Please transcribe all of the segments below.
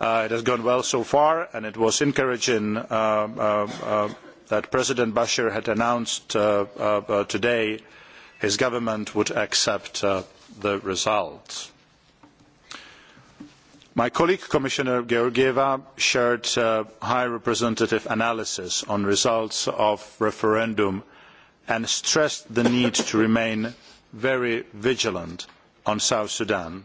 Uh, it has gone well so far and it was encouraging uh, uh, that president bashir had announced today that his government would accept the results. my colleague commissioner georgieva shared the high representative's analysis on the results of the referendum and stressed the need to remain very vigilant on south sudan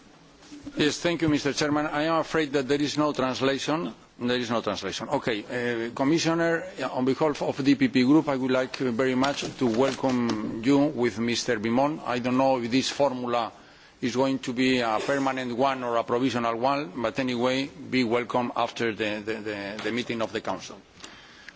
Mr. Chairman. I am afraid that there is no translation. There is no translation. Okay, uh, Commissioner, uh, on behalf of the DPP Group, I would like uh, very much to welcome you with Mr. vimont. I do not know if this formula is going to be a permanent one or a provisional one, but anyway, be welcome after the meeting of the Council.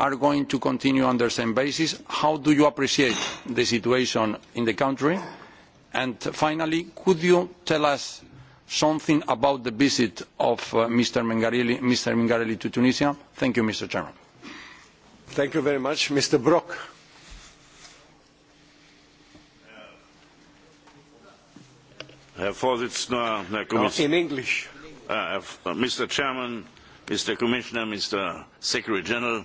are going to continue on the same basis? How do you appreciate the situation in the country? And finally, could you tell us something about the visit of uh, Mr. Mengarelli, Mr. Mengarelli to Tunisia? Thank you, Mr. Chairman. Thank you very much. Mr. Brok. Uh, no, in English. Uh, Mr. Uh, Chairman, Mr. Commissioner, Mr. Secretary General,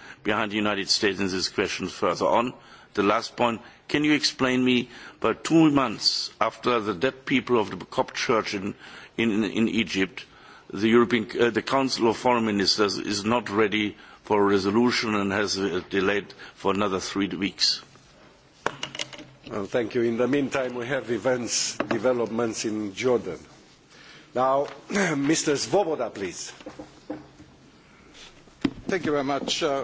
behind the United States in this question further on. The last point, can you explain me, but two months after the dead people of the Coptic Church in, in, in Egypt, the, European, uh, the Council of Foreign Ministers is not ready for a resolution and has uh, delayed for another three weeks. Well, thank you. In the meantime, we have events, developments in Jordan. Now, Mr. Svoboda, please. Thank you very much. Uh,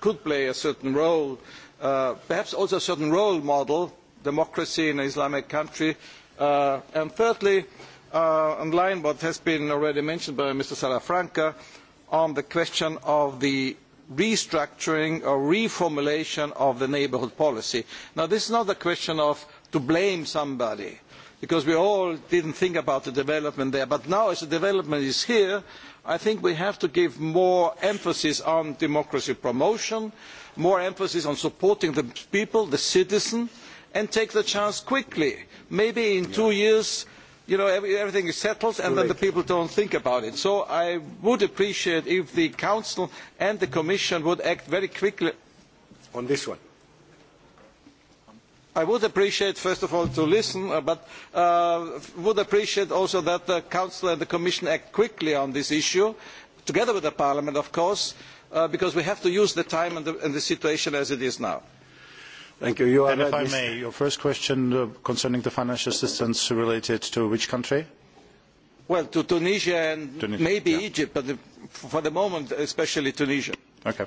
could play a certain role, uh, perhaps also a certain role model, democracy in an Islamic country. Uh, and thirdly, uh, in line with what has been already mentioned by Mr. Salafranca, on the question of the restructuring or reformulation of the neighbourhood policy. Now, this is not a question of to blame somebody, because we all didn't think about the development there. But now, as the development is here, uh, I think we have to give more emphasis on democracy promotion, more emphasis on supporting the people, the citizen, and take the chance quickly. Maybe in two years, you know, every, everything is settled and then the people don't think about it. So I would appreciate if the Council and the Commission would act very quickly on this one. I would appreciate, first of all, to listen, uh, but uh, would appreciate also that the Council and the Commission act quickly on this issue, together with Parliament, of course, uh, because we have to use the time and the, and the situation as it is now. Thank you. you and if I may, your first question uh, concerning the financial assistance related to which country? Well, to Tunisia and Tunisia, maybe yeah. Egypt, but the, for the moment, especially Tunisia. Okay.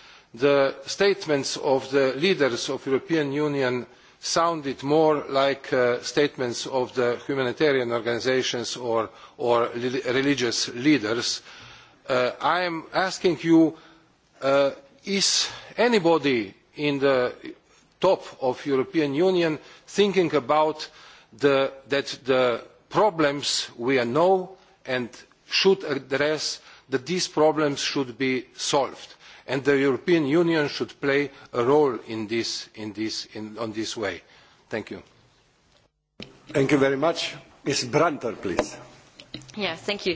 the statements of the leaders of the European Union sounded more like uh, statements of the humanitarian organisations or, religious leaders. Uh, I am asking you, uh, is anybody in the top of European Union thinking about the, that the problems we know and should address, that these problems should be solved? and the european union should play a role in this in this way thank you thank you very much ms brantner please thank you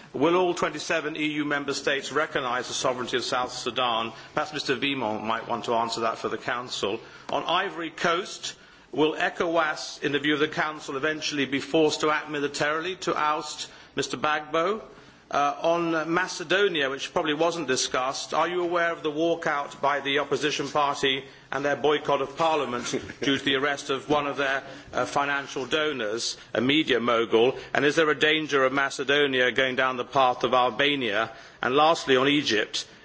Will all 27 EU member states recognise the sovereignty of South Sudan? Perhaps Mr vimont might want to answer that for the Council. On Ivory Coast, will ECOWAS, in the view of the Council, eventually be forced to act militarily to oust Mr Bagbo? Uh, on Macedonia, which probably was not discussed, are you aware of the walkout by the opposition party and their boycott of parliament due to the arrest of one of their uh, financial donors, a media mogul? And is there a danger of Macedonia going down the path of Albania? And lastly, on Egypt,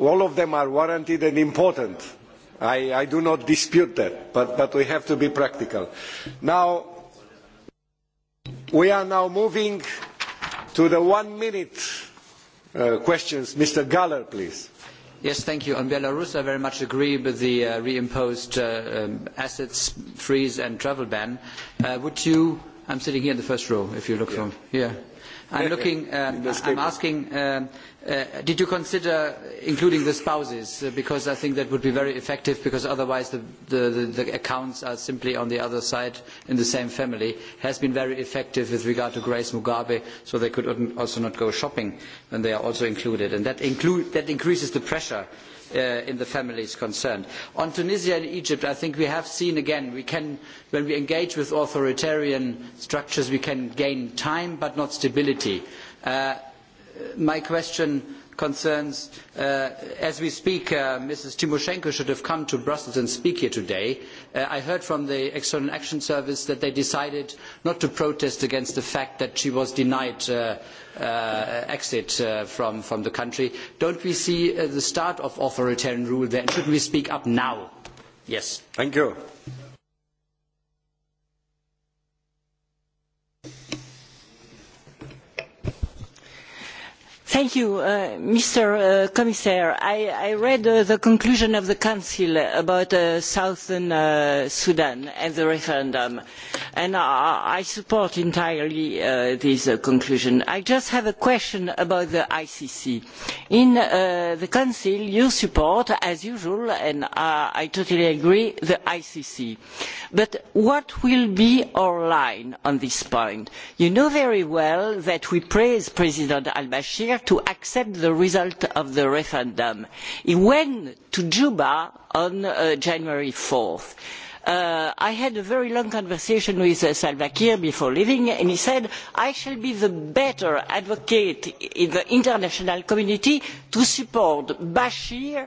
all of them are warranted and important. I, I do not dispute that, but, but we have to be practical. Now, we are now moving to the one minute uh, questions. Mr. Galler, please. Yes, thank you. On Belarus, I very much agree with the uh, reimposed uh, um, assets freeze and travel ban. Uh, would you? I'm sitting here in the first row. If you look yeah. from here, I'm looking. Um, I'm asking. Um, Uh, did you consider including the spouses? Uh, because I think that would be very effective, because otherwise the, the, the, accounts are simply on the other side in the same family. Has been very effective with regard to Grace Mugabe, so they could also not go shopping when they are also included. And that, that increases the pressure uh, in the families concerned. On Tunisia and Egypt, I think we have seen again, we can, when we engage with authoritarian structures, we can gain time but not stability. Uh, my question concerns, uh, as we speak, uh, ms Mrs. should have come to Brussels and speak here today. Uh, I heard from the External Action Service that they decided not to protest against the fact that she was denied exit from, the country. Don't we see the start of authoritarian rule there? Shouldn't we speak up now? Yes. Thank you. Thank you, uh, Mr. Uh, Commissaire. I, I read uh, the conclusion of the Council about uh, Southern uh, Sudan and the referendum, and I, I support entirely uh, this uh, conclusion. I just have a question about the ICC. In uh, the Council, you support, as usual, and uh, I totally agree, the ICC. But what will be our line on this point? You know very well that we praise President al-Bashir to accept the result of the referendum. He went to Juba on four uh, January uh, I had a very long conversation with uh, Salva Kiir before leaving, and he said, I shall be the better advocate in the international community to support Bashir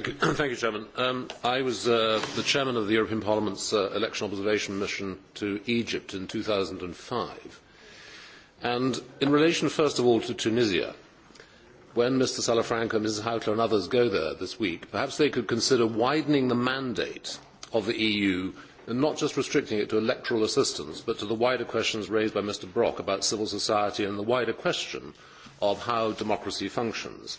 Thank you, um, I was uh, the chair of the European Parliament's uh, Election Observation Mission to Egypt in two thousand And five and in relation, first of all, to Tunisia, when Mr. Salafranca, Mrs. hautala and others go there this week, perhaps they could consider widening the mandate of the EU and not just restricting it to electoral assistance, but to the wider questions raised by Mr. Brok about civil society and the wider question of how democracy functions.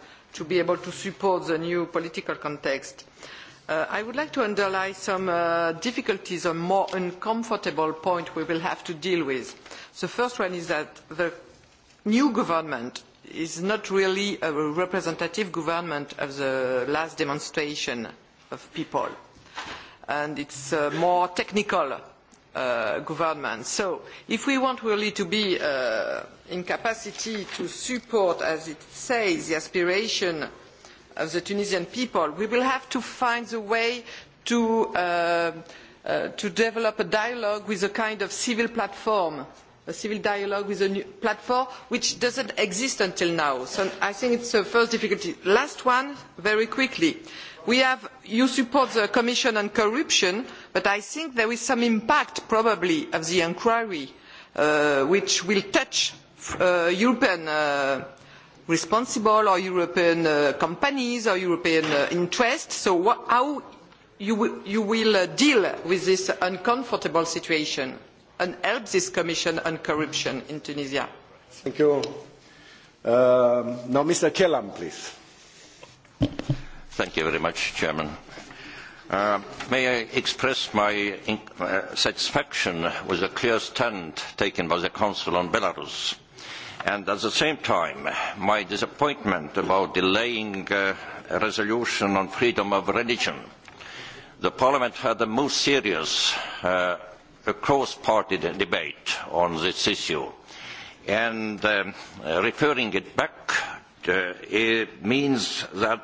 to be able to support the new political context. Uh, I would like to underline some uh, difficulties, a more uncomfortable point we will have to deal with. The first one is that the new government is not really a representative government of the last demonstration of people. And it's uh, more technical Uh, government. So if we want really to be uh, in capacity to support, as it says, the aspiration of the Tunisian people, we will have to find a way to, uh, uh, to develop a dialogue with a kind of civil platform a civil dialogue with a new platform which does not exist until now. So I think it's the first difficulty. Last one, very quickly. Uh, Have, you support the commission on corruption but i think there is some impact probably of the inquiry uh, which will touch uh, european uh, responsible or european companies or european interests so how you, you will deal with this uncomfortable situation and help this commission on corruption in tunisia? mr um, kelam please. Thank you very much, Chairman. Uh, may I express my in, uh, satisfaction with the clear stand taken by the Council on Belarus, and at the same time, my disappointment about delaying uh, a resolution on freedom of religion. The Parliament had the most serious uh, cross-party debate on this issue, and um, referring it back uh, it means that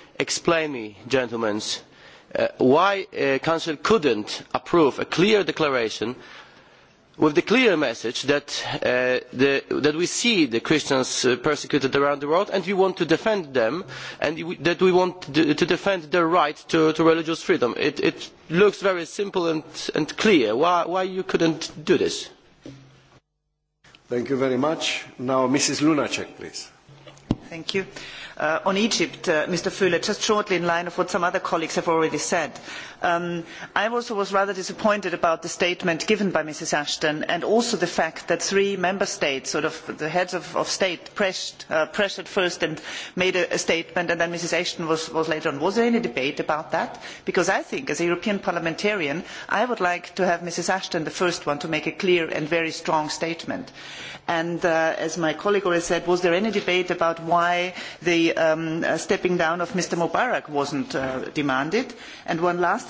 explain me, gentlemen, uh, why the uh, council Council couldn't approve a clear declaration with the clear message that, uh, we see the Christians persecuted around the world and we want to defend them and that we want to, defend their right to, religious freedom. It, looks very simple and, clear. Why, why you couldn't do this? Thank you very much. Now Mrs. Lunacek, please. Thank you. Uh, on Egypt, uh, Mr. fle just shortly in line with what some other colleagues have already said. Um, i also was rather disappointed about the statement given by mrs ashton and also the fact that three member states the heads of, state uh, pressured first and made a, statement and then mrs ashton was, later on. was there any debate about that? because i think as a european parliamentarian i would like to have mrs ashton the first one to make a clear and very strong statement. and uh, as my colleague already said was there any debate about why the um, uh, stepping down of mr mubarak was not demanded? and one last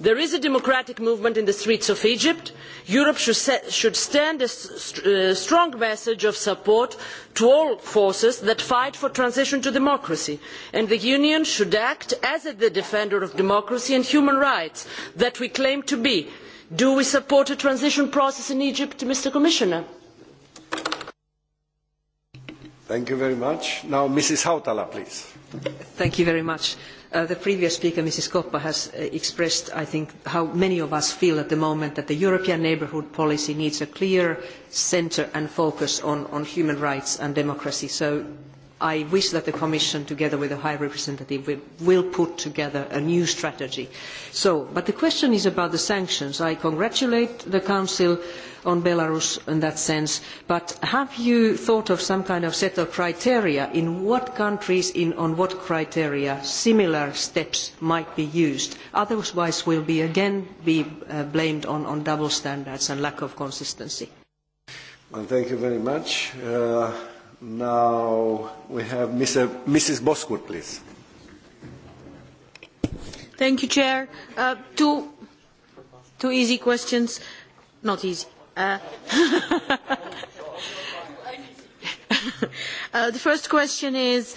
there is a democratic movement in the streets of egypt. europe should, set, should send a st uh, strong message of support to all forces that fight for transition to democracy and the union should act as the defender of democracy and human rights that we claim to be. do we support a transition process in egypt mr commissioner? Thank you very much. Now, Mrs. Hautala, please. Thank you very much. Uh, the previous speaker, Mrs. Koppa, has uh, expressed, I think, how many of us feel at the moment that the European neighbourhood policy needs a clear centre and focus on, on human rights and democracy. So I wish that the Commission, together with the High Representative, will, will put together a new strategy. So, but the question is about the sanctions. I congratulate the Council uh, on Belarus in that sense, but have you thought of some kind of set of criteria in what countries, in, on what criteria similar steps might be used? Otherwise we'll be again be uh, blamed on, on double standards and lack of consistency. Well, thank you very much. Uh, now we have Mr. Mrs. Bosworth, please. Thank you, Chair. Uh, two, two easy questions. Not easy the first question is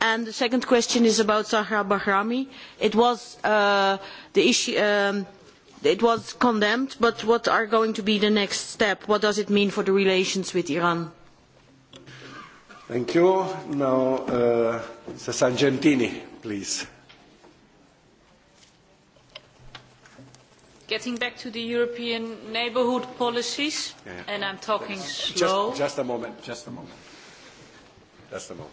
And the second question is about Zahra Bahrami. It was, uh, the issue, um, it was condemned, but what are going to be the next step? What does it mean for the relations with Iran? Thank you. Now, uh, Mr. Sargentini, please. Getting back to the European neighbourhood policies, yeah. and I'm talking just, slow. just a moment. Just a moment. Just a moment.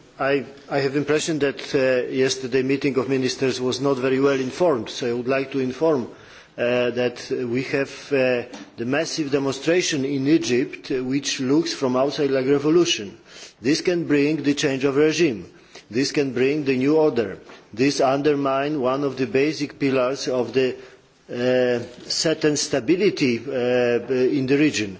I, have the impression that uh, yesterday's meeting of ministers was not very well informed, so I would like to inform uh, that we have uh, the massive demonstration in Egypt, uh, which looks from outside like revolution. This can bring the change of regime. This can bring the new order. This undermines one of the basic pillars of the uh, certain stability uh, in the region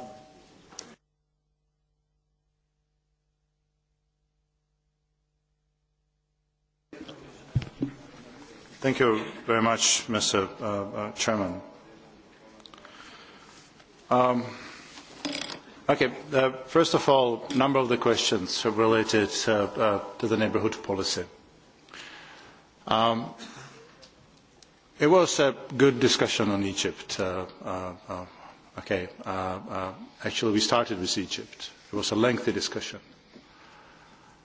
Thank you very much, Mr. Uh, uh, Chairman. Um, okay, uh, first of all, a number of the questions are related uh, uh, to the neighbourhood policy. Um, it was a good discussion on Egypt. Uh, uh, uh, okay, uh, uh, actually, we started with Egypt. It was a lengthy discussion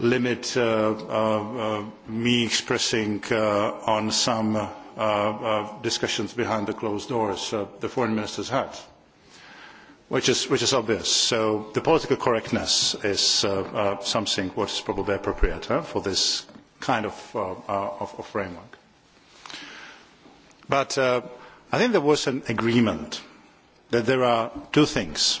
limit uh, uh, uh, me expressing on some discussions behind the closed doors the foreign ministers had, which is, which is obvious. So the political correctness is something what is probably appropriate huh, for this kind of, of, of framework. But I think there was an agreement that there are two things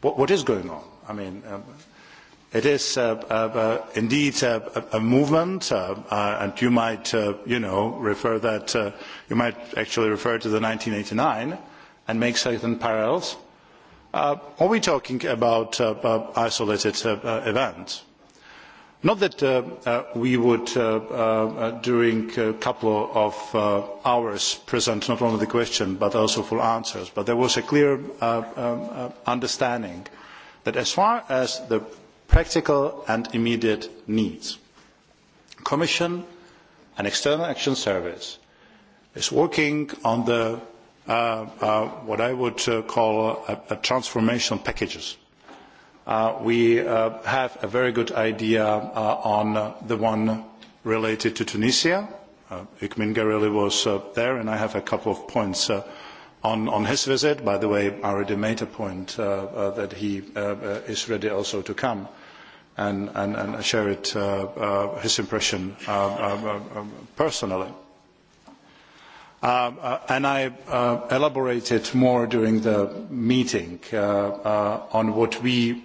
what, what is going on. I mean, um, it is uh, uh, uh indeed uh, a, a movement, uh, uh and you might, you know, refer that you might actually refer to the 1989 and make certain parallels. are we talking about isolated events? Not that uh, uh we would, uh, uh, uh, during a couple of hours, present not only the question but also full answers, but there was a clear um, understanding that as far as the practical and immediate needs, Commission and External Action Service is working on the, what I would call a, a transformation packages Uh, we uh, have a very good idea uh, on the one related to Tunisia. Hikmet Ikmin Gareli was there, and I have a couple of points on, his visit. By the way, I already made a point that he is ready also to come and, share it, his impression personally. and I elaborated more during the meeting on what we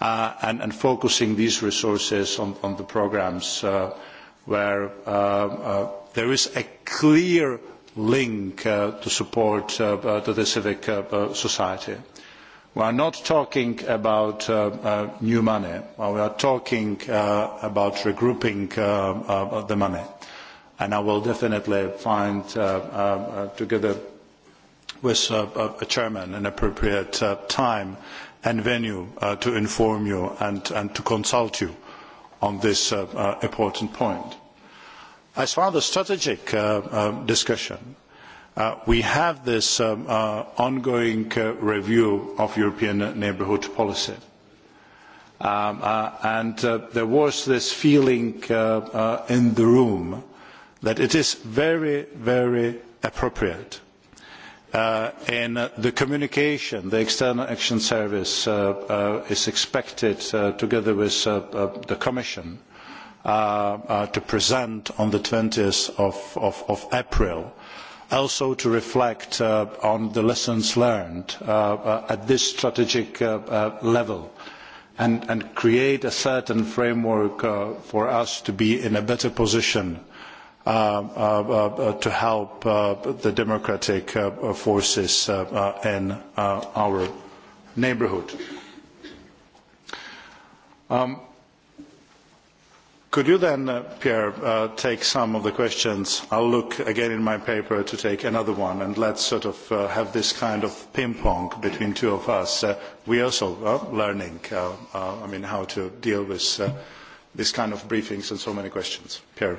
Uh, and, focusing these resources on, the programs uh, where uh, there is a clear link to support the civic society. We are not talking about new money. we are talking about regrouping the money. And I will definitely find, together with a chairman, an appropriate time and venue uh, to inform you and, to consult you on this uh, uh, important point. As far as the strategic um, discussion is discussion, we have this um, ongoing review of European neighbourhood policy. Um, and there was this feeling in the room that it is very, very appropriate Uh, in uh, the communication, the External Action Service uh, is expected, together with the Commission, to present on the 20 April also to reflect on the lessons learned at this strategic level and, and create a certain framework for us to be in a better position Uh, uh, uh, to help the democratic forces in our neighbourhood. Um, could you then, Pierre, take some of the questions? I'll look again in my paper to take another one, and let's sort of have this kind of ping-pong between two of us. We also are learning, I mean, how to deal with this kind of briefings and so many questions. Pierre.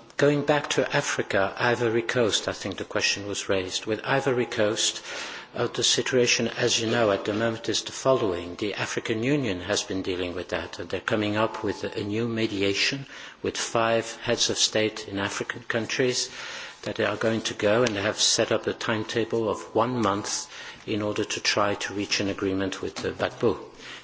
Going back to Africa, Ivory Coast, I think the question was raised. With Ivory Coast, uh, the situation, as you know, at the moment is the following. The African Union has been dealing with that, and they're coming up with a new mediation with five heads of state in African countries that they are going to go, and they have set up a timetable of one month in order to try to reach an agreement with Gbagbo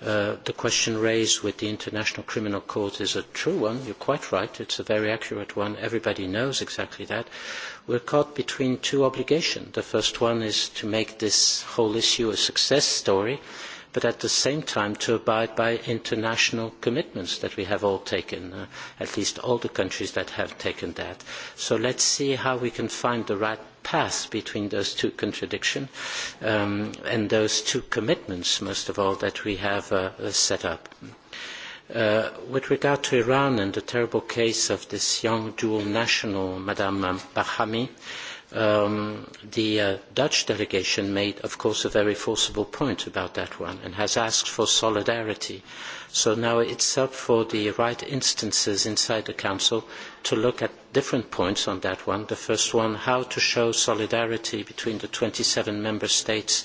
Uh, the question raised with the International Criminal Court is a true one. You're quite right. It's a very accurate one. Everybody knows exactly that. We're caught between two obligations. The first one is to make this whole issue a success story but at the same time to abide by international commitments that we have all taken, uh, at least all the countries that have taken that. So let's see how we can find the right path between those two contradictions um, and those two commitments, most of all, that we have uh, uh, set up. Uh, with regard to Iran and the terrible case of this young dual national, Madame Bahami, Um, the uh, Dutch delegation made, of course, a very forcible point about that one and has asked for solidarity. So now it's up for the right instances inside the Council to look at different points on that one. The first one, how to show solidarity between the 27 member states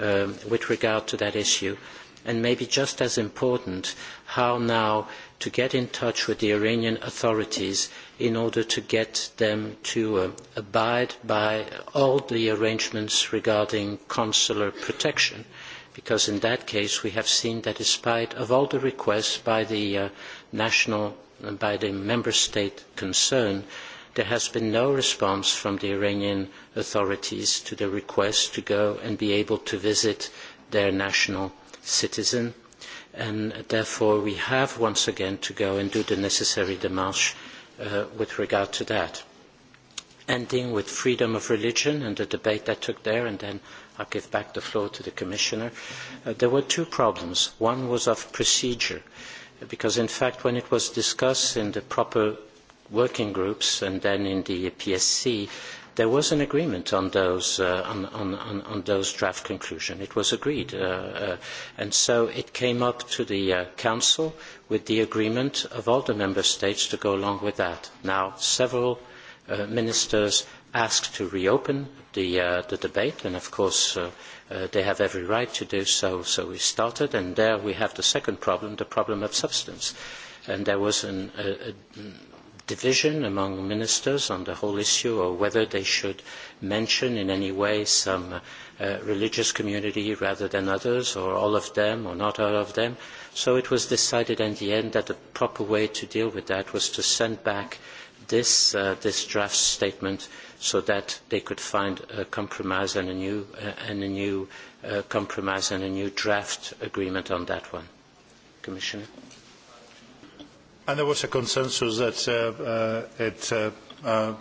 um, with regard to that issue. And maybe just as important, how now to get in touch with the Iranian authorities in order to get them to uh, abide by all the arrangements regarding consular protection because in that case we have seen that despite of all the requests by the uh, national uh, by the member state concerned there has been no response from the Iranian authorities to the request to go and be able to visit their national citizen and therefore we have once again to go and do the necessary démarche uh, with regard to that. Ending with freedom of religion and the debate that took there, and then I'll give back the floor to the Commissioner. Uh, there were two problems. One was of procedure, because in fact when it was discussed in the proper working groups and then in the PSC, there was an agreement on those uh, on, on, on, those draft conclusion. It was agreed, uh, uh, and so it came up to the uh, council with the agreement of all the member states to go along with that. Now, several uh, ministers asked to reopen the uh, the debate, and of course. Uh, uh, they have every right to do so, so we started, and there we have the second problem, the problem of substance. And there was an, a, division among ministers on the whole issue or whether they should mention in any way some uh, religious community rather than others or all of them or not all of them. So it was decided in the end that the proper way to deal with that was to send back this, uh, this draft statement so that they could find a compromise and a new, uh, and a new uh, compromise and a new draft agreement on that one. Commissioner? And there was a consensus that uh, uh it uh, uh,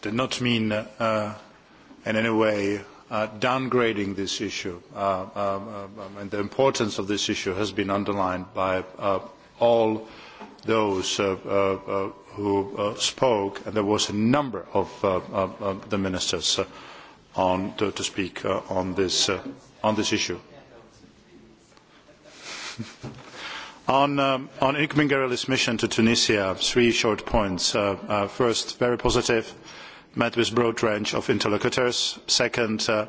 did not mean uh, in any way uh, downgrading this issue. Uh, um, um, and the importance of this issue has been underlined by uh, all those uh, uh, who uh, spoke, and there was a number of uh, uh, the ministers uh, on, to, to speak uh, on, this, uh, on this issue. On, um, on Ikmin mission to Tunisia, three short points. Uh, uh, first, very positive, met with a broad range of interlocutors. Second, uh,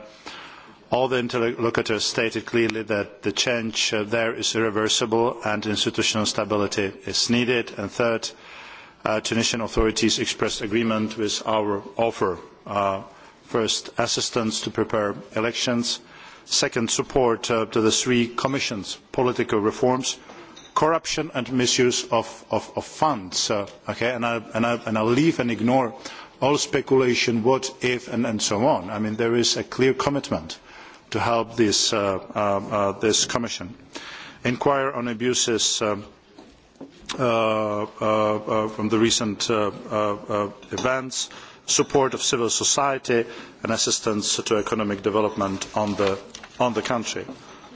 all the interlocutors stated clearly that the change uh, there is irreversible and institutional stability is needed. And third, uh, Tunisian authorities expressed agreement with our offer. Uh, first, assistance to prepare elections. Second, support uh, to the three commissions' political reforms corruption and misuse of, funds uh, okay? and, I, leave and ignore all speculation what if and, so on. I mean, there is a clear commitment to help this, uh, uh, this commission inquire on abuses um, from the recent events support of civil society and assistance to economic development in the, the country.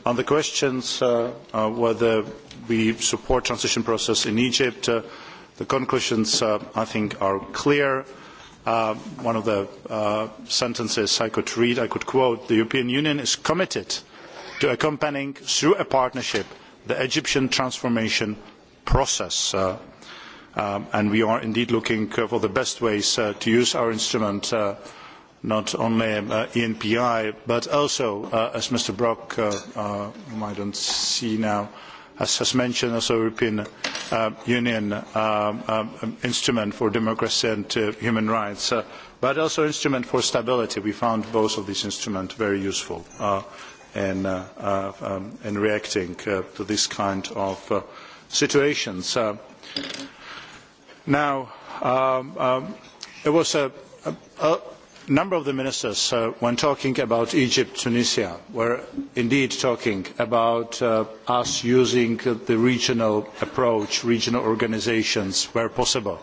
on the questions whether we support the transition process in Egypt. Uh, the conclusions, uh, I think, are clear. Uh, one of the uh, sentences I could read, I could quote, the European Union is committed to accompanying, through a partnership, the Egyptian transformation process. Uh, um, and we are indeed looking uh, for the best ways uh, to use our instrument, uh, not only uh, ENPI, but also, uh, as Mr. Brock, uh, uh, whom I don't see now, uh, as was mentioned, also European uh, Union um, um, instrument for democracy and uh, human rights, uh, but also instrument for stability. We found both of these instruments very useful in, um, in, reacting to this kind of situations. now, it was a, a, a a number of the ministers, uh, when talking about Egypt, Tunisia, were indeed talking about uh, us using the regional approach, regional organisations where possible,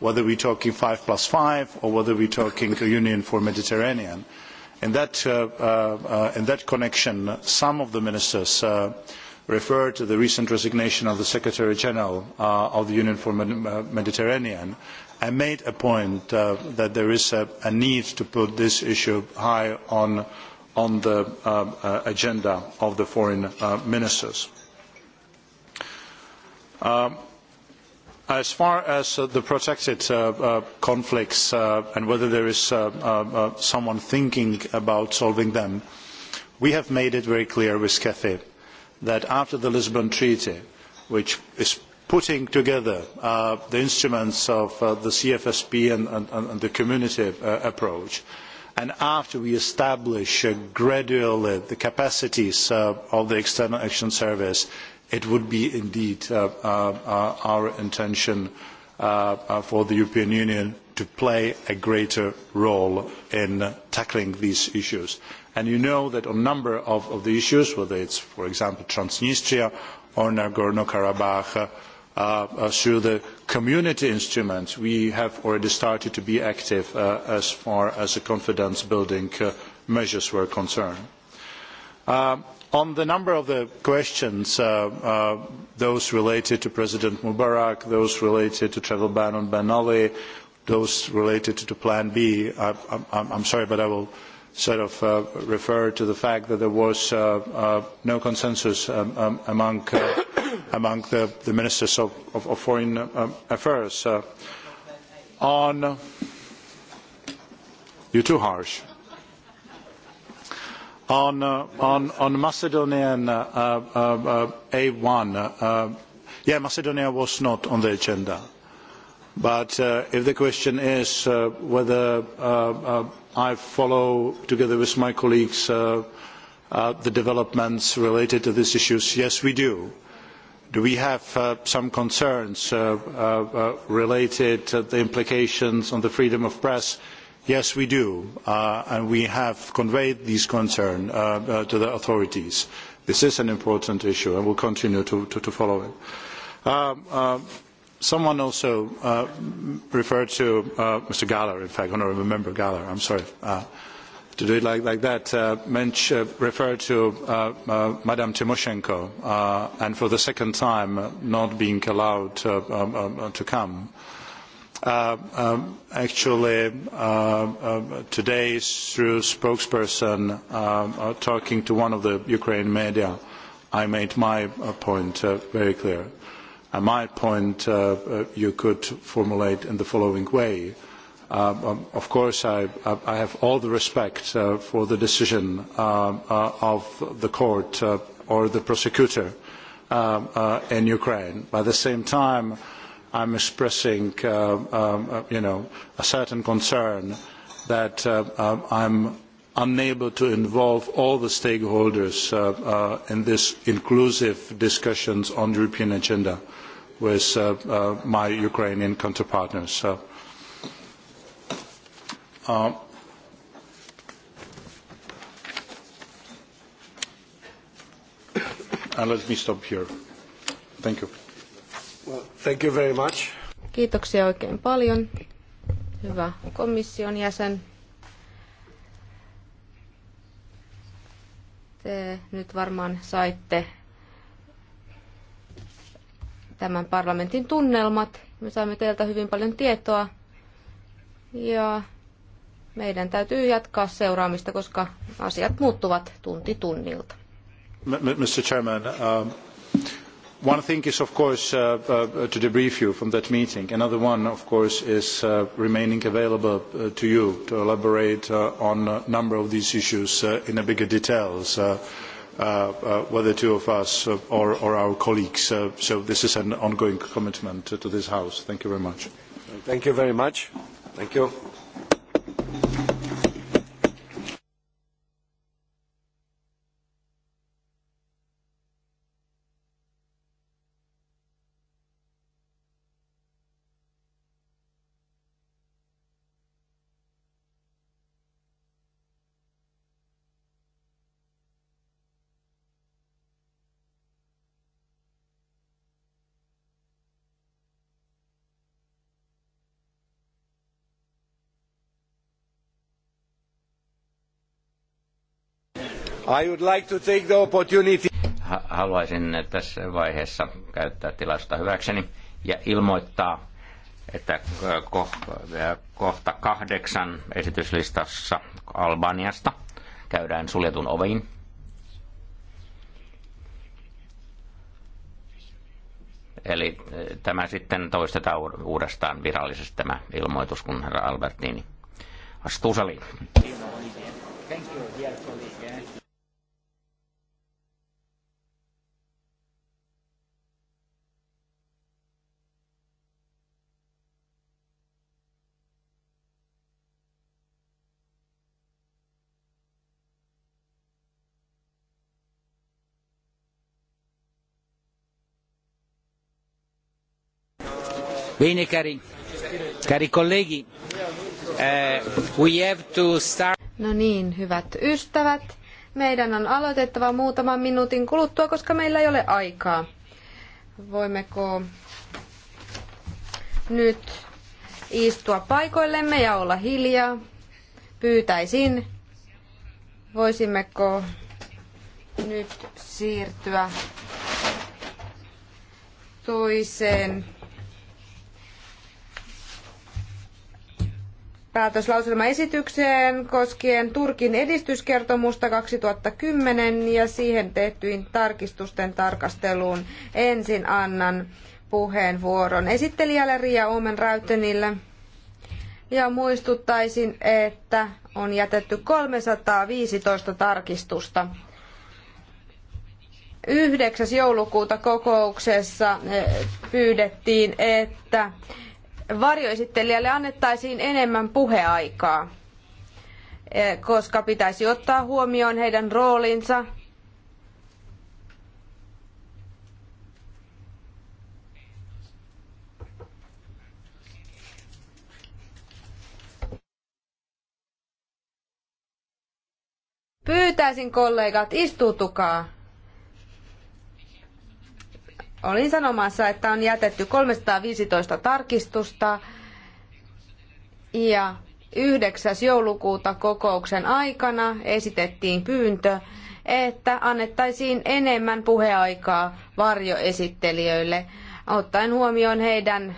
whether we are talking Five plus Five or whether are talking a union for Mediterranean. In that, uh, connection, some of the ministers referred to the recent resignation of the Secretary General of the Union for the Mediterranean I made a point uh, that there is a, need to put this issue high on, the uh, uh, agenda of the foreign ministers. as far as the protected conflicts and whether there is someone thinking about solving them, we have made it very clear with CAFE that after the Lisbon Treaty, which is putting together uh, the instruments of uh, the CFSP and, the community uh, approach, and after we establish gradually the capacities of the External Action Service, it would be indeed our intention for the European Union to play a greater role in tackling these issues. And you know that on a number of, of, the issues, whether it's, for example, Transnistria or Nagorno-Karabakh, Uh, uh, through the community instruments we have already started to be active uh, as far as the confidence building measures were concerned. Um, on a number of the questions, those related to President Mubarak, those related to travel ban on Ben Ali, those related to Plan B, I, am sorry, but I will sort of uh, referred to the fact that there was uh, uh, no consensus um, um, among, uh, among the, the ministers of, of, of foreign um, affairs uh, on you're too harsh on uh, on on macedonian a1 yeah macedonia was not on the agenda but if the question is whether I follow, together with my colleagues, uh, uh, the developments related to these issues. Yes, we do. Do we have uh, some concerns uh, uh, uh, related to the implications on the freedom of press? Yes, we do. and we have conveyed these concerns to the authorities. This is an important issue, and we'll continue to, to, to follow it. Um, um Someone also uh, referred to uh, Mr. Galler, in fact, Honourable Member Galler, I'm sorry uh, to do it like, like that, uh, Mensch uh, referred to uh, uh, Madame Tymoshenko, uh, and for the second time uh, not being allowed uh, um, um, to come. Uh, um, actually, uh, um, today, through spokesperson uh, uh, talking to one of the Ukraine media, I made my uh, point uh, very clear my point uh, uh, you could formulate in the following way. Uh, um, of course, I, have all the respect for the decision of the court or the prosecutor in Ukraine. But at the same time, I'm expressing, um, you know, a certain concern that I'm unable to involve all the stakeholders in this inclusive discussions on the European agenda with uh, uh, my Ukrainian counterparts. Uh, and let me stop here. Thank you. Well, thank you very much. Kiitoksia oikein paljon. Hyvä komission jäsen. Te nyt varmaan saitte tämän parlamentin tunnelmat. Me saimme teiltä hyvin paljon tietoa ja meidän täytyy jatkaa seuraamista, koska asiat muuttuvat tunti tunnilta. Mr. Chairman, uh, one thing is of course uh, uh, to debrief you from that meeting. Another one of course is uh, remaining available uh, to you to elaborate uh, on a number of these issues uh, in a bigger details. Uh, Uh, uh, whether two of us uh, or, or our colleagues. so this is an ongoing commitment to this House. Thank you very much. Thank you very much. Thank you. I would like to take the opportunity. Haluaisin tässä vaiheessa käyttää tilasta hyväkseni ja ilmoittaa, että kohta kahdeksan esityslistassa Albaniasta käydään suljetun oviin. Eli eh, tämä sitten toistetaan uudestaan virallisesti tämä ilmoitus, kun herra Albertini astuu saliin. Thank you. Bene, cari, cari colleghi, uh, we have to start... No niin, hyvät ystävät. Meidän on aloitettava muutaman minuutin kuluttua, koska meillä ei ole aikaa. Voimmeko nyt istua paikoillemme ja olla hiljaa? Pyytäisin, voisimmeko nyt siirtyä toiseen päätöslauselmaesitykseen koskien Turkin edistyskertomusta 2010 ja siihen tehtyin tarkistusten tarkasteluun. Ensin annan puheenvuoron esittelijälle Ria Omen Räytönille. Ja muistuttaisin, että on jätetty 315 tarkistusta. 9. joulukuuta kokouksessa eh, pyydettiin, että varjoesittelijälle annettaisiin enemmän puheaikaa, e, koska pitäisi ottaa huomioon heidän roolinsa. Pyytäisin kollegat, istuutukaa. Olin sanomassa, että on jätetty 315 tarkistusta ja 9. joulukuuta kokouksen aikana esitettiin pyyntö, että annettaisiin enemmän puheaikaa varjoesittelijöille, ottaen huomioon heidän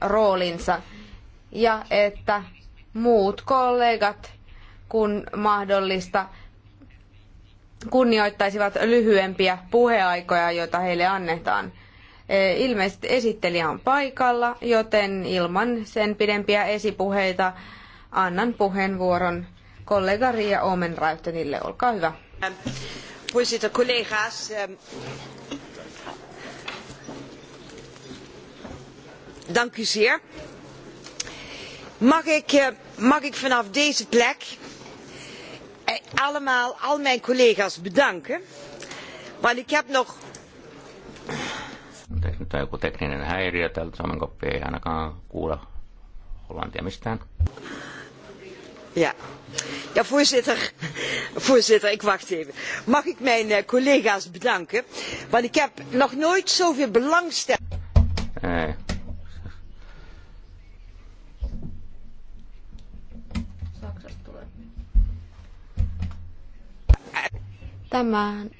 roolinsa, ja että muut kollegat, kun mahdollista, kunnioittaisivat lyhyempiä puheaikoja, joita heille annetaan. E, ilmeisesti esittelijä on paikalla, joten ilman sen pidempiä esipuheita annan puheenvuoron kollega Ria Omen Olkaa hyvä. Voorzitter, collega's. Ehm, dank u zeer. Mag ik, eh, mag ik vanaf deze plek Eh, allemaal al mijn collega's bedanken. Want ik heb nog... Anteeksi, nyt on joku tekninen häiriö. Täältä Suomen koppi ei ainakaan kuulla hollantia mistään. Ja. Ja, voorzitter. Voorzitter, ik wacht even. Mag ik mijn uh, collega's bedanken? Want ik heb nog nooit zoveel belangstelling. Nee. Tämän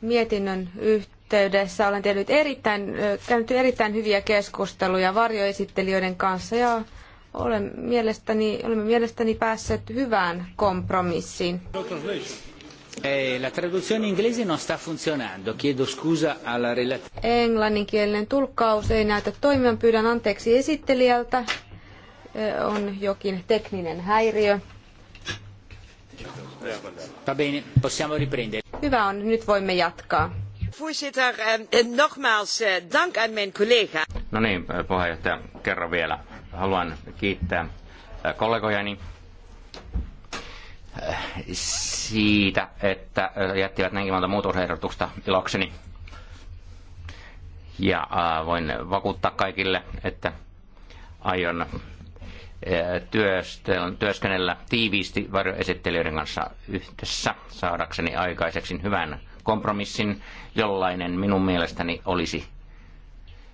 mietinnön yhteydessä olen tehnyt erittäin, käynyt erittäin hyviä keskusteluja varjoesittelijöiden kanssa ja olen mielestäni, olemme mielestäni päässeet hyvään kompromissiin. Eh, la traduzione inglese non sta funzionando. Chiedo scusa alla relatrice. Englanninkielinen tulkkaus ei näytä toimivan. Pyydän anteeksi esittelijältä. Eh, on jokin tekninen häiriö. Hyvä on, nyt voimme jatkaa. Voorzitter, eh, eh, nogmaals eh, dank aan mijn collega. No niin, puheenjohtaja, kerran vielä. Haluan kiittää kollegojani siitä, että jättivät näinkin monta muutosehdotusta ilokseni. Ja voin vakuuttaa kaikille, että aion työskennellä tiiviisti varjoesittelijöiden kanssa yhdessä saadakseni aikaiseksi hyvän kompromissin, jollainen minun mielestäni olisi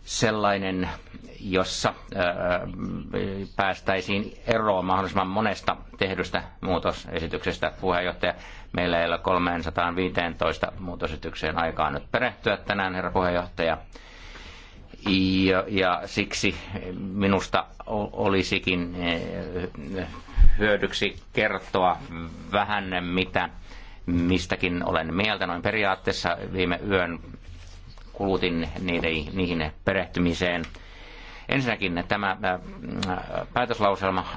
sellainen, jossa päästäisiin eroon mahdollisimman monesta tehdystä muutosesityksestä. Puheenjohtaja, meillä ei ole 315 muutosesitykseen aikaa nyt perehtyä tänään, herra puheenjohtaja ja, ja siksi minusta olisikin eh, hyödyksi kertoa vähän mitä mistäkin olen mieltä. Noin periaatteessa viime yön kulutin niiden, niihin perehtymiseen. Ensinnäkin tämä eh, päätöslauselma eh,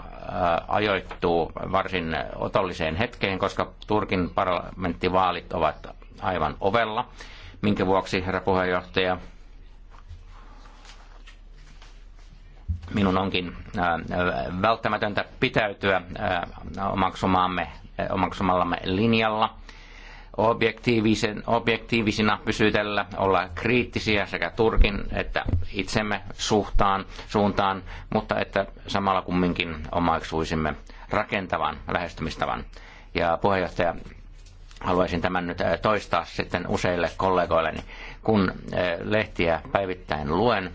ajoittuu varsin otolliseen hetkeen, koska Turkin parlamenttivaalit ovat aivan ovella, minkä vuoksi, herra puheenjohtaja, minun onkin välttämätöntä pitäytyä omaksumaamme, omaksumallamme linjalla. Objektiivisen, objektiivisina pysytellä, olla kriittisiä sekä Turkin että itsemme suhtaan, suuntaan, mutta että samalla kumminkin omaksuisimme rakentavan lähestymistavan. Ja puheenjohtaja, haluaisin tämän nyt toistaa sitten useille kollegoilleni. Kun lehtiä päivittäin luen,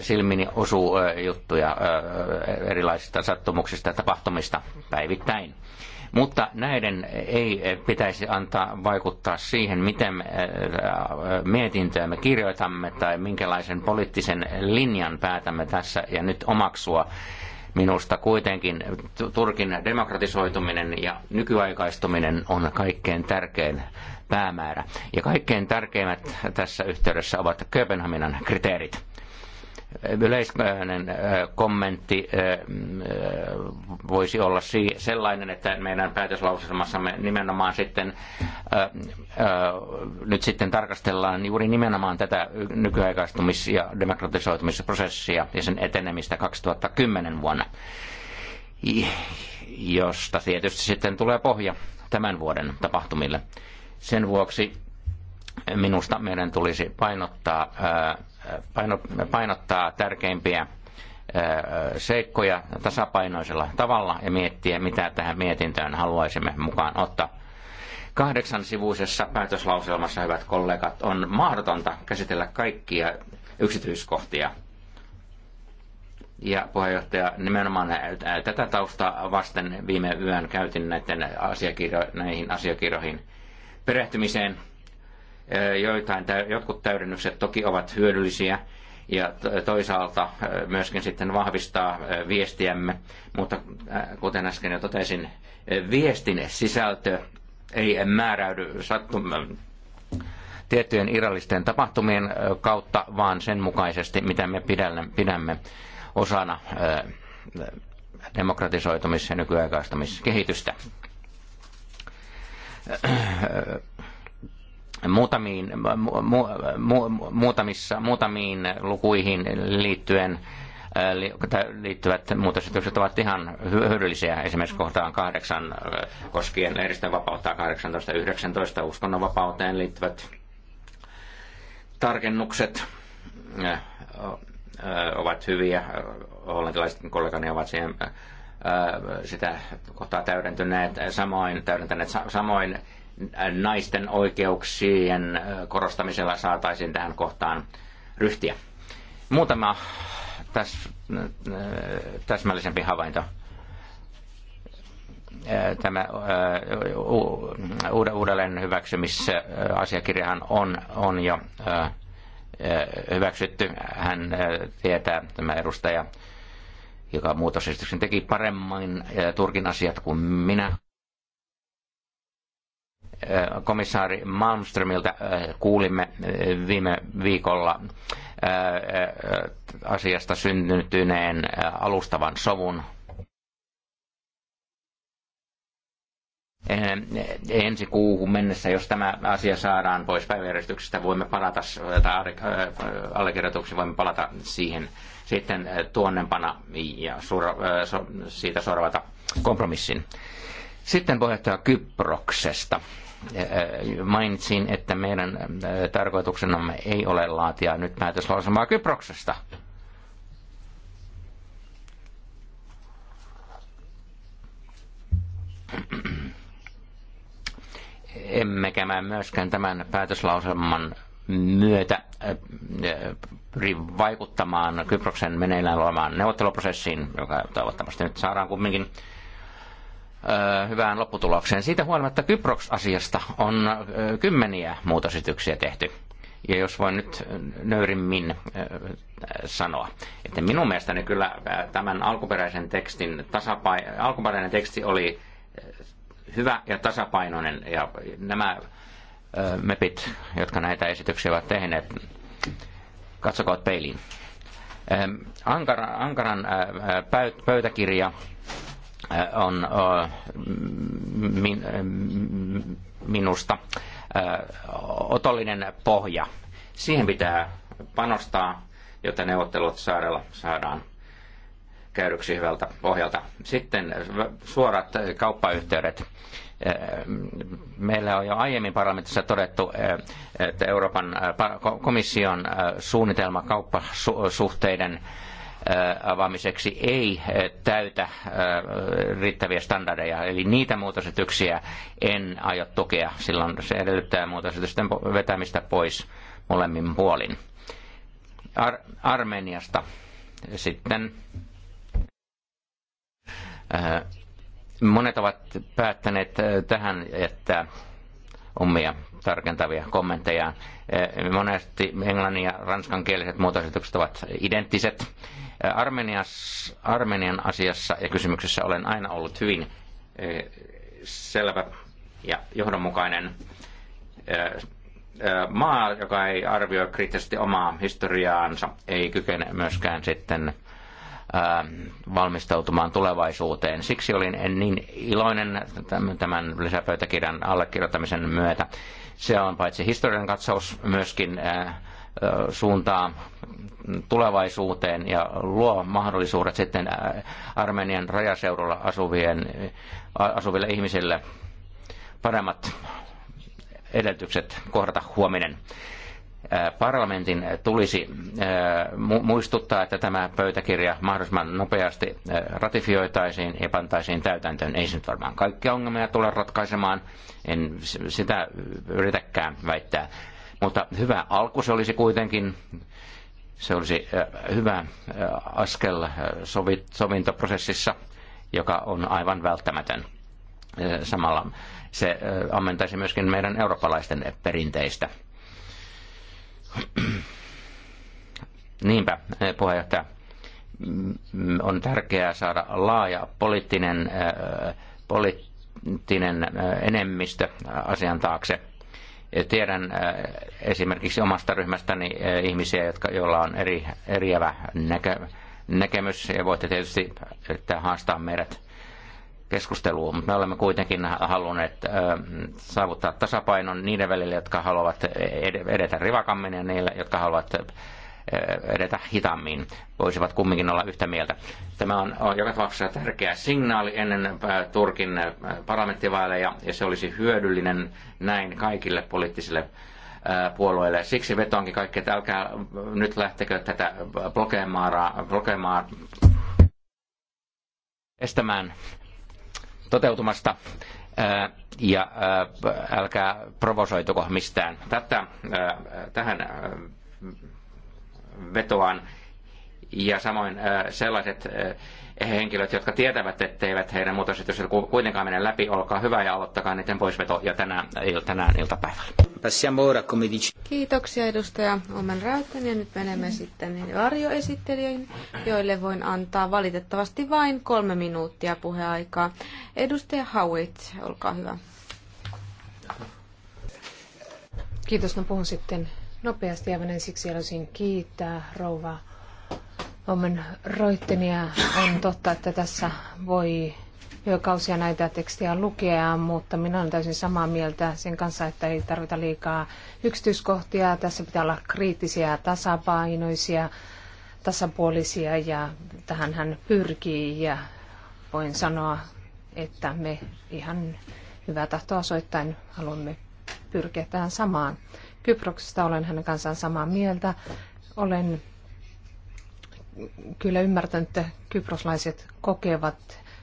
silmini osuu juttuja erilaisista sattumuksista ja tapahtumista päivittäin. Mutta näiden ei pitäisi antaa vaikuttaa siihen, miten me mietintöä me kirjoitamme tai minkälaisen poliittisen linjan päätämme tässä ja nyt omaksua. Minusta kuitenkin Turkin demokratisoituminen ja nykyaikaistuminen on kaikkein tärkein päämäärä. Ja kaikkein tärkeimmät tässä yhteydessä ovat Kööpenhaminan kriteerit yleismäinen kommentti voisi olla sellainen, että meidän päätöslauselmassamme nimenomaan sitten nyt sitten tarkastellaan juuri nimenomaan tätä nykyaikaistumis- ja demokratisoitumisprosessia ja sen etenemistä 2010 vuonna, josta tietysti sitten tulee pohja tämän vuoden tapahtumille. Sen vuoksi minusta meidän tulisi painottaa painottaa tärkeimpiä seikkoja tasapainoisella tavalla ja miettiä, mitä tähän mietintöön haluaisimme mukaan ottaa. Kahdeksan sivuisessa päätöslauselmassa, hyvät kollegat, on mahdotonta käsitellä kaikkia yksityiskohtia. Ja puheenjohtaja, nimenomaan tätä taustaa vasten viime yön käytin näiden asiakirjo- näihin asiakirjoihin perehtymiseen Joitain, jotkut täydennykset toki ovat hyödyllisiä ja toisaalta myöskin sitten vahvistaa viestiämme, mutta kuten äsken jo totesin, viestin sisältö ei määräydy sattum- tiettyjen irrallisten tapahtumien kautta, vaan sen mukaisesti, mitä me pidämme osana demokratisoitumis- ja nykyaikaistamiskehitystä muutamiin, mu, mu, muutamissa, muutamiin lukuihin liittyen äh, liittyvät muutosesitykset ovat ihan hyödyllisiä. Esimerkiksi kohtaan kahdeksan äh, koskien eristä vapauttaa 18 19 uskonnonvapauteen liittyvät tarkennukset äh, ovat hyviä. Hollantilaiset kollegani ovat siihen sitä kohtaa täydentyneet, samoin täydentäneet samoin naisten oikeuksien korostamisella saataisiin tähän kohtaan ryhtiä. Muutama täs, täsmällisempi havainto. Tämä uudelleen hyväksymisasiakirjahan on, on jo hyväksytty. Hän tietää, tämä edustaja, joka muutosesityksen teki paremmin Turkin asiat kuin minä komissaari Malmströmiltä kuulimme viime viikolla asiasta syntyneen alustavan sovun ensi kuuhun mennessä, jos tämä asia saadaan pois päiväjärjestyksestä, voimme palata, tai allekirjoituksiin voimme palata siihen sitten tuonnempana ja siitä sorvata kompromissin. Sitten puheenjohtaja Kyproksesta mainitsin, että meidän äh, tarkoituksenamme ei ole laatia nyt päätöslausumaa Kyproksesta. Emmekä mä myöskään tämän päätöslauselman myötä pyri äh, äh, vaikuttamaan Kyproksen meneillään olevaan neuvotteluprosessiin, joka toivottavasti nyt saadaan kumminkin hyvään lopputulokseen. Siitä huolimatta Kyproks asiasta on kymmeniä muutosityksiä tehty. Ja jos voin nyt nöyrimmin sanoa, että minun mielestäni kyllä tämän alkuperäisen tekstin tasapaino, alkuperäinen teksti oli hyvä ja tasapainoinen ja nämä mepit, jotka näitä esityksiä ovat tehneet, katsokaa peiliin. Ankara, Ankaran pöytäkirja Äh, on äh, äh, minusta otollinen pohja. Siihen pitää panostaa, jotta neuvottelut saarella saadaan käydyksi hyvältä pohjalta. Sitten suorat kauppayhteydet. Meillä on jo aiemmin parlamentissa todettu, että Euroopan komission suunnitelma kauppasuhteiden Äh, avaamiseksi ei äh, täytä äh, riittäviä standardeja. Eli niitä muutosetyksiä en aio tukea. Silloin se edellyttää muutosetysten vetämistä pois molemmin puolin. Ar- Armeniasta sitten monet ovat päättäneet tähän että omia tarkentavia kommentteja. Monesti englannin ja ranskan kieliset muotoisetukset ovat identtiset Armenias, Armenian asiassa ja kysymyksessä olen aina ollut hyvin selvä ja johdonmukainen maa, joka ei arvioi kriittisesti omaa historiaansa, ei kykene myöskään sitten valmistautumaan tulevaisuuteen. Siksi olin niin iloinen tämän lisäpöytäkirjan allekirjoittamisen myötä. Se on paitsi historian katsaus myöskin suuntaa tulevaisuuteen ja luo mahdollisuudet sitten äh, Armenian rajaseudulla asuvien, äh, asuville ihmisille paremmat edellytykset kohdata huominen. Äh, parlamentin tulisi muistuttaa, että tämä pöytäkirja mahdollisimman nopeasti ratifioitaisiin ja pantaisiin täytäntöön. Ei se nyt varmaan kaikkia ongelmia tule ratkaisemaan, en sitä yritäkään väittää. Mutta hyvä alku se olisi kuitenkin se olisi äh, hyvä äh, askel äh, sovintoprosessissa, joka on aivan välttämätön. Samalla se ammentaisi myöskin meidän eurooppalaisten perinteistä. Niinpä, puheenjohtaja. Mm, on tärkeää saada laaja poliittinen, poliittinen enemmistö asian taakse – Tiedän äh, esimerkiksi omasta ryhmästäni äh, ihmisiä, jotka, joilla on eri, eriävä näkö, näkemys, ja voitte tietysti yrittää haastaa meidät keskusteluun, mutta me olemme kuitenkin halunneet äh, saavuttaa tasapainon niiden välillä, jotka haluavat e-, edetä rivakammin ja niille, jotka haluavat Eh, edetä hitaammin, voisivat kumminkin olla yhtä mieltä. Tämä on, on joka tapauksessa tärkeä signaali ennen eh, Turkin eh, parlamenttivaaleja, ja se olisi hyödyllinen näin kaikille poliittisille puolueille. Siksi vetoankin kaikki, että älkää nyt lähtekö tätä blokeemaan, estämään toteutumasta ja älkää provosoituko mistään. Tätä, tähän vetoan. Ja samoin äh, sellaiset äh, henkilöt, jotka tietävät, etteivät heidän muutosesityksensä kuitenkaan mene läpi, olkaa hyvä ja aloittakaa niiden poisveto jo tänään, tänään iltapäivällä. Kiitoksia edustaja Omen Räytten ja nyt menemme sitten varjoesittelijöihin, joille voin antaa valitettavasti vain kolme minuuttia puheaikaa. Edustaja Howitt, olkaa hyvä. Kiitos, no puhun sitten nopeasti aivan ensiksi haluaisin kiittää rouva Omen Roittenia. On totta, että tässä voi yökausia näitä tekstejä lukea, mutta minä olen täysin samaa mieltä sen kanssa, että ei tarvita liikaa yksityiskohtia. Tässä pitää olla kriittisiä, tasapainoisia, tasapuolisia ja tähän hän pyrkii ja voin sanoa, että me ihan hyvää tahtoa soittain haluamme pyrkiä tähän samaan. Kyproksesta olen hänen kanssaan samaa mieltä. Olen kyllä ymmärtänyt, että kyproslaiset kokevat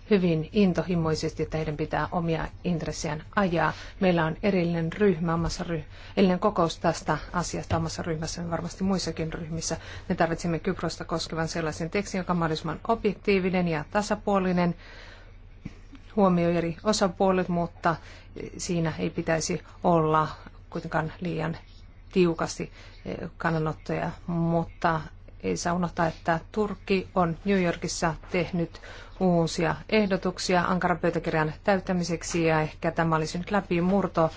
hyvin intohimoisesti, että heidän pitää omia intressejään ajaa. Meillä on erillinen ryhmä, omassa ry- erillinen kokous tästä asiasta omassa ryhmässä, ja niin varmasti muissakin ryhmissä. Me tarvitsemme Kyprosta koskevan sellaisen tekstin, joka on mahdollisimman objektiivinen ja tasapuolinen, huomio eri osapuolet, mutta siinä ei pitäisi olla kuitenkaan liian tiukasti eh, kannanottoja, mutta ei saa unohtaa, että Turkki on New Yorkissa tehnyt uusia ehdotuksia Ankaran pöytäkirjan täyttämiseksi ja ehkä tämä olisi nyt läpimurto,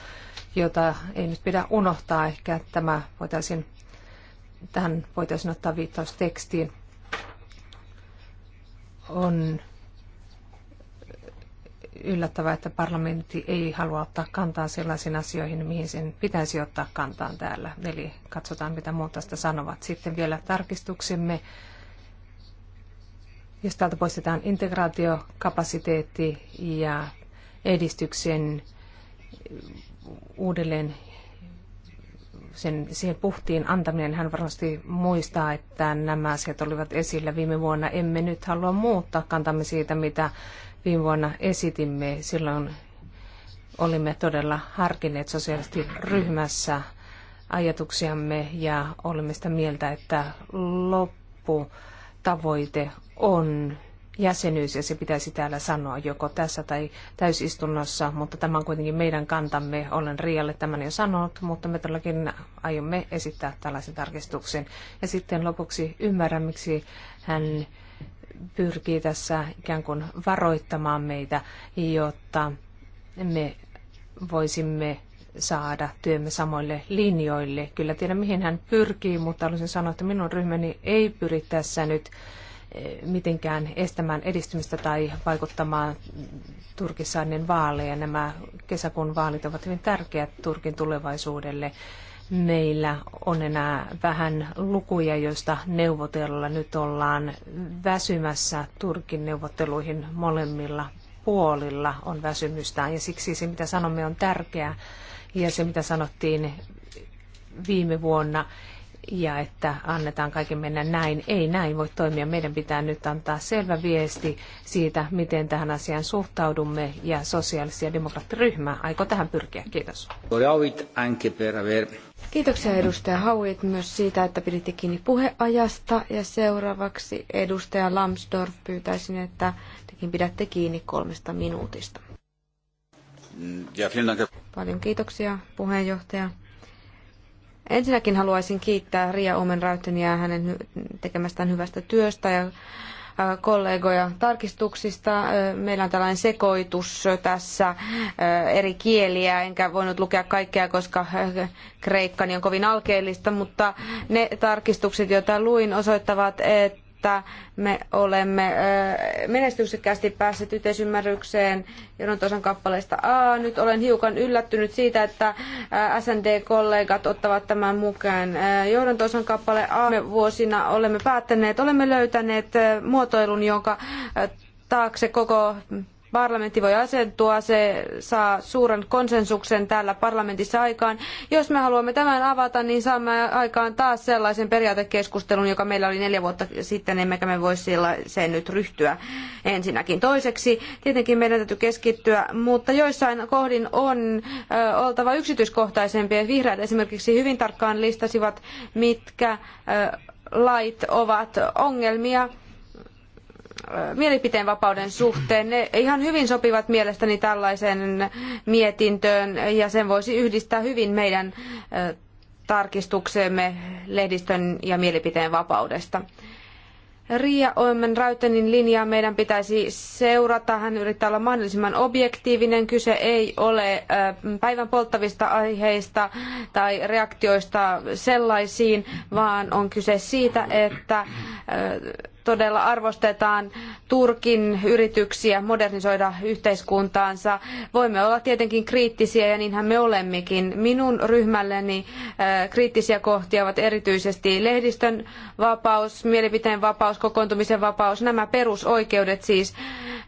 jota ei nyt pidä unohtaa. Ehkä tämä voitaisiin, tähän voitaisiin ottaa viittaus tekstiin. On yllättävää, että parlamentti ei halua ottaa kantaa sellaisiin asioihin, mihin sen pitäisi ottaa kantaan täällä. Eli katsotaan, mitä muut tästä sanovat. Sitten vielä tarkistuksemme. Jos täältä poistetaan integraatiokapasiteetti ja edistyksen uudelleen sen, siihen puhtiin antaminen, hän varmasti muistaa, että nämä asiat olivat esillä viime vuonna. Emme nyt halua muuttaa kantamme siitä, mitä viime vuonna esitimme. Silloin olimme todella harkinneet sosiaalisesti ryhmässä ajatuksiamme ja olimme sitä mieltä, että lopputavoite on jäsenyys ja se pitäisi täällä sanoa joko tässä tai täysistunnossa, mutta tämä on kuitenkin meidän kantamme. Olen Rialle tämän jo sanonut, mutta me todellakin aiomme esittää tällaisen tarkistuksen. Ja sitten lopuksi ymmärrän, miksi hän pyrkii tässä ikään kuin varoittamaan meitä, jotta me voisimme saada työmme samoille linjoille. Kyllä tiedän, mihin hän pyrkii, mutta haluaisin sanoa, että minun ryhmäni ei pyri tässä nyt eh, mitenkään estämään edistymistä tai vaikuttamaan Turkissa ennen vaaleja. Nämä kesäkuun vaalit ovat hyvin tärkeät Turkin tulevaisuudelle meillä on enää vähän lukuja, joista neuvotella. Nyt ollaan väsymässä Turkin neuvotteluihin molemmilla puolilla on väsymystään ja siksi se mitä sanomme on tärkeää ja se mitä sanottiin viime vuonna ja että annetaan kaiken mennä näin. Ei näin voi toimia. Meidän pitää nyt antaa selvä viesti siitä, miten tähän asiaan suhtaudumme ja sosiaalisia ja demokraattiryhmä aiko tähän pyrkiä. Kiitos. Kiitoksia edustaja Hauit myös siitä, että piditte kiinni puheajasta ja seuraavaksi edustaja Lambsdorff pyytäisin, että tekin pidätte kiinni kolmesta minuutista. Paljon kiitoksia puheenjohtaja. Ensinnäkin haluaisin kiittää Ria Omen hänen tekemästään hyvästä työstä ja kollegoja tarkistuksista. Meillä on tällainen sekoitus tässä eri kieliä, enkä voinut lukea kaikkea, koska kreikkani on kovin alkeellista, mutta ne tarkistukset, joita luin, osoittavat, että mutta me olemme menestyksekkäästi päässeet yhteisymmärrykseen Jonontosan kappaleesta A. Nyt olen hiukan yllättynyt siitä, että SND-kollegat ottavat tämän mukaan. Jonontosan kappale A me vuosina olemme päättäneet, olemme löytäneet muotoilun, jonka taakse koko parlamentti voi asentua, se saa suuren konsensuksen täällä parlamentissa aikaan. Jos me haluamme tämän avata, niin saamme aikaan taas sellaisen periaatekeskustelun, joka meillä oli neljä vuotta sitten, emmekä me voi sellaiseen nyt ryhtyä ensinnäkin. Toiseksi tietenkin meidän täytyy keskittyä, mutta joissain kohdin on oltava yksityiskohtaisempia. Vihreät esimerkiksi hyvin tarkkaan listasivat, mitkä lait ovat ongelmia mielipiteenvapauden suhteen. Ne ihan hyvin sopivat mielestäni tällaiseen mietintöön ja sen voisi yhdistää hyvin meidän tarkistukseemme lehdistön ja mielipiteenvapaudesta. Ria Oimen Räytenin linjaa meidän pitäisi seurata. Hän yrittää olla mahdollisimman objektiivinen. Kyse ei ole päivän polttavista aiheista tai reaktioista sellaisiin, vaan on kyse siitä, että todella arvostetaan Turkin yrityksiä modernisoida yhteiskuntaansa. Voimme olla tietenkin kriittisiä ja niinhän me olemmekin. Minun ryhmälleni äh, kriittisiä kohtia ovat erityisesti lehdistön vapaus, mielipiteen vapaus, kokoontumisen vapaus, nämä perusoikeudet siis.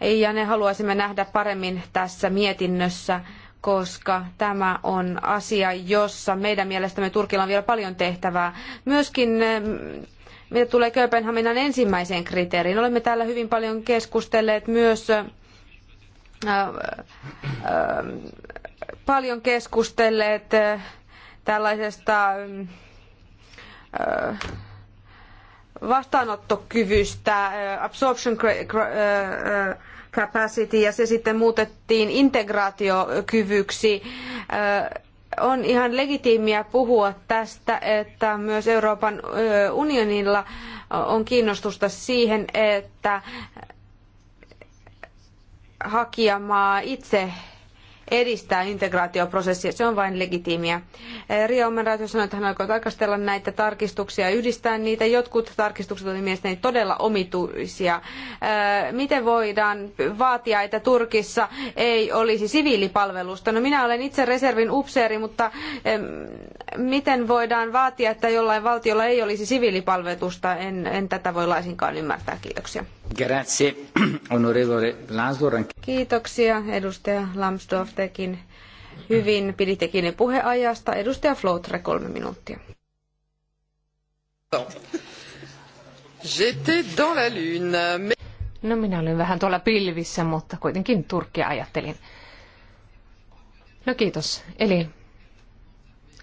Ja ne haluaisimme nähdä paremmin tässä mietinnössä koska tämä on asia, jossa meidän mielestämme Turkilla on vielä paljon tehtävää. Myöskin ähm, mitä tulee Kööpenhaminan ensimmäiseen kriteeriin, olemme täällä hyvin paljon keskustelleet myös äh, äh, paljon keskustelleet äh, tällaisesta mm, vastaanottokyvystä, absorption capacity, ja se sitten muutettiin integraatiokyvyksi on ihan legitiimiä puhua tästä, että myös Euroopan unionilla on kiinnostusta siihen, että hakijamaa itse edistää integraatioprosessia. Se on vain legitiimiä. Eh, Ria Omenraatio sanoi, että hän aikoo tarkastella näitä tarkistuksia ja yhdistää niitä. Jotkut tarkistukset olivat mielestäni todella omituisia. Eh, miten voidaan vaatia, että Turkissa ei olisi siviilipalvelusta? No minä olen itse reservin upseeri, mutta miten voidaan vaatia, että jollain valtiolla ei olisi siviilipalvelusta? En, en tätä voi laisinkaan ymmärtää. Kiitoksia. Grazie, onorevole Lansdorf. Kiitoksia, edustaja Lambsdorff tekin hyvin. Piditte kiinni puheajasta. Edustaja Flotre, kolme minuuttia. No minä olin vähän tuolla pilvissä, mutta kuitenkin Turkkia ajattelin. No kiitos. Eli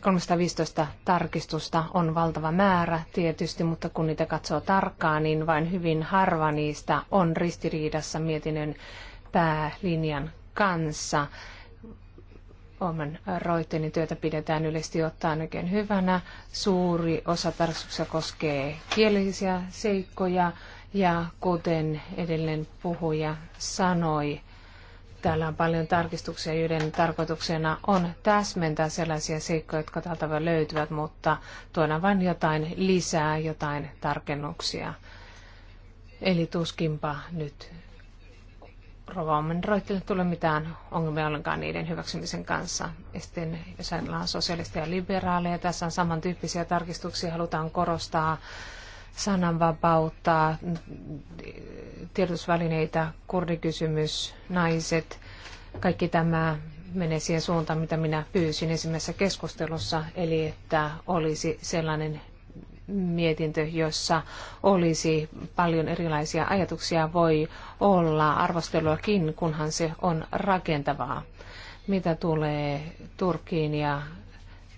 315 tarkistusta on valtava määrä tietysti, mutta kun niitä katsoo tarkkaan, niin vain hyvin harva niistä on ristiriidassa mietinnön päälinjan kanssa. Oman Reutenin työtä pidetään yleisesti ottaen oikein hyvänä. Suuri osa tarkastuksessa koskee kielisiä seikkoja ja kuten edellinen puhuja sanoi, täällä on paljon tarkistuksia, joiden tarkoituksena on täsmentää sellaisia seikkoja, jotka täältä voi löytyvät, mutta tuodaan vain jotain lisää, jotain tarkennuksia. Eli tuskinpa nyt Rovaumen roittille tule mitään ongelmia ollenkaan niiden hyväksymisen kanssa. Ja sitten jos ajatellaan sosiaalista ja liberaaleja, tässä on samantyyppisiä tarkistuksia, halutaan korostaa sananvapautta, tiedotusvälineitä, kurdikysymys, naiset, kaikki tämä menee siihen suuntaan, mitä minä pyysin ensimmäisessä keskustelussa, eli että olisi sellainen mietintö, jossa olisi paljon erilaisia ajatuksia, voi olla arvosteluakin, kunhan se on rakentavaa. Mitä tulee Turkkiin ja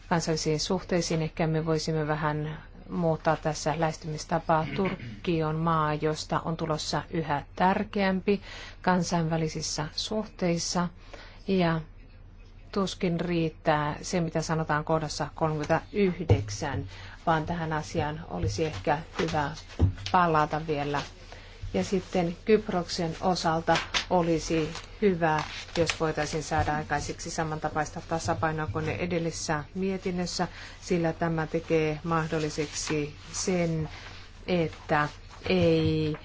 kansallisiin suhteisiin, ehkä me voisimme vähän muuttaa tässä lähestymistapaa. Turkki on maa, josta on tulossa yhä tärkeämpi kansainvälisissä suhteissa ja tuskin riittää se, mitä sanotaan kohdassa 39 vaan tähän asiaan olisi ehkä hyvä palata vielä. Ja sitten Kyproksen osalta olisi hyvä, jos voitaisiin saada aikaiseksi samantapaista tasapainoa kuin edellisessä mietinnössä, sillä tämä tekee mahdolliseksi sen, että ei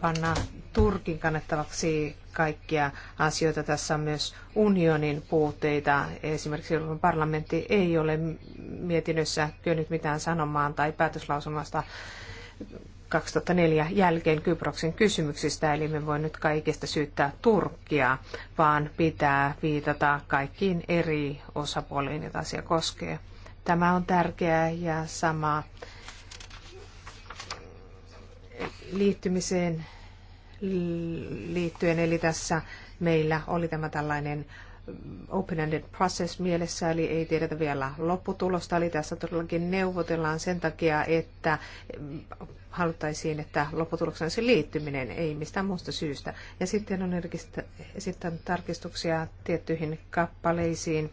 panna Turkin kannettavaksi kaikkia asioita. Tässä on myös unionin puutteita. Esimerkiksi Euroopan parlamentti ei ole mietinnössä kyennyt mitään sanomaan tai päätöslausumasta 2004 jälkeen Kyproksen kysymyksistä, eli me voi nyt kaikesta syyttää Turkkia, vaan pitää viitata kaikkiin eri osapuoliin, joita asia koskee. Tämä on tärkeää ja sama liittymiseen liittyen, eli tässä meillä oli tämä tällainen open-ended process mielessä, eli ei tiedetä vielä lopputulosta, eli tässä todellakin neuvotellaan sen takia, että haluttaisiin, että lopputuloksen se liittyminen, ei mistään muusta syystä. Ja sitten on sitten tarkistuksia tiettyihin kappaleisiin,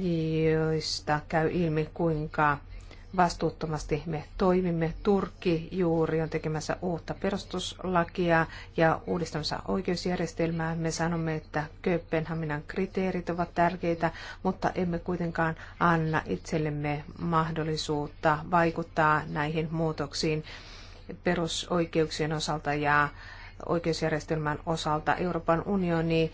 joista käy ilmi, kuinka vastuuttomasti me toimimme. Turkki juuri on tekemässä uutta perustuslakia ja uudistamassa oikeusjärjestelmää. Me sanomme, että Kööpenhaminan kriteerit ovat tärkeitä, mutta emme kuitenkaan anna itsellemme mahdollisuutta vaikuttaa näihin muutoksiin perusoikeuksien osalta ja oikeusjärjestelmän osalta Euroopan unioni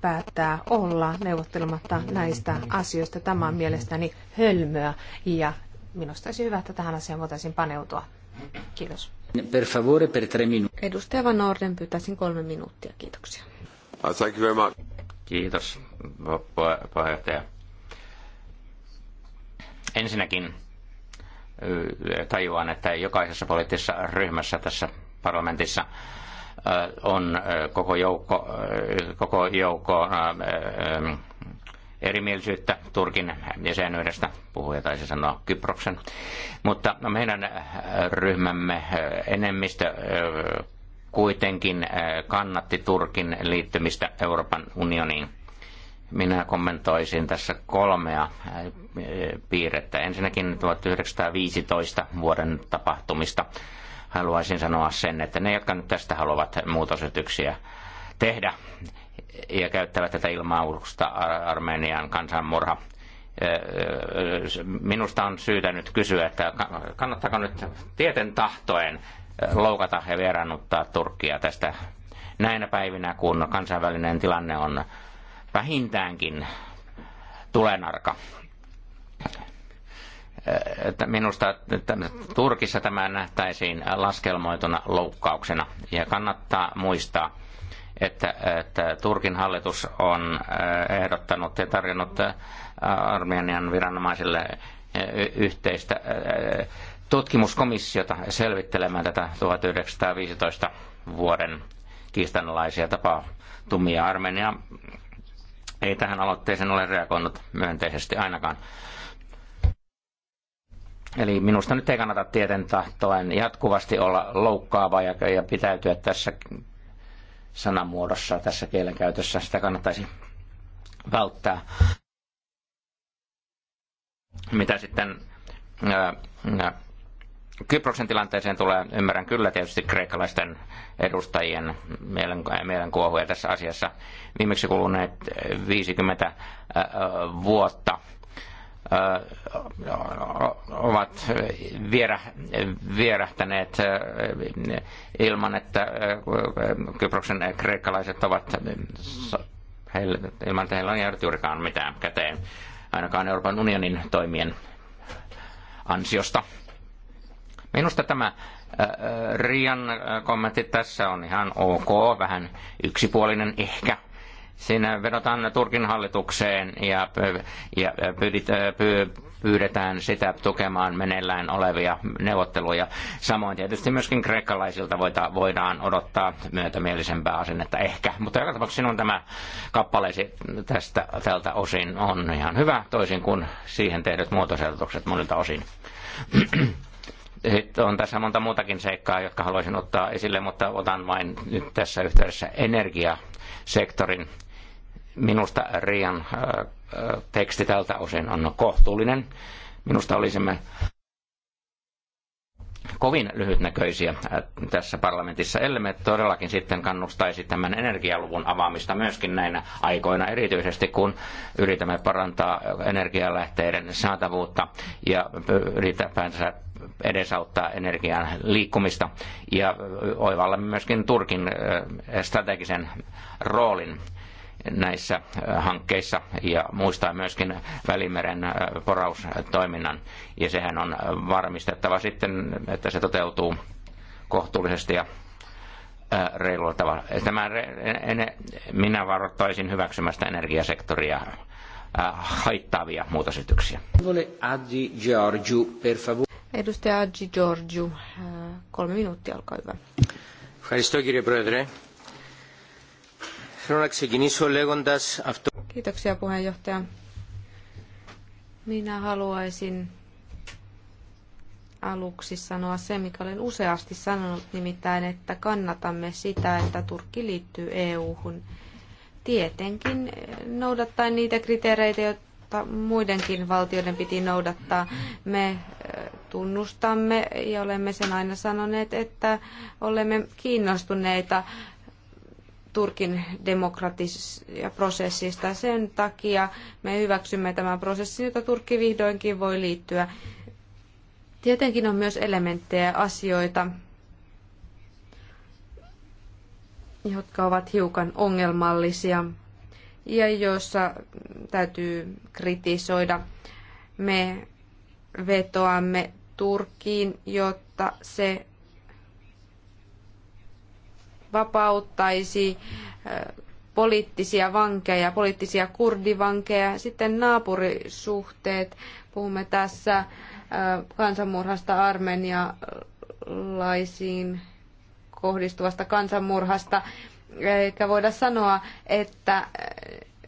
päättää olla neuvottelematta näistä asioista. Tämä on mielestäni hölmöä ja minusta olisi hyvä, että tähän asiaan voitaisiin paneutua. Kiitos. Per favore, per tre Edustaja Van Orden, pyytäisin kolme minuuttia. Kiitoksia. Uh, thank you very much. Kiitos, puheenjohtaja. Ensinnäkin tajuan, että jokaisessa poliittisessa ryhmässä tässä parlamentissa – Äh, on äh, koko joukko, äh, koko joukko erimielisyyttä Turkin jäsenyydestä, puhuja taisi sanoa Kyproksen. Mutta meidän ryhmämme enemmistö kuitenkin kannatti Turkin liittymistä Euroopan unioniin. Minä kommentoisin tässä kolmea piirrettä. Ensinnäkin 1915 vuoden tapahtumista haluaisin sanoa sen, että ne, jotka nyt tästä haluavat muutosytyksiä tehdä ja käyttävät tätä ilmaa Armenian kansanmurha, minusta on syytä nyt kysyä, että kannattaako nyt tieten tahtoen loukata ja vieraannuttaa Turkkia tästä näinä päivinä, kun kansainvälinen tilanne on vähintäänkin tulenarka että minusta että Turkissa tämä nähtäisiin laskelmoituna loukkauksena. Ja kannattaa muistaa, että, että Turkin hallitus on äh, ehdottanut ja tarjonnut äh, Armenian viranomaisille äh, yhteistä tutkimuskomissiota selvittelemään tätä 1915 vuoden kiistanalaisia tapahtumia. Armenia ei tähän aloitteeseen ole reagoinut myönteisesti ainakaan. Eli minusta nyt ei kannata tieten tahtoen jatkuvasti olla loukkaava ja, ja pitäytyä tässä sanamuodossa, tässä kielenkäytössä. Sitä kannattaisi välttää. Mitä sitten ää, ää, Kyproksen tilanteeseen tulee, ymmärrän kyllä tietysti kreikkalaisten edustajien mielen, mielenkuohuja tässä asiassa. Viimeksi kuluneet 50 vuotta ovat vierähtäneet ilman, että Kyproksen kreikkalaiset ovat heille, ilman, että heillä on jäänyt juurikaan mitään käteen, ainakaan Euroopan unionin toimien ansiosta. Minusta tämä Rian kommentti tässä on ihan ok, vähän yksipuolinen ehkä – Siinä vedotaan Turkin hallitukseen ja, ja pyydetään sitä tukemaan meneillään olevia neuvotteluja. Samoin tietysti myöskin kreikkalaisilta voidaan odottaa myötämielisempää asennetta ehkä. Mutta joka tapauksessa sinun tämä kappaleesi tästä, tältä osin on ihan hyvä, toisin kuin siihen tehdyt muotoseltukset monilta osin. Sitten on tässä monta muutakin seikkaa, jotka haluaisin ottaa esille, mutta otan vain nyt tässä yhteydessä energiasektorin Minusta Rian äh, äh, teksti tältä osin on kohtuullinen. Minusta olisimme kovin lyhytnäköisiä äh, tässä parlamentissa, me todellakin sitten kannustaisi tämän energialuvun avaamista myöskin näinä aikoina, erityisesti kun yritämme parantaa energialähteiden saatavuutta ja ylipäänsä edesauttaa energian liikkumista ja oivallamme myöskin Turkin strategisen roolin näissä äh, hankkeissa ja muistaa myöskin Välimeren äh, poraustoiminnan. Ja sehän on varmistettava sitten, että se toteutuu kohtuullisesti ja äh, reilulla tavalla. Tämä, minä varoittaisin hyväksymästä energiasektoria haittaavia muutosityksiä. Edustaja Adji Giorgiu, kolme minuuttia, olkaa hyvä. Kiitos, Kiitoksia puheenjohtaja. Minä haluaisin aluksi sanoa se, mikä olen useasti sanonut, nimittäin, että kannatamme sitä, että Turkki liittyy EU-hun. Tietenkin noudattaen niitä kriteereitä, joita muidenkin valtioiden piti noudattaa. Me eh, tunnustamme ja olemme sen aina sanoneet, että olemme kiinnostuneita Turkin demokratisia prosessista. Sen takia me hyväksymme tämän prosessin, jota Turkki vihdoinkin voi liittyä. Tietenkin on myös elementtejä asioita, jotka ovat hiukan ongelmallisia ja joissa täytyy kritisoida. Me vetoamme Turkkiin, jotta se vapauttaisi poliittisia vankeja, poliittisia kurdivankeja. Sitten naapurisuhteet, puhumme tässä kansanmurhasta armenialaisiin kohdistuvasta kansanmurhasta, eikä voida sanoa, että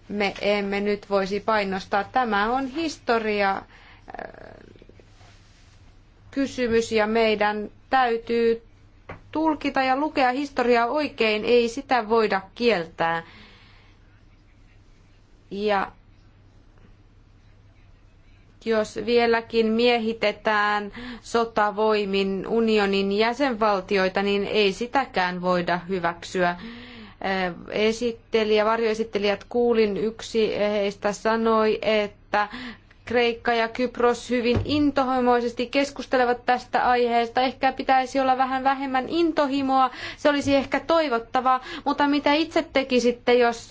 me emme nyt voisi painostaa. Tämä on historia kysymys ja meidän täytyy tulkita ja lukea historiaa oikein, ei sitä voida kieltää. Ja jos vieläkin miehitetään sotavoimin unionin jäsenvaltioita, niin ei sitäkään voida hyväksyä. Esittelijä, varjoesittelijät kuulin, yksi heistä sanoi, että Kreikka ja Kypros hyvin intohimoisesti keskustelevat tästä aiheesta. Ehkä pitäisi olla vähän vähemmän intohimoa, se olisi ehkä toivottavaa, mutta mitä itse tekisitte, jos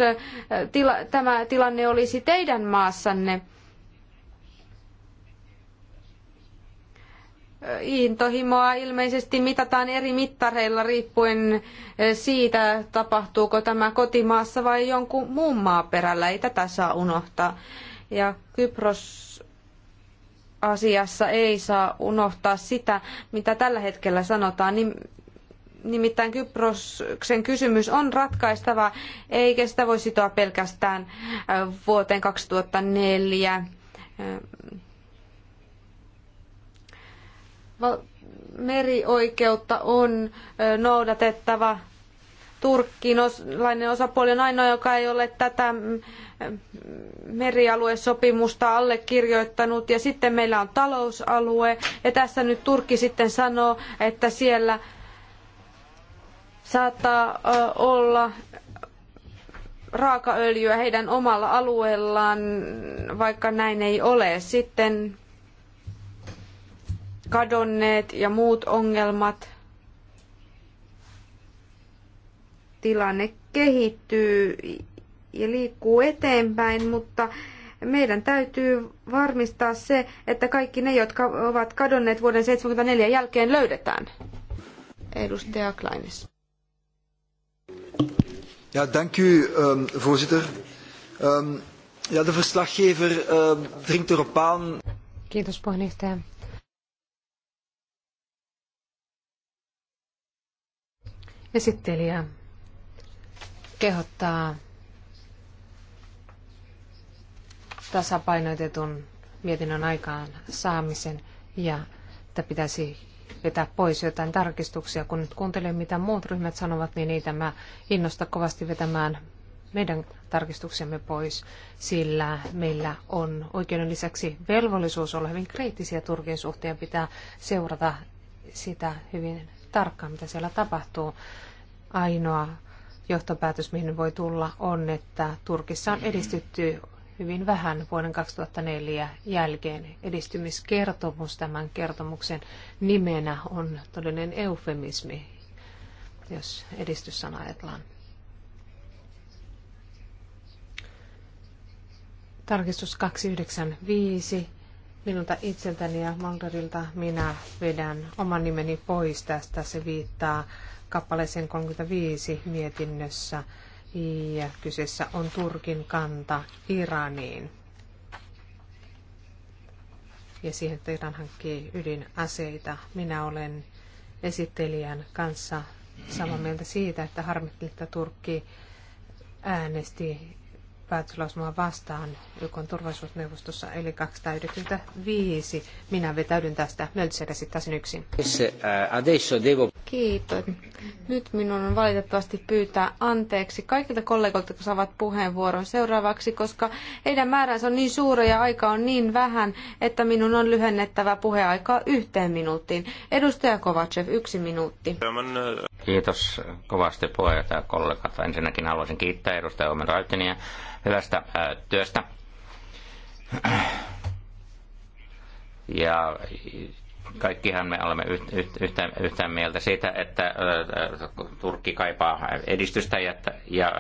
tila tämä tilanne olisi teidän maassanne? intohimoa ilmeisesti mitataan eri mittareilla riippuen siitä, tapahtuuko tämä kotimaassa vai jonkun muun maaperällä. Ei tätä saa unohtaa. Ja Kypros asiassa ei saa unohtaa sitä, mitä tällä hetkellä sanotaan. Nimittäin Kyproksen kysymys on ratkaistava, eikä sitä voi sitoa pelkästään äh, vuoteen 2004. Äh, merioikeutta on äh, noudatettava turkkilainen osapuoli on ainoa, joka ei ole tätä merialuesopimusta allekirjoittanut. Ja sitten meillä on talousalue. Ja tässä nyt Turkki sitten sanoo, että siellä saattaa olla raakaöljyä heidän omalla alueellaan, vaikka näin ei ole. Sitten kadonneet ja muut ongelmat – tilanne kehittyy ja liikkuu eteenpäin, mutta meidän täytyy varmistaa se, että kaikki ne, jotka ovat kadonneet vuoden 1974 jälkeen, löydetään. Edustaja Kleinis. Ja, dank u, um, voorzitter. Um, ja, de verslaggever um, ehm, dringt erop aan. Kiitos puheenjohtaja. Esittelijä kehottaa tasapainoitetun mietinnön aikaan saamisen ja että pitäisi vetää pois jotain tarkistuksia. Kun nyt kuuntelen, mitä muut ryhmät sanovat, niin niitä mä innosta kovasti vetämään meidän tarkistuksemme pois, sillä meillä on oikeuden lisäksi velvollisuus olla hyvin kriittisiä Turkin suhteen, pitää seurata sitä hyvin tarkkaan, mitä siellä tapahtuu. Ainoa johtopäätös, mihin voi tulla, on, että Turkissa on edistytty hyvin vähän vuoden 2004 jälkeen. Edistymiskertomus tämän kertomuksen nimenä on todellinen eufemismi, jos edistyssana ajatellaan. Tarkistus 295. Minulta itseltäni ja Maldorilta minä vedän oman nimeni pois tästä. Se viittaa kappaleeseen 35 mietinnössä ja kyseessä on Turkin kanta Iraniin. Ja siihen, että Iran hankkii ydinaseita. Minä olen esittelijän kanssa samaa mieltä siitä, että harmitteli, että Turkki äänesti päätöslausumaa vastaan YK turvallisuusneuvostossa, eli 295. Minä vetäydyn tästä. Möltser esittäisin yksin. Kiitos. Nyt minun on valitettavasti pyytää anteeksi kaikilta kollegoilta, jotka saavat puheenvuoron seuraavaksi, koska heidän määränsä on niin suuri ja aika on niin vähän, että minun on lyhennettävä puheaikaa yhteen minuuttiin. Edustaja Kovacev, yksi minuutti. Kiitos kovasti puheenjohtaja kollegat. Ensinnäkin haluaisin kiittää edustaja Omen Raittinia hyvästä työstä. Ja kaikkihan me olemme yhtä, yhtä mieltä siitä, että Turkki kaipaa edistystä ja, ja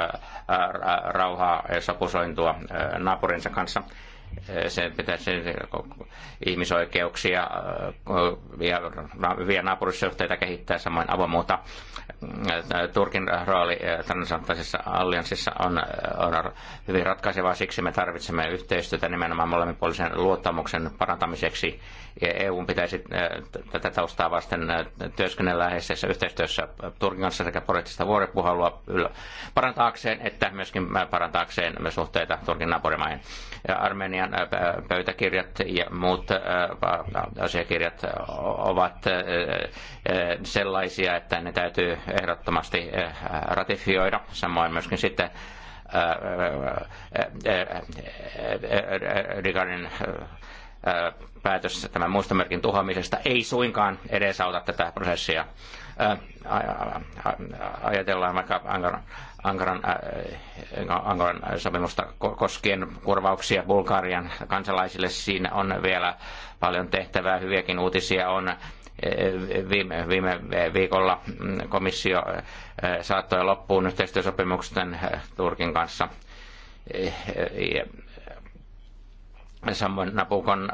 rauhaa ja sopusointua naapurinsa kanssa sen pitäisi ihmisoikeuksia ja hyviä naapurussuhteita kehittää, samoin avomuuta. Turkin rooli transatlanttisessa allianssissa on, on hyvin ratkaisevaa, siksi me tarvitsemme yhteistyötä nimenomaan molemminpuolisen luottamuksen parantamiseksi. EU pitäisi tätä taustaa vasten työskennellä läheisessä yhteistyössä Turkin kanssa sekä poliittista vuoropuhelua parantaakseen, että myöskin parantaakseen suhteita Turkin naapurimaihin. Ja Armenia Britannian äh, pöytäkirjat ja muut äh, asiakirjat ovat äh, sellaisia, että ne täytyy ehdottomasti ratifioida. Samoin myöskin sitten Rigarin päätös tämän muistomerkin tuhoamisesta ei suinkaan edesauta tätä prosessia. Ajatellaan vaikka Ankaran Ankaran, Ankaran sopimusta koskien korvauksia Bulgarian kansalaisille. Siinä on vielä paljon tehtävää. Hyviäkin uutisia on viime, viime viikolla komissio saattoi loppuun yhteistyösopimuksen Turkin kanssa. Samoin Napukon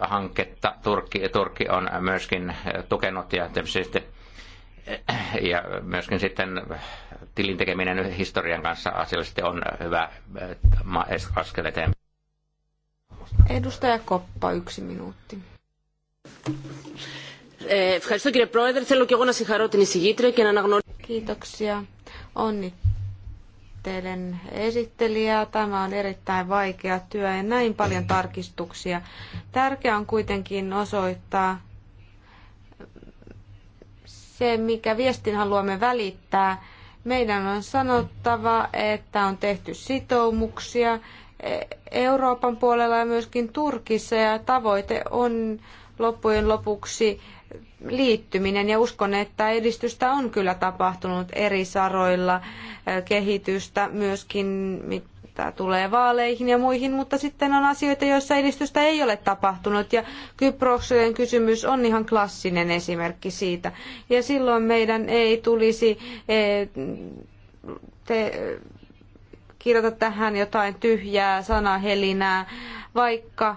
hanketta Turkki, Turkki on myöskin tukenut ja tietysti ja myöskin sitten tilin tekeminen historian kanssa asiallisesti on hyvä askel eteenpäin. Edustaja Koppa, yksi minuutti. Eh, Kiitoksia. Onnittelen esittelijää. Tämä on erittäin vaikea työ ja näin paljon tarkistuksia. Tärkeää on kuitenkin osoittaa, se, mikä viestin haluamme välittää. Meidän on sanottava, että on tehty sitoumuksia e, Euroopan puolella ja myöskin Turkissa ja tavoite on loppujen lopuksi liittyminen ja uskon, että edistystä on kyllä tapahtunut eri saroilla e, kehitystä myöskin Tämä tulee vaaleihin ja muihin, mutta sitten on asioita, joissa edistystä ei ole tapahtunut. Ja Kyproksen kysymys on ihan klassinen esimerkki siitä. Ja silloin meidän ei tulisi eh, te, kirjata tähän jotain tyhjää sanahelinää, vaikka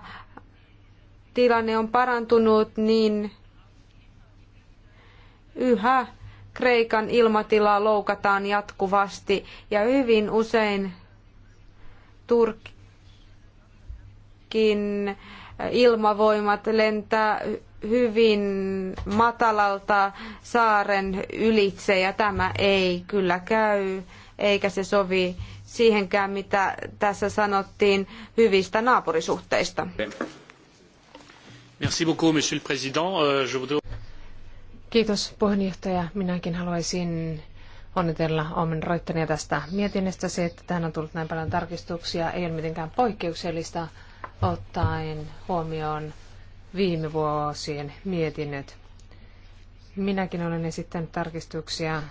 tilanne on parantunut, niin yhä Kreikan ilmatilaa loukataan jatkuvasti ja hyvin usein Turkin ilmavoimat lentää hyvin matalalta saaren ylitse ja tämä ei kyllä käy eikä se sovi siihenkään, mitä tässä sanottiin hyvistä naapurisuhteista. Euh, Kiitos puheenjohtaja. Minäkin haluaisin onnitella Omen Roittania tästä mietinnöstä. Se, että tähän on tullut näin paljon tarkistuksia, ei ole mitenkään poikkeuksellista ottaen huomioon viime vuosien mietinnöt. Minäkin olen esittänyt tarkistuksia.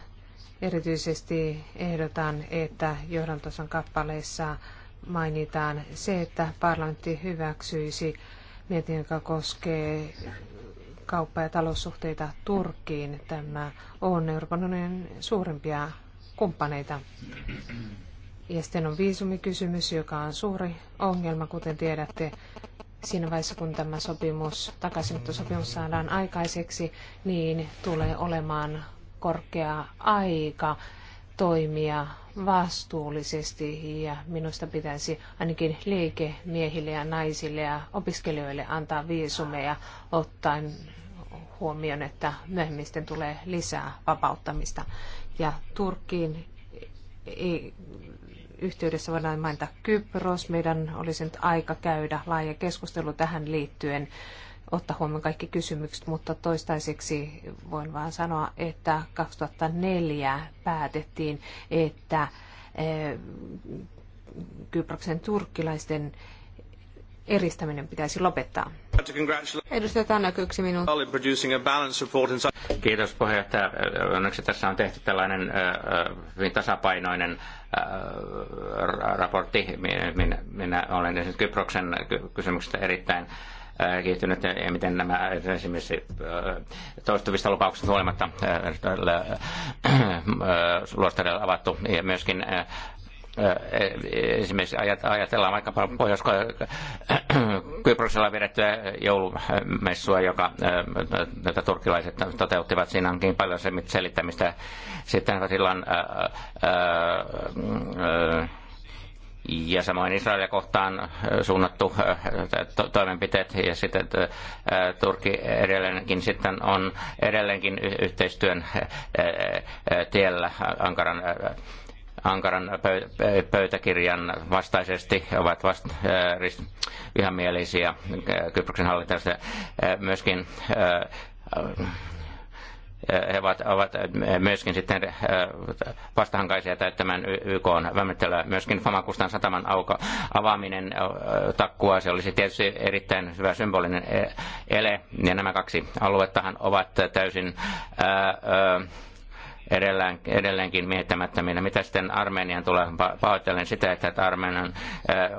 Erityisesti ehdotan, että johdantason kappaleissa mainitaan se, että parlamentti hyväksyisi mietinnön, joka koskee kauppa- ja taloussuhteita Turkkiin. Tämä on Euroopan unionin suurimpia kumppaneita. Ja sitten on viisumikysymys, joka on suuri ongelma, kuten tiedätte. Siinä vaiheessa, kun tämä sopimus, takaisinottosopimus saadaan aikaiseksi, niin tulee olemaan korkea aika toimia vastuullisesti ja minusta pitäisi ainakin liikemiehille ja naisille ja opiskelijoille antaa viisumeja ottaen huomioon, että myöhemmin tulee lisää vapauttamista. Ja Turkkiin ei, yhteydessä voidaan mainita Kypros. Meidän olisi nyt aika käydä laaja keskustelu tähän liittyen ottaa huomioon kaikki kysymykset, mutta toistaiseksi voin vain sanoa, että 2004 päätettiin, että eh, Kyproksen turkkilaisten eristäminen pitäisi lopettaa. Edustaja Tannak, yksi minuutti. Kiitos puheenjohtaja. Eh, onneksi tässä on tehty tällainen eh, hyvin tasapainoinen raportti. Minä olen esimerkiksi Kyproksen kysymyksestä erittäin kiihtynyt, miten nämä esimerkiksi toistuvista lupauksista huolimatta luostarilla avattu ja myöskin esimerkiksi ajatellaan vaikka pohjois Kyproksella vedettyä joulumessua, joka näitä turkilaiset toteuttivat. Siinä onkin paljon selittämistä. Sitten Sillan ää, ää, ja samoin Israelia kohtaan äh, suunnattu äh, toimenpiteet ja sitten äh, Turkki edelleenkin sitten on edelleenkin yhteistyön tiellä Ankaran Ankaran pöytäkirjan vastaisesti ovat vasta vihamielisiä Kyproksen hallitusta myöskin he ovat, ovat myöskin sitten äh, vastahankaisia täyttämään YK on vämmettelyä. Myöskin Famakustan sataman auka, avaaminen äh, takkua, se olisi tietysti erittäin hyvä symbolinen äh, ele. Ja nämä kaksi aluettahan ovat täysin ää, ää, edelleen, edelleenkin miehittämättöminä. Mitä sitten Armenian tulee? Pahoittelen sitä, että Armenian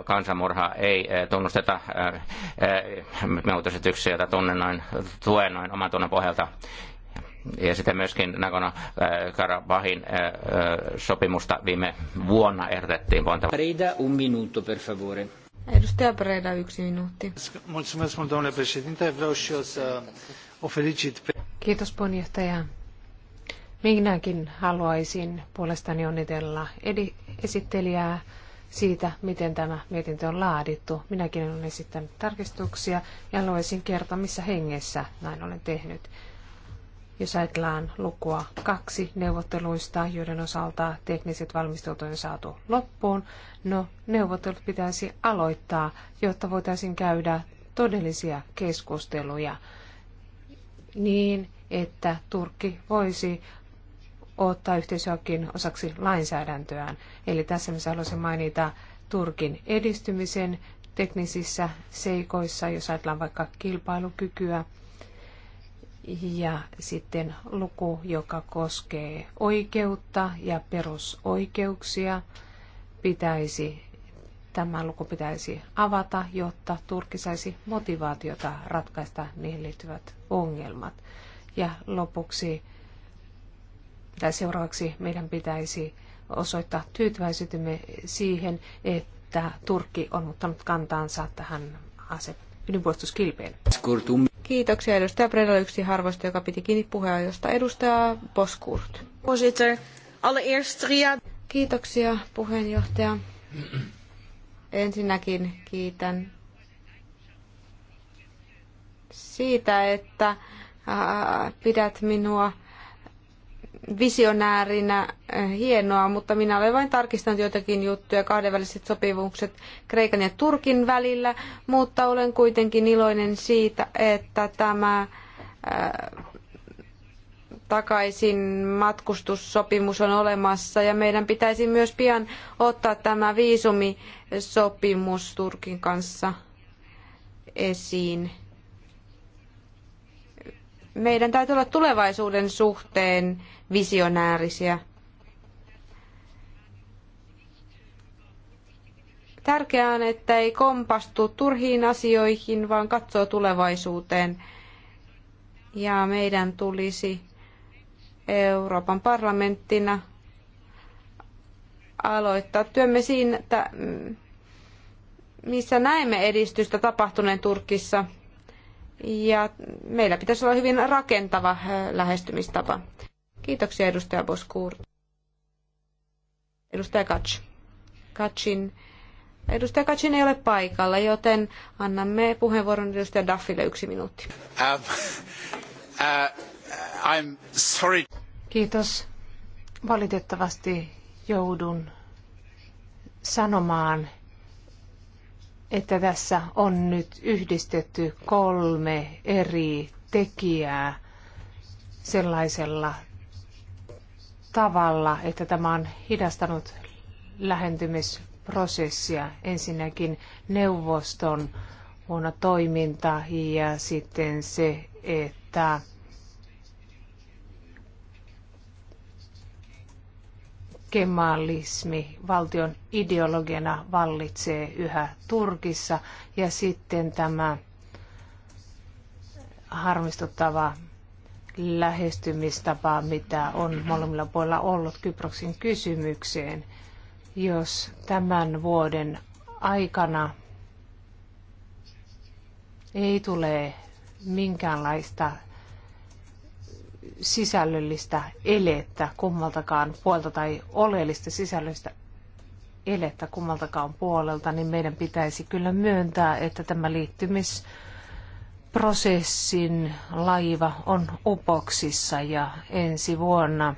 kansanmurha ei tunnusteta mieluutusetyksiä, jota tunnen noin, tuen noin oman tunnon pohjalta ja sitten myöskin Nagona Karabahin sopimusta viime vuonna ehdotettiin vuonna. Preda, un minuto, per favore. Edustaja Preda, yksi minuutti. Kiitos, puheenjohtaja. Minäkin haluaisin puolestani onnitella edi- esittelijää siitä, miten tämä mietintö on laadittu. Minäkin olen esittänyt tarkistuksia ja haluaisin kertoa, missä hengessä näin olen tehnyt. Jos ajatellaan lukua kaksi neuvotteluista, joiden osalta tekniset valmistelut on saatu loppuun, no neuvottelut pitäisi aloittaa, jotta voitaisiin käydä todellisia keskusteluja niin, että Turkki voisi ottaa yhteisöäkin osaksi lainsäädäntöään. Eli tässä missä haluaisin mainita Turkin edistymisen teknisissä seikoissa, jos ajatellaan vaikka kilpailukykyä ja sitten luku, joka koskee oikeutta ja perusoikeuksia, pitäisi, tämä luku pitäisi avata, jotta Turkki saisi motivaatiota ratkaista niihin liittyvät ongelmat. Ja lopuksi tai seuraavaksi meidän pitäisi osoittaa tyytyväisyytemme siihen, että Turkki on muuttanut kantaansa tähän ase ydinpuolustuskilpeen. Kiitoksia edustaja Predalla yksi harvoista, joka piti kiinni puheenjohtajasta. Edustaja Boskurt. Kiitoksia puheenjohtaja. Ensinnäkin kiitän siitä, että pidät minua visionäärinä eh, hienoa, mutta minä olen vain tarkistanut joitakin juttuja, kahdenväliset sopimukset Kreikan ja Turkin välillä, mutta olen kuitenkin iloinen siitä, että tämä eh, takaisin matkustussopimus on olemassa ja meidän pitäisi myös pian ottaa tämä viisumisopimus Turkin kanssa esiin meidän täytyy olla tulevaisuuden suhteen visionäärisiä. Tärkeää on, että ei kompastu turhiin asioihin, vaan katsoo tulevaisuuteen. Ja meidän tulisi Euroopan parlamenttina aloittaa työmme siinä, että mm, missä näemme edistystä tapahtuneen Turkissa – ja meillä pitäisi olla hyvin rakentava lähestymistapa. Kiitoksia edustaja Boskuur. Edustaja Kats. Katsin. Edustaja Katsin ei ole paikalla, joten annamme puheenvuoron edustaja Daffille yksi minuutti. Um, uh, I'm sorry. Kiitos. Valitettavasti joudun sanomaan, että tässä on nyt yhdistetty kolme eri tekijää sellaisella tavalla, että tämä on hidastanut lähentymisprosessia. Ensinnäkin neuvoston huono toiminta ja sitten se, että kemalismi valtion ideologiana vallitsee yhä Turkissa ja sitten tämä harmistuttava lähestymistapa, mitä on molemmilla puolilla ollut Kyproksen kysymykseen, jos tämän vuoden aikana ei tule minkäänlaista sisällöllistä elettä kummaltakaan puolta tai oleellista sisällöllistä elettä kummaltakaan puolelta, niin meidän pitäisi kyllä myöntää, että tämä liittymisprosessin laiva on upoksissa ja ensi vuonna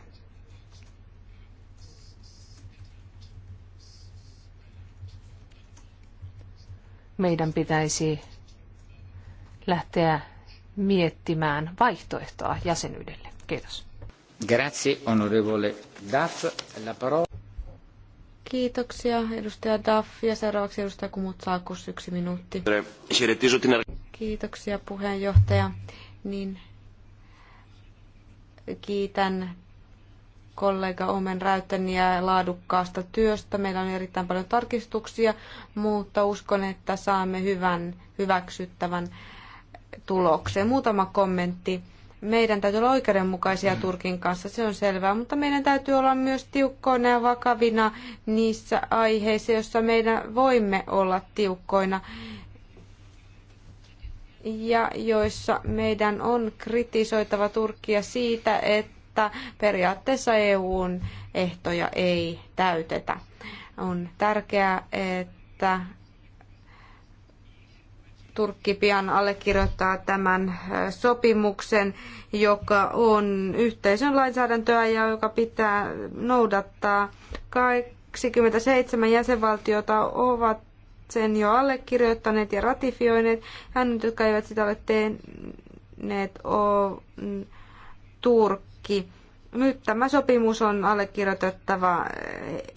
meidän pitäisi lähteä miettimään vaihtoehtoa jäsenyydelle. Kiitos. Grazie, onorevole Duff. La parola. Kiitoksia, edustaja Duff. Ja seuraavaksi edustaja Kumutsaakos, yksi minuutti. Kiitoksia, puheenjohtaja. Niin, kiitän kollega Omen Räyttäniä laadukkaasta työstä. Meillä on erittäin paljon tarkistuksia, mutta uskon, että saamme hyvän, hyväksyttävän tulokseen. Muutama kommentti. Meidän täytyy olla oikeudenmukaisia Turkin kanssa, se on selvää, mutta meidän täytyy olla myös tiukkoina ja vakavina niissä aiheissa, joissa meidän voimme olla tiukkoina ja joissa meidän on kritisoitava Turkkia siitä, että periaatteessa EUn ehtoja ei täytetä. On tärkeää, että Turkki pian allekirjoittaa tämän sopimuksen, joka on yhteisön lainsäädäntöä ja joka pitää noudattaa. 27 jäsenvaltiota ovat sen jo allekirjoittaneet ja ratifioineet. Hän jotka eivät sitä ole tehneet, on Turkki. Nyt tämä sopimus on allekirjoitettava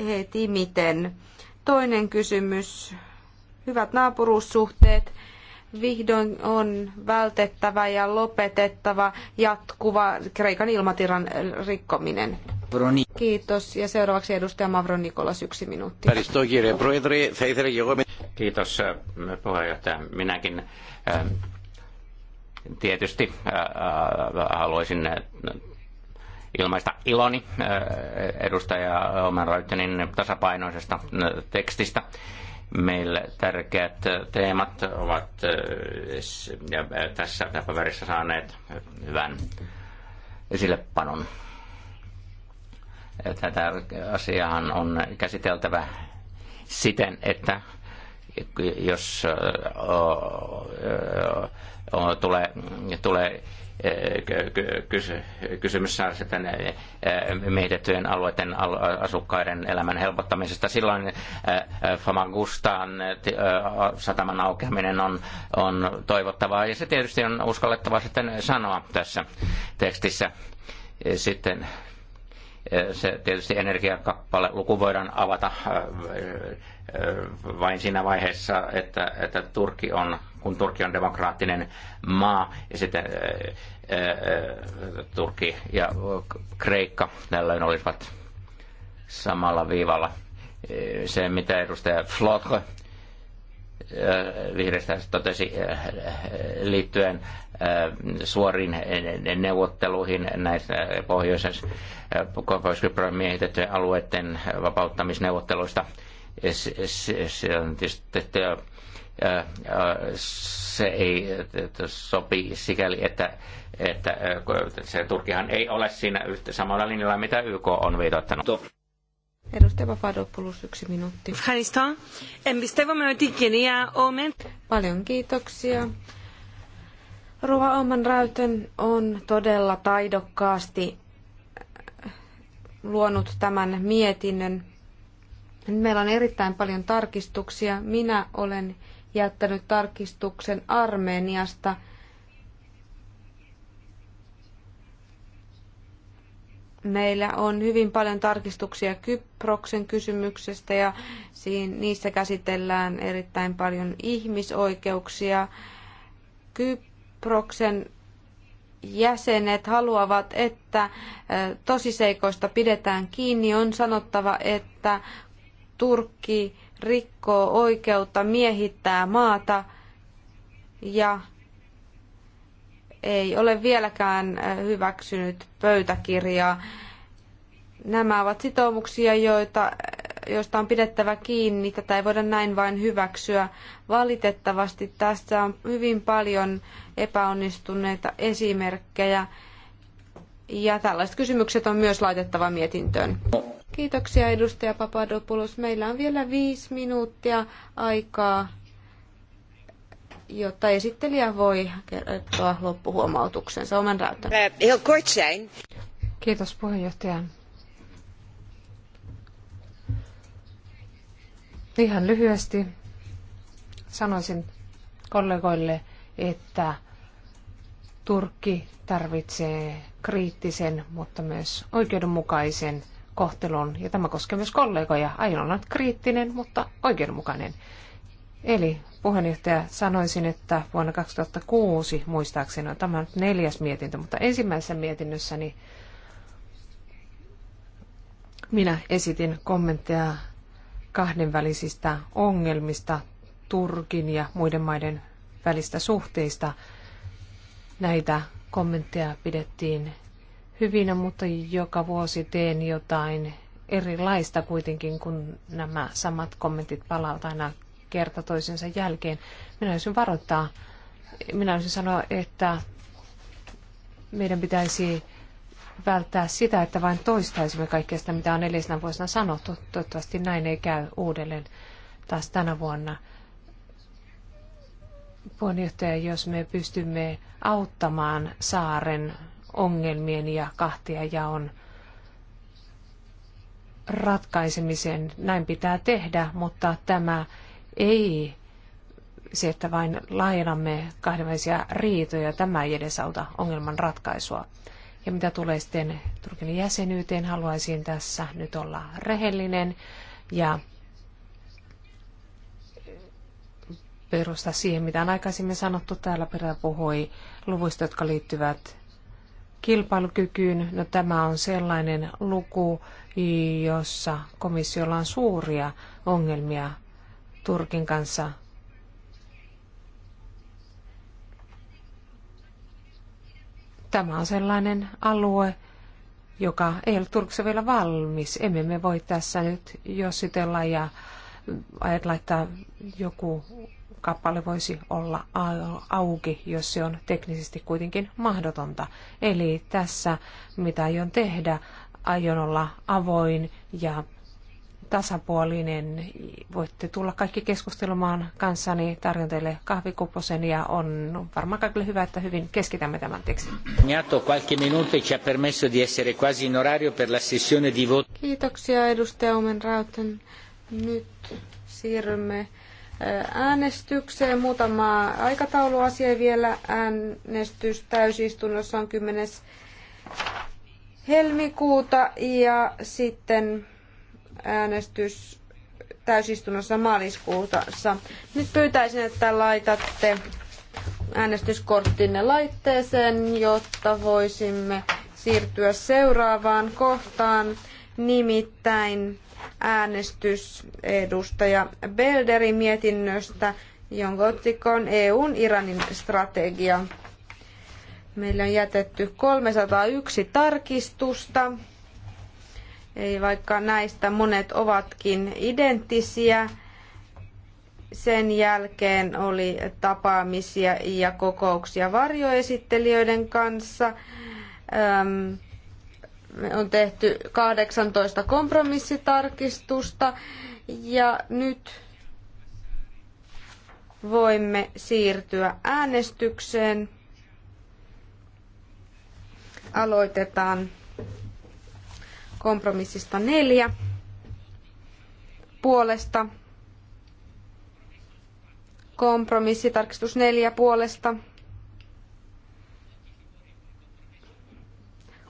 heti miten. Toinen kysymys. Hyvät naapuruussuhteet vihdoin on vältettävä ja lopetettava jatkuva Kreikan ilmatilan rikkominen. Kiitos. Ja seuraavaksi edustaja Mavron Nikolas, yksi minuutti. Kiitos äh, puheenjohtaja. Minäkin äh, tietysti äh, haluaisin ilmaista iloni edustaja Omer Reutenin tasapainoisesta tekstistä meille tärkeät teemat ovat ja tässä paperissa saaneet hyvän esillepanon. Tätä asiaa on käsiteltävä siten, että jos tulee, tulee kysymys saa sitten eh, miehitettyjen alueiden asukkaiden elämän helpottamisesta. Silloin eh, Famagustan eh, sataman aukeaminen on, on toivottavaa ja se tietysti on uskallettava sitten sanoa tässä tekstissä. Sitten se tietysti energiakappale luku voidaan avata vain siinä vaiheessa, että, että Turkki on, kun Turkki on demokraattinen maa ja sitten Turkki ja Kreikka tällöin olisivat samalla viivalla. Se, mitä edustaja Flotre vihreistä totesi liittyen suoriin neuvotteluihin näistä pohjoisen miehitettyjen alueiden vapauttamisneuvotteluista. Se on tietysti se ei sopi sikäli, että, että se Turkihan ei ole siinä samalla linjalla, mitä YK on viitoittanut. Edustaja Papadopoulos, yksi minuutti. Paljon kiitoksia. Ruva Oman Rauten on todella taidokkaasti äh, luonut tämän mietinnön. Meillä on erittäin paljon tarkistuksia. Minä olen jättänyt tarkistuksen Armeniasta – Meillä on hyvin paljon tarkistuksia Kyproksen kysymyksestä ja niissä käsitellään erittäin paljon ihmisoikeuksia. Kyproksen jäsenet haluavat, että tosiseikoista pidetään kiinni. On sanottava, että Turkki rikkoo oikeutta miehittää maata ja ei ole vieläkään äh, hyväksynyt pöytäkirjaa. Nämä ovat sitoumuksia, joita, äh, joista on pidettävä kiinni. Tätä ei voida näin vain hyväksyä. Valitettavasti tässä on hyvin paljon epäonnistuneita esimerkkejä. Ja tällaiset kysymykset on myös laitettava mietintöön. Kiitoksia edustaja Papadopoulos. Meillä on vielä viisi minuuttia aikaa jotta esittelijä voi kertoa loppuhuomautuksensa oman räytön. Eh, Kiitos puheenjohtaja. Ihan lyhyesti sanoisin kollegoille, että Turkki tarvitsee kriittisen, mutta myös oikeudenmukaisen kohtelun, ja tämä koskee myös kollegoja. Aion on kriittinen, mutta oikeudenmukainen. Eli puheenjohtaja sanoisin, että vuonna 2006 muistaakseni, on no, tämä on neljäs mietintö, mutta ensimmäisessä mietinnössäni minä esitin kommentteja kahdenvälisistä ongelmista Turkin ja muiden maiden välistä suhteista. Näitä kommentteja pidettiin hyvinä, mutta joka vuosi teen jotain erilaista kuitenkin, kun nämä samat kommentit palautan aina kerta toisensa jälkeen. Minä olisin varoittaa, minä olisin sanoa, että meidän pitäisi välttää sitä, että vain toistaisimme kaikkea sitä, mitä on edellisenä vuosina sanottu. Toivottavasti näin ei käy uudelleen taas tänä vuonna. Puheenjohtaja, jos me pystymme auttamaan saaren ongelmien ja kahtia ja on ratkaisemisen, näin pitää tehdä, mutta tämä ei se, että vain laajennamme kahdenvälisiä riitoja, tämä ei edesauta ongelman ratkaisua. Ja mitä tulee sitten Turkin jäsenyyteen, haluaisin tässä nyt olla rehellinen ja perustaa siihen, mitä on aikaisemmin sanottu. Täällä perä puhui luvuista, jotka liittyvät kilpailukykyyn. No, tämä on sellainen luku, jossa komissiolla on suuria ongelmia Turkin kanssa. Tämä on sellainen alue, joka ei ole Turkissa vielä valmis. Emme me voi tässä nyt jossitella ja ajatella, että joku kappale voisi olla auki, jos se on teknisesti kuitenkin mahdotonta. Eli tässä, mitä aion tehdä, aion olla avoin ja tasapuolinen. Voitte tulla kaikki keskustelemaan kanssani, tarjon teille kahvikupposen ja on varmaan kaikille hyvä, että hyvin keskitämme tämän tekstin. Kiitoksia edustaja Omen Rauten. Nyt siirrymme eh, äänestykseen. Muutama aikatauluasia vielä. Äänestys täysistunnossa on 10. helmikuuta ja sitten äänestys täysistunnossa maaliskuussa. Nyt pyytäisin, että laitatte äänestyskorttinne laitteeseen, jotta voisimme siirtyä seuraavaan kohtaan, nimittäin äänestys edustaja Belderin mietinnöstä, jonka otsikko on EUn Iranin strategia. Meillä on jätetty 301 tarkistusta. Eli vaikka näistä monet ovatkin identtisiä, sen jälkeen oli tapaamisia ja kokouksia varjoesittelijöiden kanssa. Öm, on tehty 18 kompromissitarkistusta ja nyt voimme siirtyä äänestykseen. Aloitetaan kompromissista neljä puolesta. Kompromissitarkistus neljä puolesta.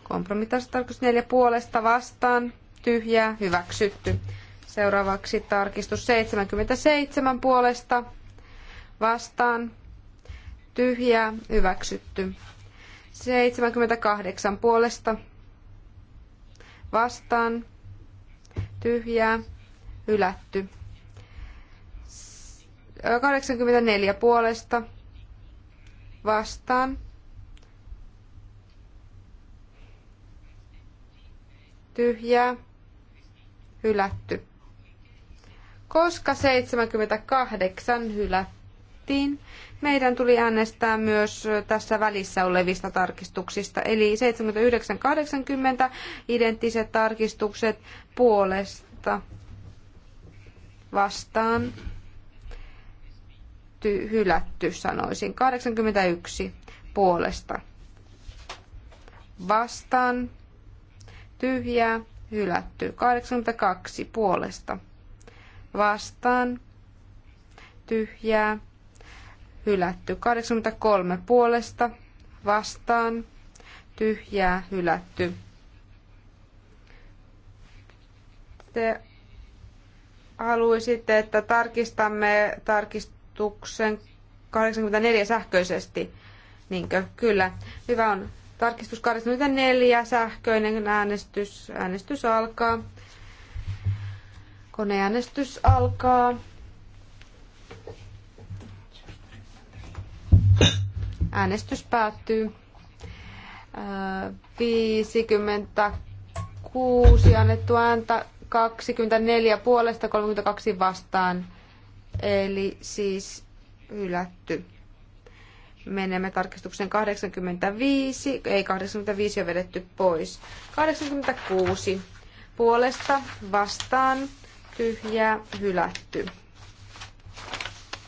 Kompromissitarkistus neljä puolesta vastaan. Tyhjää. Hyväksytty. Seuraavaksi tarkistus 77 puolesta. Vastaan. Tyhjää. Hyväksytty. 78 puolesta vastaan, tyhjää, hylätty. 84 puolesta vastaan. Tyhjää. Hylätty. Koska 78 hylättiin, meidän tuli äänestää myös tässä välissä olevista tarkistuksista, eli 79-80 identtiset tarkistukset puolesta vastaan ty- hylätty, sanoisin. 81 puolesta vastaan tyhjää, hylätty. 82 puolesta vastaan tyhjää, hylätty. 83 puolesta vastaan tyhjää hylätty. Te haluaisitte, että tarkistamme tarkistuksen 84 sähköisesti. Niinkö? Kyllä. Hyvä on. Tarkistus 84, sähköinen äänestys. Äänestys alkaa. Koneäänestys alkaa. Äänestys päättyy. 56 äh, annettu ääntä, 24 puolesta, 32 vastaan. Eli siis hylätty. Menemme tarkistuksen 85, ei 85 on vedetty pois. 86 puolesta vastaan tyhjää hylätty.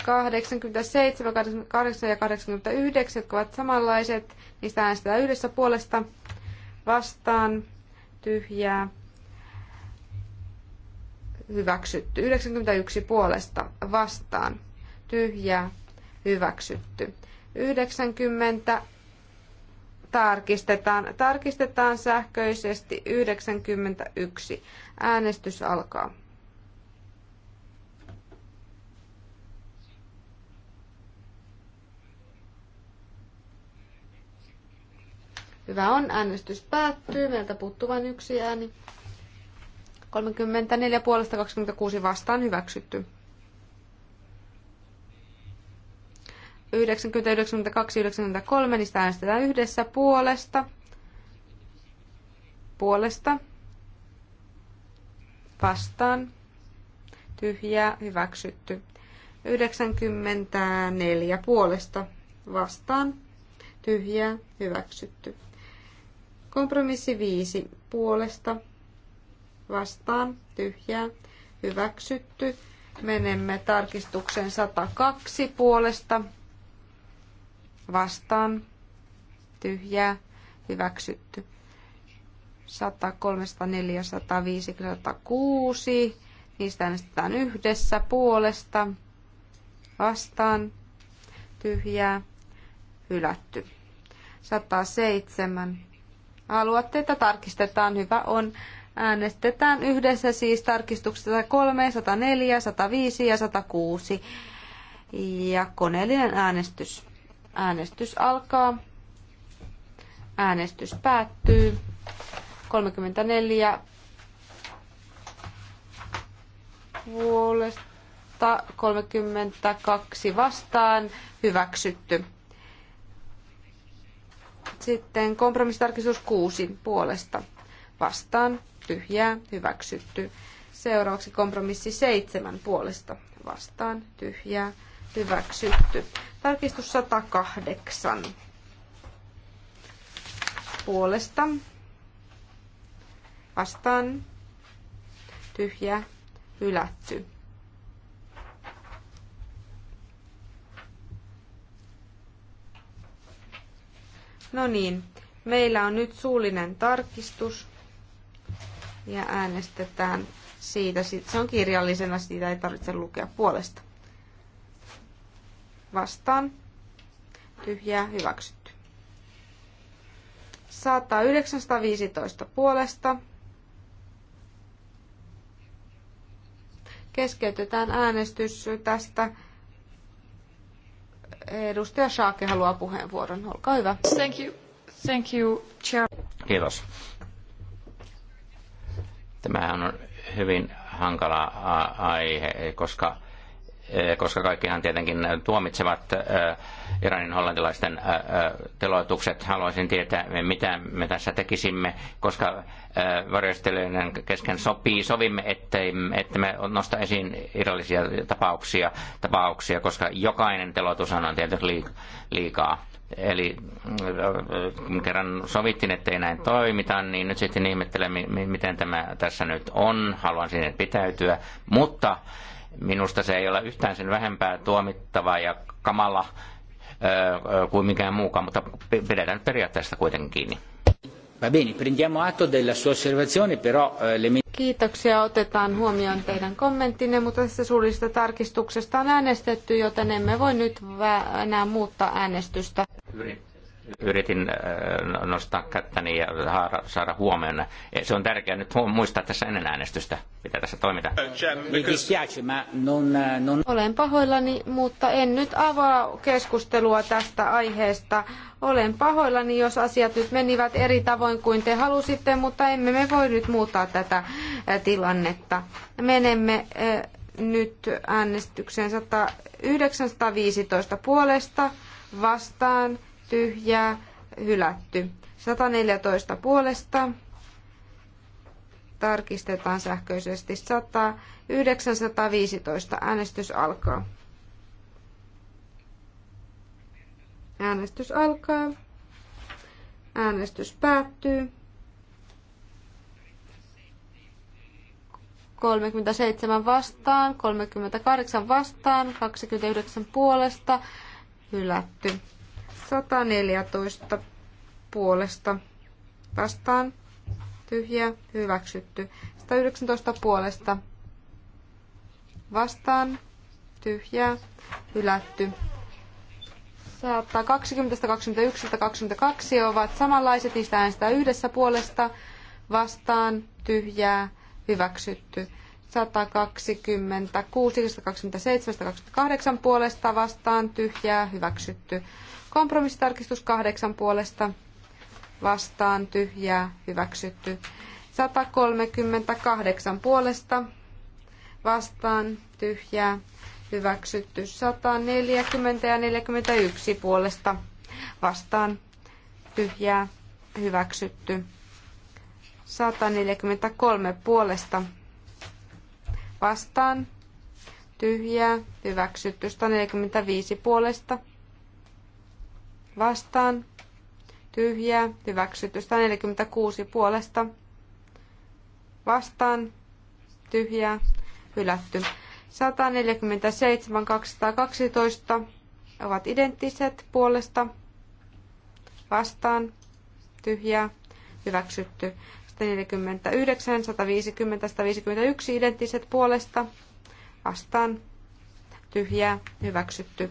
87, 88 ja 89, jotka ovat samanlaiset. Niistä äänestetään yhdessä puolesta vastaan tyhjää hyväksytty. 91 puolesta vastaan tyhjää hyväksytty. 90 tarkistetaan. Tarkistetaan sähköisesti 91. Äänestys alkaa. Hyvä on, äänestys päättyy. Meiltä puuttuu vain yksi ääni. 34 puolesta 26 vastaan hyväksytty. 90, 92, 93, niistä äänestetään yhdessä puolesta. Puolesta. Vastaan. Tyhjää, hyväksytty. 94 puolesta. Vastaan. Tyhjää, hyväksytty. Kompromissi 5 puolesta vastaan tyhjää hyväksytty. Menemme tarkistuksen 102 puolesta vastaan tyhjää hyväksytty. 100, 105, 106. Niistä äänestetään yhdessä puolesta vastaan tyhjää hylätty. 107 Haluatte, että tarkistetaan. Hyvä on. Äänestetään yhdessä siis tarkistuksesta 3, 104, 105 ja 106. Ja koneellinen äänestys. Äänestys alkaa. Äänestys päättyy. 34 puolesta, 32 vastaan. Hyväksytty. Sitten kompromissitarkistus 6 puolesta vastaan tyhjää hyväksytty. Seuraavaksi kompromissi 7 puolesta vastaan tyhjää hyväksytty. Tarkistus 108 puolesta vastaan tyhjä hylätty. No niin, meillä on nyt suullinen tarkistus ja äänestetään siitä. Se on kirjallisena, siitä ei tarvitse lukea puolesta. Vastaan. Tyhjää hyväksytty. 1915 puolesta. Keskeytetään äänestys tästä Edustaja Shaake haluaa puheenvuoron. Olkaa hyvä. Thank you. Thank you, chair. Kiitos. Tämä on hyvin hankala aihe, koska Eh, koska kaikkihan tietenkin eh, tuomitsevat eh, Iranin hollantilaisten teloitukset. Haluaisin tietää, mitä me tässä tekisimme, koska varjostelujen kesken sopii. Sovimme, ettei, että me nosta esiin irallisia tapauksia, tapauksia, koska jokainen teloitus on tietysti liikaa. Eli kun kerran sovittiin, että ei näin toimita, niin nyt sitten ihmettelen, miten tämä tässä nyt on. Haluan sinne pitäytyä, mutta Minusta se ei ole yhtään sen vähempää tuomittavaa ja kamala kuin mikään muukaan, mutta pidetään periaatteesta kuitenkin kiinni. Va bene, prendiamo atto della sua osservazione, però eh, le... Kiitoksia, otetaan huomioon teidän kommenttinne, mutta tässä suurista tarkistuksesta on äänestetty, joten emme voi nyt enää muuttaa äänestystä yritin äh, nostaa kättäni ja saada huomioon. Se on tärkeää nyt muistaa tässä ennen äänestystä, mitä tässä toimitaan. Äh, niin, äh, Olen pahoillani, mutta en nyt avaa keskustelua tästä aiheesta. Olen pahoillani, jos asiat nyt menivät eri tavoin kuin te halusitte, mutta emme me voi nyt muuttaa tätä tilannetta. Menemme nyt äänestykseen 1915 puolesta vastaan tyhjää, hylätty. 114 puolesta, tarkistetaan sähköisesti 100, 915 äänestys alkaa. Äänestys alkaa. Äänestys päättyy. 37 vastaan, 38 vastaan, 29 puolesta, hylätty. 114 puolesta vastaan tyhjä hyväksytty. 119 puolesta vastaan Tyhjä, hylätty. 120, 121, 122 ovat samanlaiset, niistä äänestää yhdessä puolesta vastaan tyhjää hyväksytty. 126, 127, 128 puolesta vastaan tyhjää hyväksytty. Kompromissitarkistus kahdeksan puolesta vastaan tyhjää hyväksytty. 138 puolesta vastaan tyhjää hyväksytty. 140 ja 41 puolesta vastaan tyhjää hyväksytty. 143 puolesta vastaan tyhjää hyväksytty. 145 puolesta vastaan, tyhjää, hyväksytty. 146 puolesta vastaan, tyhjää, hylätty. 147, 212 ovat identtiset puolesta, vastaan, tyhjää, hyväksytty. 149, 150, 151 identtiset puolesta, vastaan, tyhjää, hyväksytty.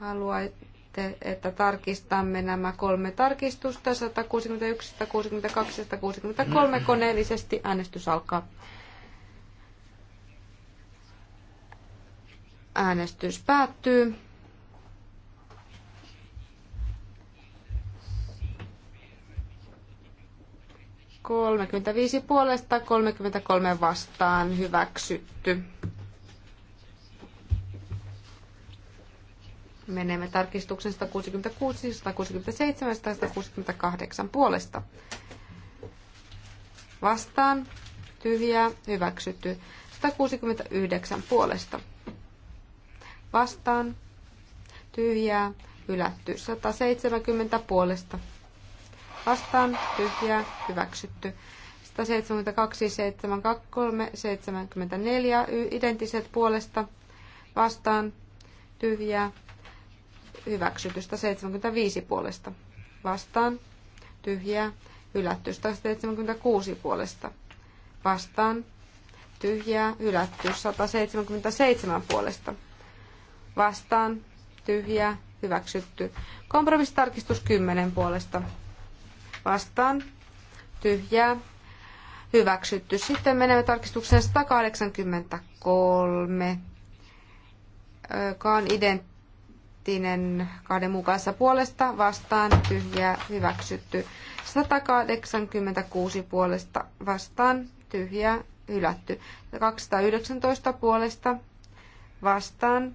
haluatte, että tarkistamme nämä kolme tarkistusta, 161, 162 ja 163 koneellisesti. Äänestys alkaa. Äänestys päättyy. Kolmekymmentäviisi puolesta, kolmekymmentäkolme vastaan hyväksytty. Menemme tarkistuksen 166, 167 ja 168 puolesta. Vastaan. Tyhjää. Hyväksytty. 169 puolesta. Vastaan. Tyhjää. Hylätty. 170 puolesta. Vastaan. Tyhjää. Hyväksytty. 172, 73, 74 identtiset puolesta. Vastaan. Tyhjää hyväksytystä 75 puolesta vastaan, tyhjää, hylättystä 176 puolesta vastaan, tyhjää, hylätty 177 puolesta vastaan, tyhjää, hyväksytty. Kompromissitarkistus 10 puolesta vastaan, tyhjää, hyväksytty. Sitten menemme tarkistukseen 183, Kaan on identtinen kahden muun kanssa puolesta vastaan tyhjää hyväksytty. 186 puolesta vastaan tyhjää hylätty. 219 puolesta vastaan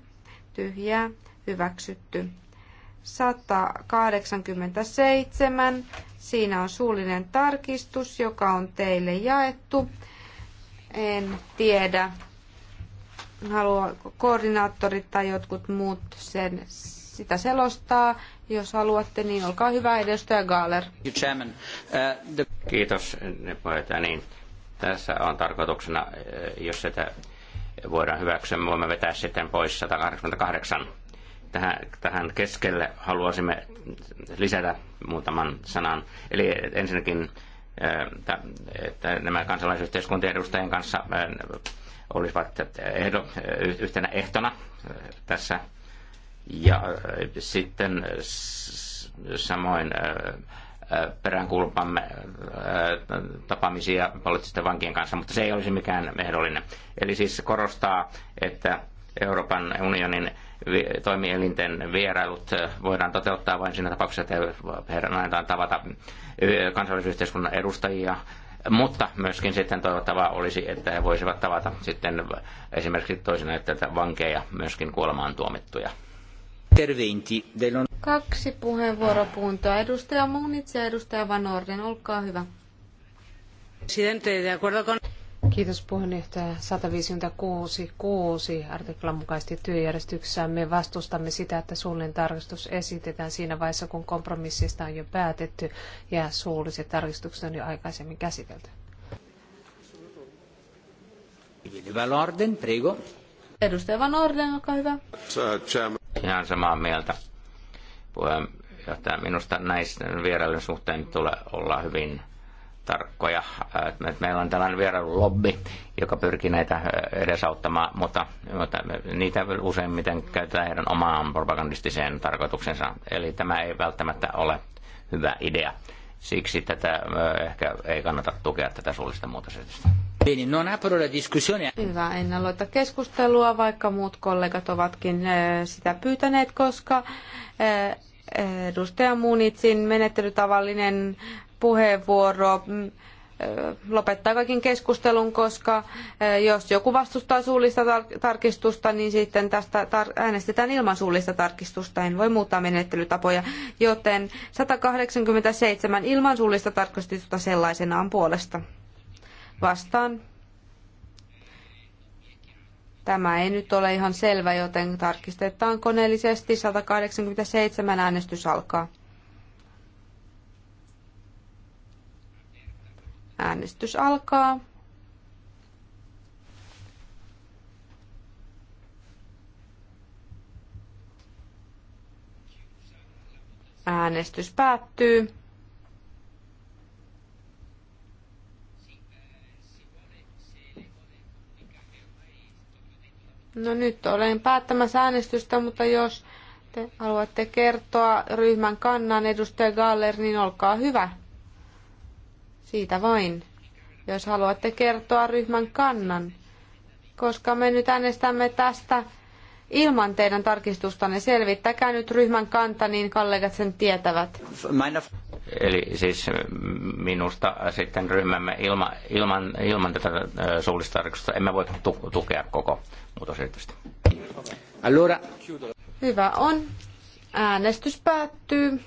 tyhjää hyväksytty. 187. Siinä on suullinen tarkistus, joka on teille jaettu. En tiedä, Haluaa koordinaattorit tai jotkut muut sen, sitä selostaa. Jos haluatte, niin olkaa hyvä, edustaja Gaaler. Uh, Kiitos, puheenjohtaja. Niin, tässä on tarkoituksena, eh, jos sitä voidaan hyväksyä, me voimme vetää sitten pois 188. Tähän, tähän keskelle haluaisimme lisätä muutaman sanan. Eli ensinnäkin, eh, että nämä kansalaisyhteiskuntien edustajien kanssa eh, olisivat ehdo, yhtenä ehtona äh, tässä. Ja äh, sitten samoin äh, peräänkulpamme tapaamisia poliittisten vankien kanssa, mutta se ei olisi mikään ehdollinen. Eli siis korostaa, että Euroopan unionin toimielinten vierailut voidaan toteuttaa vain siinä tapauksessa, että heidän annetaan tavata kansallisyhteiskunnan edustajia, mutta myöskin sitten toivottavaa olisi, että he voisivat tavata sitten esimerkiksi toisena että vankeja, myöskin kuolemaan tuomittuja. Kaksi puheenvuoropuntoa. Edustaja Muunits ja edustaja Van Orden, olkaa hyvä. Presidente, de acuerdo con... Kiitos puheenjohtaja. 156.6 artiklan mukaisesti työjärjestyksessä me vastustamme sitä, että suullinen tarkistus esitetään siinä vaiheessa, kun kompromissista on jo päätetty ja suulliset tarkistukset on jo aikaisemmin käsitelty. Hyvä prego. Edustaja Van Orden, olkaa hyvä. Ihan samaa mieltä. Puheenjohtaja, minusta näissä vierailun suhteen tulee olla hyvin tarkkoja. Meillä on tällainen vierailulobby, joka pyrkii näitä edesauttamaan, mutta, mutta niitä useimmiten käytetään heidän omaan propagandistiseen tarkoituksensa. Eli tämä ei välttämättä ole hyvä idea. Siksi tätä ehkä ei kannata tukea tätä suullista muutosesitystä. Hyvä, en aloita keskustelua, vaikka muut kollegat ovatkin sitä pyytäneet, koska Edustaja Munitsin menettelytavallinen puheenvuoro mm, lopettaa kaiken keskustelun, koska jos joku vastustaa suullista tarkistusta, niin sitten tästä äänestetään ilman suullista tarkistusta. En voi muuttaa menettelytapoja, joten 187 ilman suullista tarkistusta sellaisenaan puolesta. Vastaan. Tämä ei nyt ole ihan selvä, joten tarkistetaan koneellisesti. 187 äänestys alkaa. Äänestys alkaa. Äänestys päättyy. No nyt olen päättämässä äänestystä, mutta jos te haluatte kertoa ryhmän kannan edustaja Galler, niin olkaa hyvä. Siitä vain, jos haluatte kertoa ryhmän kannan, koska me nyt äänestämme tästä ilman teidän tarkistustanne. Selvittäkää nyt ryhmän kanta, niin kollegat sen tietävät. Eli siis minusta sitten ryhmämme ilma, ilman, ilman tätä suullista tarkistusta emme voi tu- tukea koko muutosesitystä. Allora. Hyvä on. Äänestys päättyy.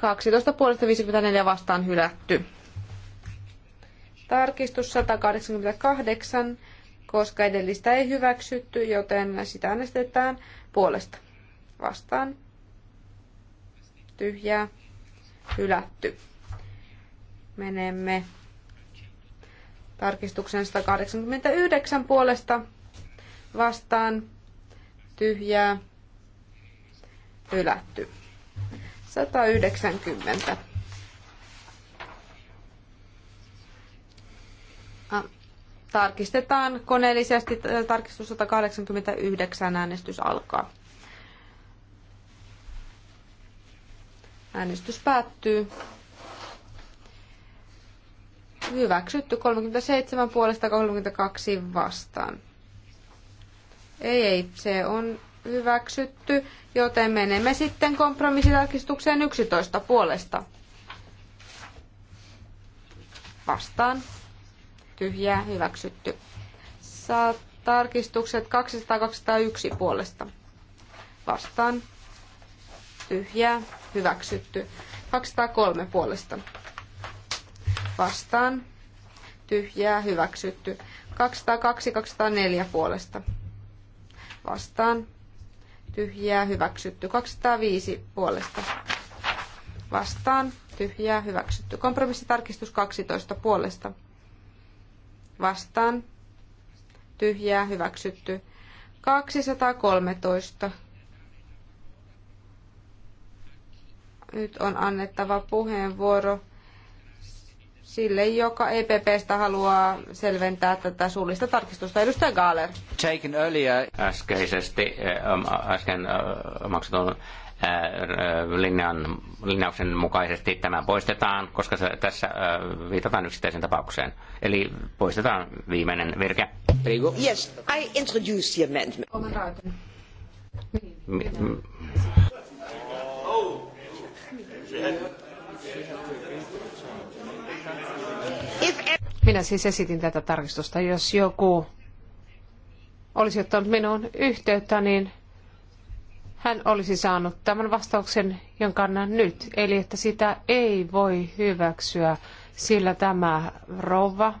12 puolesta viisikymmentäneljä vastaan hylätty. Tarkistus 188, koska edellistä ei hyväksytty, joten sitä äänestetään puolesta. Vastaan. Tyhjää. Hylätty. Menemme tarkistuksen 189 puolesta. Vastaan. Tyhjää. Hylätty. 190. Tarkistetaan koneellisesti. Tarkistus 189. Äänestys alkaa. Äänestys päättyy. Hyväksytty 37 puolesta 32 vastaan. Ei, ei, se on hyväksytty, joten menemme sitten kompromissitarkistukseen 11 puolesta. Vastaan. Tyhjää hyväksytty. Saat tarkistukset 2201 puolesta. Vastaan. Tyhjää hyväksytty. 203 puolesta. Vastaan. Tyhjää hyväksytty. 202-204 puolesta. Vastaan tyhjää hyväksytty. 205 puolesta vastaan tyhjää hyväksytty. Kompromissitarkistus 12 puolesta vastaan tyhjää hyväksytty. 213 nyt on annettava puheenvuoro sille, joka EPPstä haluaa selventää tätä suullista tarkistusta. Edustaja Gaaler. Taken earlier. Äskeisesti eh, äsken eh, omaksutun eh, linjan, linjauksen mukaisesti tämä poistetaan, koska se, tässä viitataan yksittäiseen tapaukseen. Eli poistetaan viimeinen virke. Yes, I introduce the amendment. oh. Minä siis esitin tätä tarkistusta. Jos joku olisi ottanut minuun yhteyttä, niin hän olisi saanut tämän vastauksen, jonka annan nyt. Eli että sitä ei voi hyväksyä, sillä tämä rouva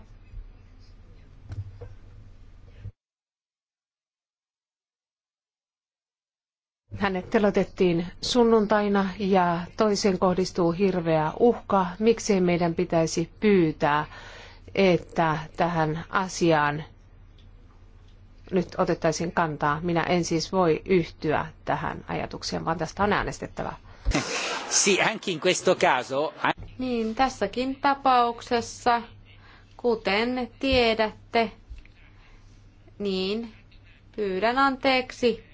Hänet telotettiin sunnuntaina ja toisen kohdistuu hirveä uhka. Miksei meidän pitäisi pyytää että tähän asiaan nyt otettaisiin kantaa. Minä en siis voi yhtyä tähän ajatukseen, vaan tästä on äänestettävä. Si, anche in questo caso... Niin, tässäkin tapauksessa, kuten tiedätte, niin pyydän anteeksi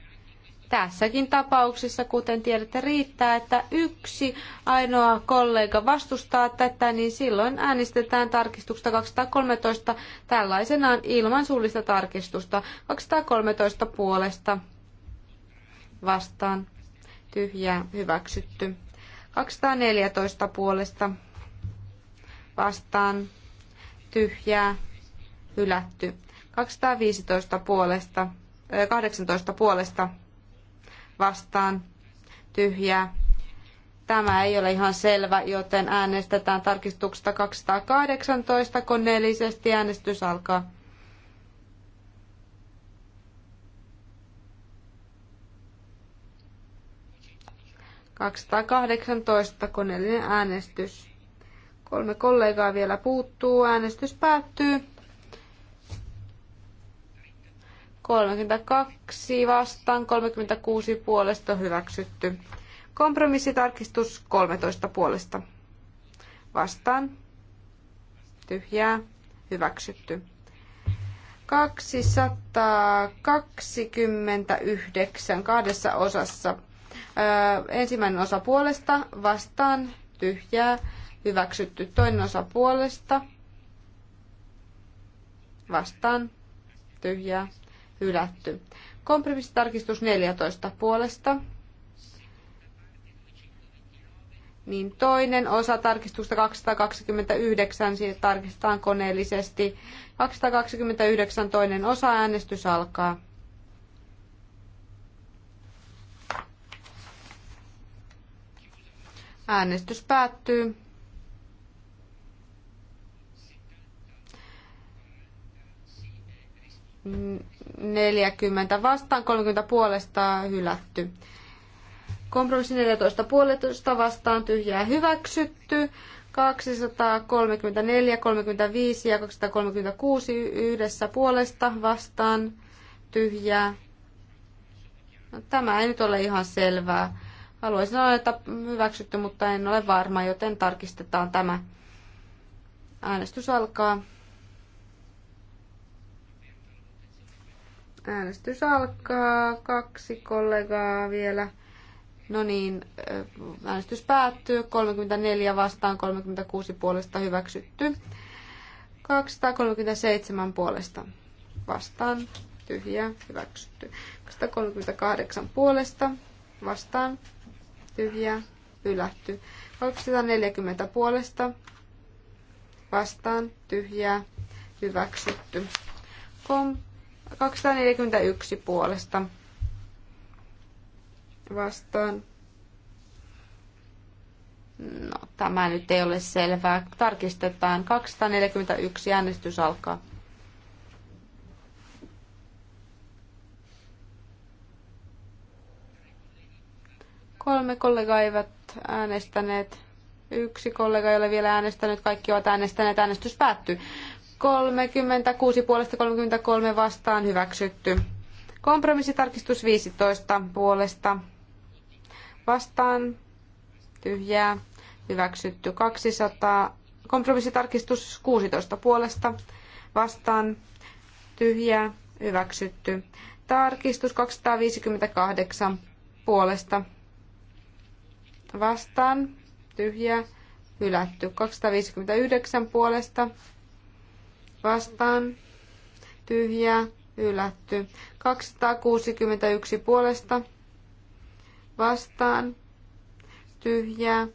Tässäkin tapauksessa, kuten tiedätte, riittää, että yksi ainoa kollega vastustaa tätä, niin silloin äänestetään tarkistuksesta 213 tällaisenaan ilman suullista tarkistusta 213 puolesta vastaan tyhjää hyväksytty. 214 puolesta vastaan tyhjää hylätty. 215 puolesta, 18 puolesta vastaan tyhjää. Tämä ei ole ihan selvä, joten äänestetään tarkistuksesta 218 koneellisesti. Äänestys alkaa. kahdeksantoista koneellinen äänestys. Kolme kollegaa vielä puuttuu. Äänestys päättyy. 32 vastaan, 36 puolesta hyväksytty. Kompromissitarkistus 13 puolesta vastaan. Tyhjää, hyväksytty. 229 kahdessa osassa. Öö, ensimmäinen osa puolesta, vastaan, tyhjää, hyväksytty. Toinen osa puolesta, vastaan, tyhjää, hylätty. Kompromissitarkistus 14 puolesta. Niin toinen osa tarkistusta 229, siitä tarkistetaan koneellisesti. 229 toinen osa äänestys alkaa. Äänestys päättyy. 40 vastaan, 30 puolesta hylätty. Kompromissi 14 puolesta vastaan tyhjää hyväksytty. 234, 35 ja 236 yhdessä puolesta vastaan tyhjää. No, tämä ei nyt ole ihan selvää. Haluaisin sanoa, että hyväksytty, mutta en ole varma, joten tarkistetaan tämä. Äänestys alkaa. Äänestys alkaa. Kaksi kollegaa vielä. No niin, äh, äänestys päättyy. 34 vastaan, 36 puolesta hyväksytty. 237 puolesta vastaan, tyhjä, hyväksytty. 238 puolesta vastaan, tyhjä, hylätty. 240 puolesta vastaan, tyhjä hyväksytty. Kom- 241 puolesta vastaan. No, tämä nyt ei ole selvää. Tarkistetaan. 241 äänestys alkaa. Kolme kollegaa eivät äänestäneet. Yksi kollega ei ole vielä äänestänyt. Kaikki ovat äänestäneet. Äänestys päättyy. 36 puolesta 33 vastaan hyväksytty. Kompromissitarkistus 15 puolesta vastaan tyhjää hyväksytty 200. Kompromissitarkistus 16 puolesta vastaan tyhjää hyväksytty. Tarkistus 258 puolesta vastaan tyhjää hylätty 259 puolesta vastaan, tyhjä hylätty. 261 puolesta, vastaan, tyhjä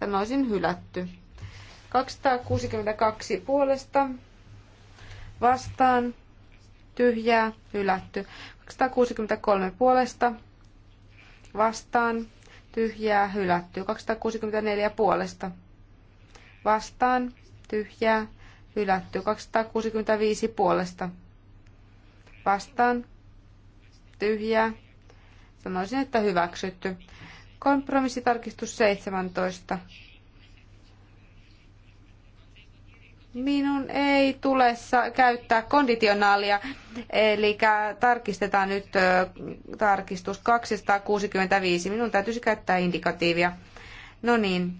sanoisin hylätty. 262 puolesta, vastaan, tyhjää, hylätty. 263 puolesta, vastaan, tyhjää, hylätty. 264 puolesta, vastaan, tyhjää, hylätty. 265 puolesta vastaan tyhjää. Sanoisin, että hyväksytty. Kompromissitarkistus 17. Minun ei tule käyttää konditionaalia, eli tarkistetaan nyt tarkistus 265. Minun täytyisi käyttää indikatiivia. No niin,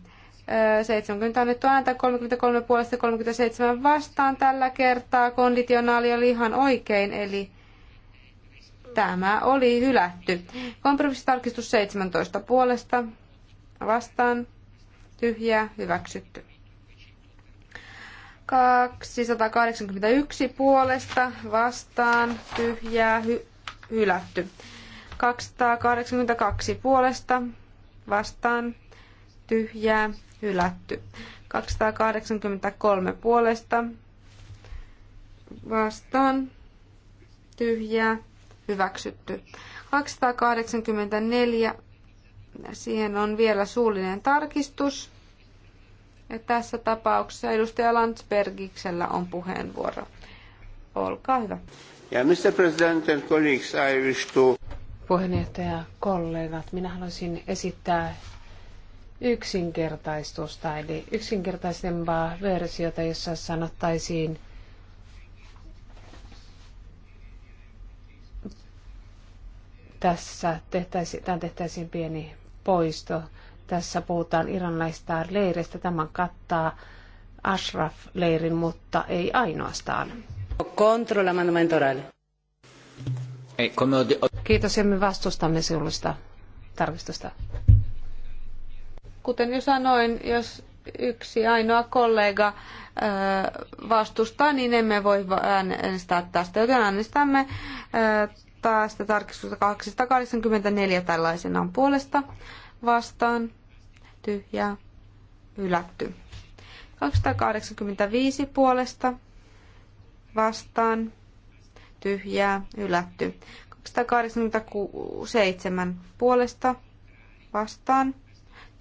70 annettu ääntä, 33 puolesta 37 vastaan tällä kertaa. Konditionaali oli ihan oikein, eli tämä oli hylätty. Kompromissitarkistus 17 puolesta vastaan tyhjä hyväksytty. 281 puolesta vastaan tyhjää hy- hylätty. 282 puolesta vastaan tyhjää, hylätty. 283 puolesta vastaan, tyhjää, hyväksytty. 284, siihen on vielä suullinen tarkistus. Ja tässä tapauksessa edustaja Landsbergiksellä on puheenvuoro. Olkaa hyvä. Ja Mr. President and colleagues, I wish to... Puheenjohtaja, kollegat, minä haluaisin esittää yksinkertaistusta, eli yksinkertaisempaa versiota, jossa sanottaisiin tässä tehtäisi, tämän tehtäisiin pieni poisto. Tässä puhutaan iranlaista leiristä. Tämä kattaa Ashraf-leirin, mutta ei ainoastaan. Eh, Kiitos ja me Kiitos, emme vastustamme sinullista tarkistusta. Kuten jo sanoin, jos yksi ainoa kollega äh, vastustaa, niin emme voi äänestää tästä, joten äänestämme äh, tästä tarkistusta 284 tällaisenaan puolesta vastaan tyhjää hylätty. 285 puolesta vastaan tyhjää hylätty. 287 puolesta vastaan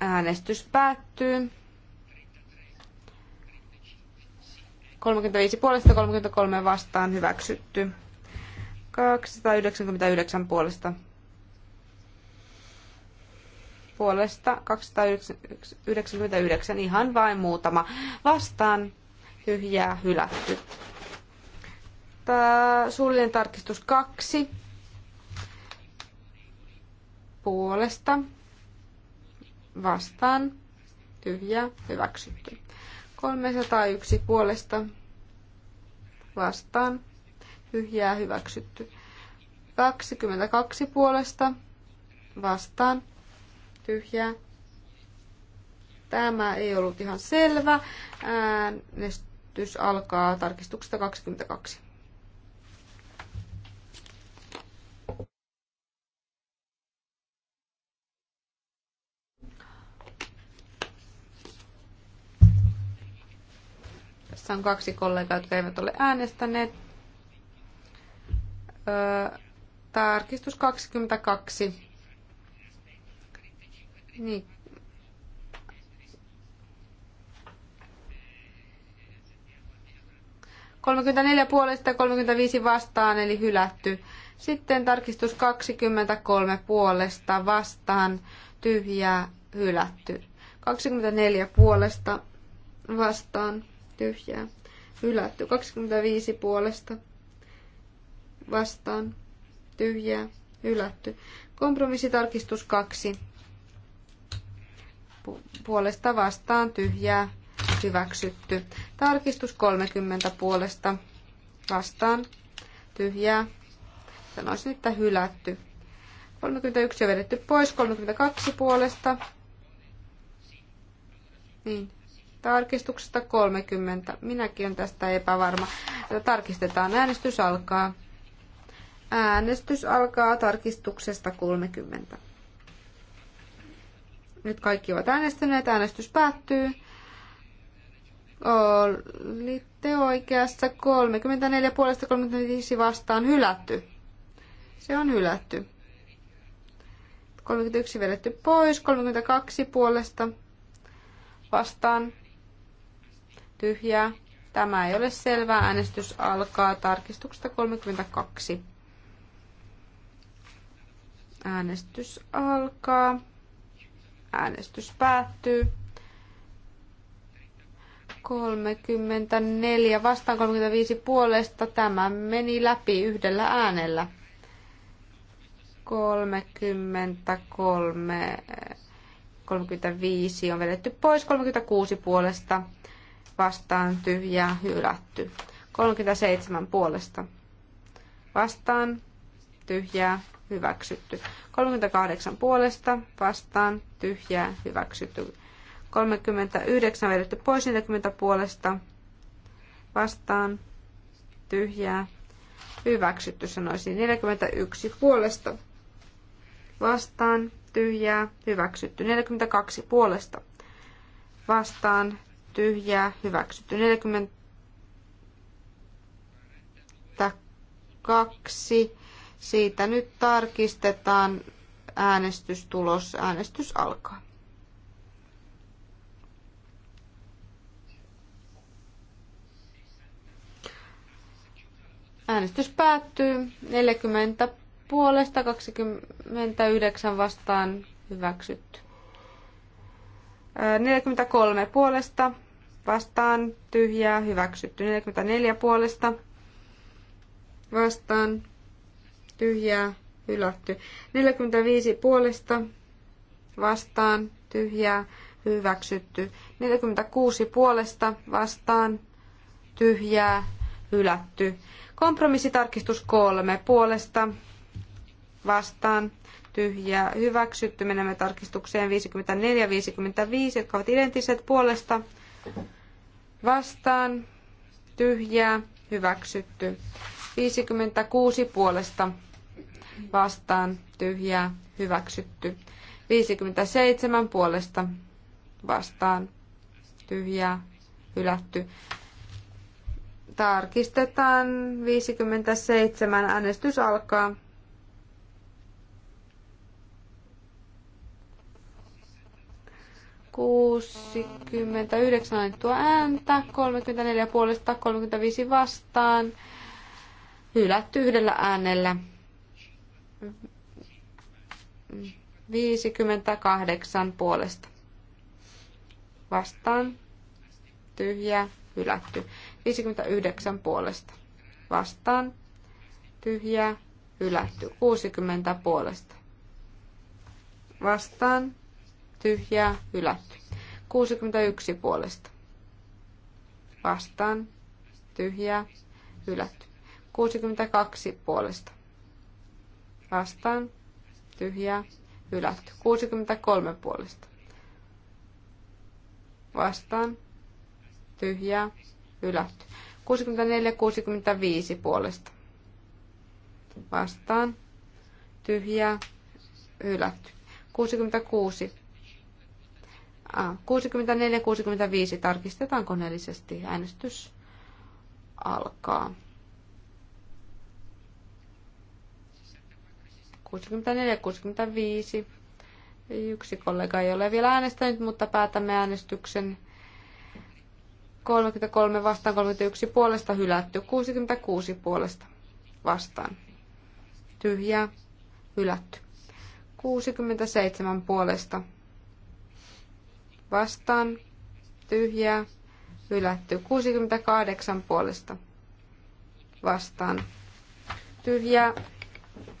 Äänestys päättyy. 35 puolesta 33 vastaan hyväksytty. 299 puolesta. Puolesta 299 ihan vain muutama vastaan tyhjää hylätty. suullinen tarkistus 2 puolesta vastaan tyhjä hyväksytty. 301 puolesta vastaan tyhjää hyväksytty. 22 puolesta vastaan tyhjää. Tämä ei ollut ihan selvä. Äänestys alkaa tarkistuksesta 22. Tässä on kaksi kollegaa, jotka eivät ole äänestäneet. Öö, tarkistus 22. Niin. Kolmekymmentäneljä puolesta, 35 vastaan, eli hylätty. Sitten tarkistus 23 puolesta vastaan, tyhjää, hylätty. 24 puolesta vastaan, tyhjää hylätty. 25 puolesta vastaan tyhjää hylätty. Kompromissitarkistus 2 puolesta vastaan tyhjää hyväksytty. Tarkistus 30 puolesta vastaan tyhjää sanoisin, että hylätty. 31 on vedetty pois, 32 puolesta. Niin, Tarkistuksesta 30. Minäkin olen tästä epävarma. Tarkistetaan. Äänestys alkaa. Äänestys alkaa tarkistuksesta 30. Nyt kaikki ovat äänestyneet. Äänestys päättyy. Olitte oikeassa. 34 puolesta 35 vastaan hylätty. Se on hylätty. 31 vedetty pois. 32 puolesta vastaan tyhjää. Tämä ei ole selvää. Äänestys alkaa tarkistuksesta 32. Äänestys alkaa. Äänestys päättyy. 34 vastaan 35 puolesta. Tämä meni läpi yhdellä äänellä. 33, 35 on vedetty pois, 36 puolesta vastaan tyhjää hylätty. 37 puolesta vastaan tyhjää hyväksytty. 38 puolesta vastaan tyhjää hyväksytty. 39 vedetty pois 40 puolesta vastaan tyhjää hyväksytty sanoisin 41 puolesta vastaan tyhjää hyväksytty 42 puolesta vastaan tyhjää, hyväksytty. 42. Siitä nyt tarkistetaan äänestystulos. Äänestys alkaa. Äänestys päättyy 40 puolesta 29 vastaan hyväksytty. 43 puolesta vastaan tyhjää hyväksytty. 44 puolesta vastaan tyhjää hylätty. 45 puolesta vastaan tyhjää hyväksytty. 46 puolesta vastaan tyhjää hylätty. Kompromissitarkistus kolme puolesta vastaan tyhjää hyväksytty. Menemme tarkistukseen 54-55, jotka ovat identtiset puolesta vastaan, tyhjää, hyväksytty. 56 puolesta vastaan, tyhjää, hyväksytty. 57 puolesta vastaan, tyhjää, hylätty. Tarkistetaan 57. Äänestys alkaa. 69 annettua ääntä, 34 puolesta, 35 vastaan, hylätty yhdellä äänellä. 58 puolesta. Vastaan, tyhjä, hylätty. 59 puolesta. Vastaan, tyhjä, hylätty. 60 puolesta. Vastaan, tyhjää, hylätty. 61 puolesta. Vastaan, tyhjää, hylätty. 62 puolesta. Vastaan, tyhjää, hylätty. 63 puolesta. Vastaan, tyhjää, hylätty. 64-65 puolesta. Vastaan, tyhjää, hylätty. 66 64-65 tarkistetaan koneellisesti. Äänestys alkaa. 64-65. Yksi kollega ei ole vielä äänestänyt, mutta päätämme äänestyksen 33 vastaan 31 puolesta hylätty, 66 puolesta vastaan. tyhjä hylätty. 67 puolesta vastaan, tyhjää, hylätty. 68 puolesta vastaan, tyhjää,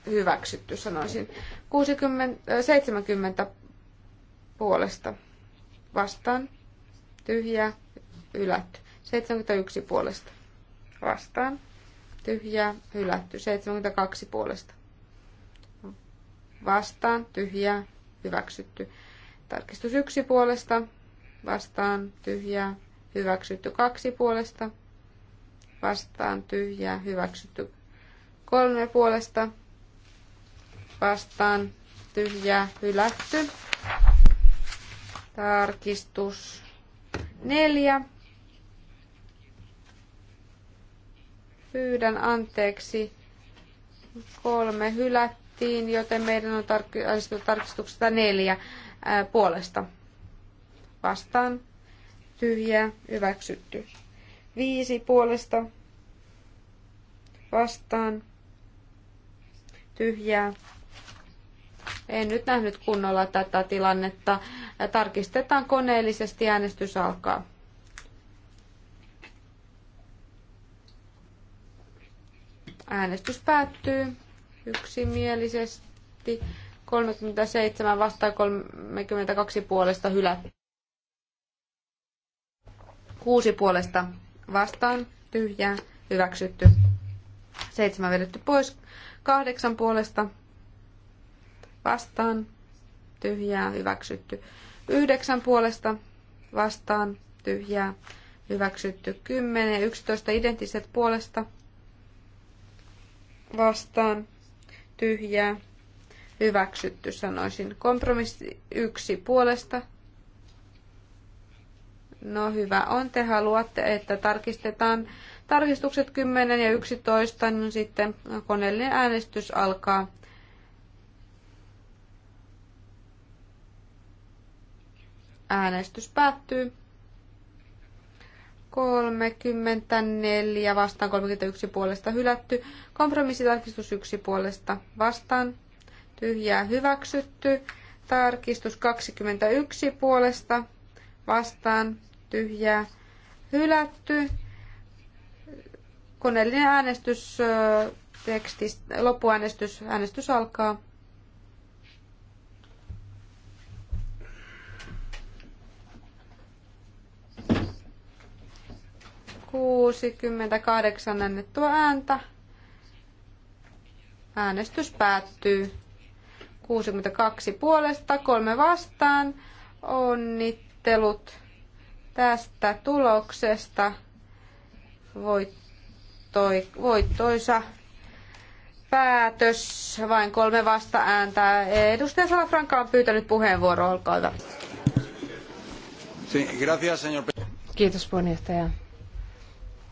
hyväksytty sanoisin. 60, 70 puolesta vastaan, tyhjää, hylätty. 71 puolesta vastaan, tyhjää, hylätty. 72 puolesta vastaan, tyhjää, hyväksytty. Tarkistus yksi puolesta, vastaan tyhjää, hyväksytty kaksi puolesta, vastaan tyhjää, hyväksytty kolme puolesta, vastaan tyhjää, hylätty. Tarkistus neljä. Pyydän anteeksi. Kolme hylättiin, joten meidän on tarkistuksesta neljä puolesta vastaan tyhjää hyväksytty. Viisi puolesta vastaan tyhjää. En nyt nähnyt kunnolla tätä tilannetta. Tarkistetaan koneellisesti äänestys alkaa. Äänestys päättyy yksimielisesti 37 vastaan 32 puolesta hylätty. 6 puolesta vastaan tyhjää hyväksytty. 7 vedetty pois. 8 puolesta vastaan tyhjää hyväksytty. 9 puolesta vastaan tyhjää hyväksytty. 10 ja 11 identiset puolesta vastaan tyhjää hyväksytty, sanoisin. Kompromissi yksi puolesta. No hyvä on, te haluatte, että tarkistetaan tarkistukset 10 ja 11, niin no sitten koneellinen äänestys alkaa. Äänestys päättyy. 34 vastaan 31 puolesta hylätty. Kompromissitarkistus 1 puolesta vastaan tyhjää hyväksytty. Tarkistus 21 puolesta vastaan tyhjää hylätty. Koneellinen äänestys tekstistä, loppuäänestys, äänestys alkaa. Kuusikymmentäkahdeksan annettua ääntä. Äänestys päättyy. 62 puolesta, kolme vastaan. Onnittelut tästä tuloksesta. Voittoi, voittoisa päätös, vain kolme vasta ääntä. Edustaja Salafranka on pyytänyt puheenvuoroa, olkaa hyvä. Kiitos puheenjohtaja.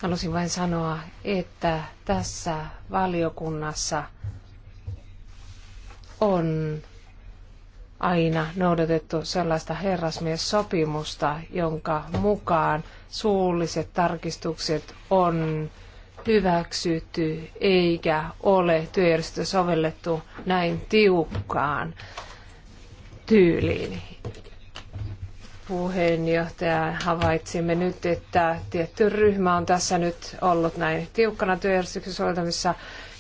Halusin vain sanoa, että tässä valiokunnassa – on aina noudatettu sellaista herrasmies-sopimusta, jonka mukaan suulliset tarkistukset on hyväksytty eikä ole työjärjestö sovellettu näin tiukkaan tyyliin. Puheenjohtaja, havaitsimme nyt, että tietty ryhmä on tässä nyt ollut näin tiukkana työjärjestyksen soveltamisessa.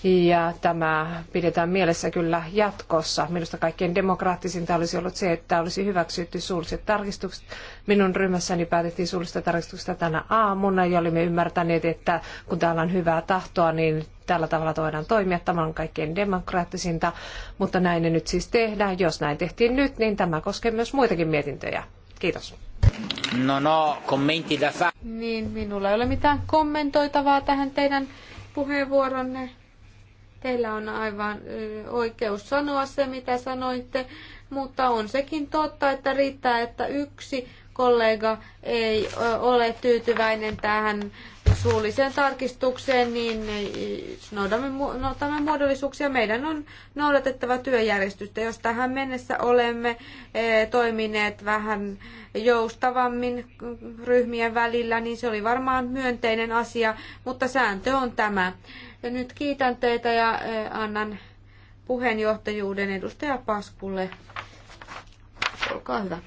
Ja tämä pidetään mielessä kyllä jatkossa. Minusta kaikkein demokraattisinta olisi ollut se, että olisi hyväksytty suulliset tarkistukset. Minun ryhmässäni päätettiin suullista tarkistuksista tänä aamuna ja olimme ymmärtäneet, että kun täällä on hyvää tahtoa, niin tällä tavalla voidaan toimia. Tämä on kaikkein demokraattisinta, mutta näin ne nyt siis tehdään. Jos näin tehtiin nyt, niin tämä koskee myös muitakin mietintöjä. Kiitos. No no, kommentti da fa- Niin, minulla ei ole mitään kommentoitavaa tähän teidän puheenvuoronne. Teillä on aivan oikeus sanoa se, mitä sanoitte, mutta on sekin totta, että riittää, että yksi kollega ei ole tyytyväinen tähän suulliseen tarkistukseen, niin noudatamme muodollisuuksia. Meidän on noudatettava työjärjestystä. Jos tähän mennessä olemme toimineet vähän joustavammin ryhmien välillä, niin se oli varmaan myönteinen asia, mutta sääntö on tämä. Ja nyt kiitän teitä ja e, annan puheenjohtajuuden edustaja Paskulle. Olkaa hyvä.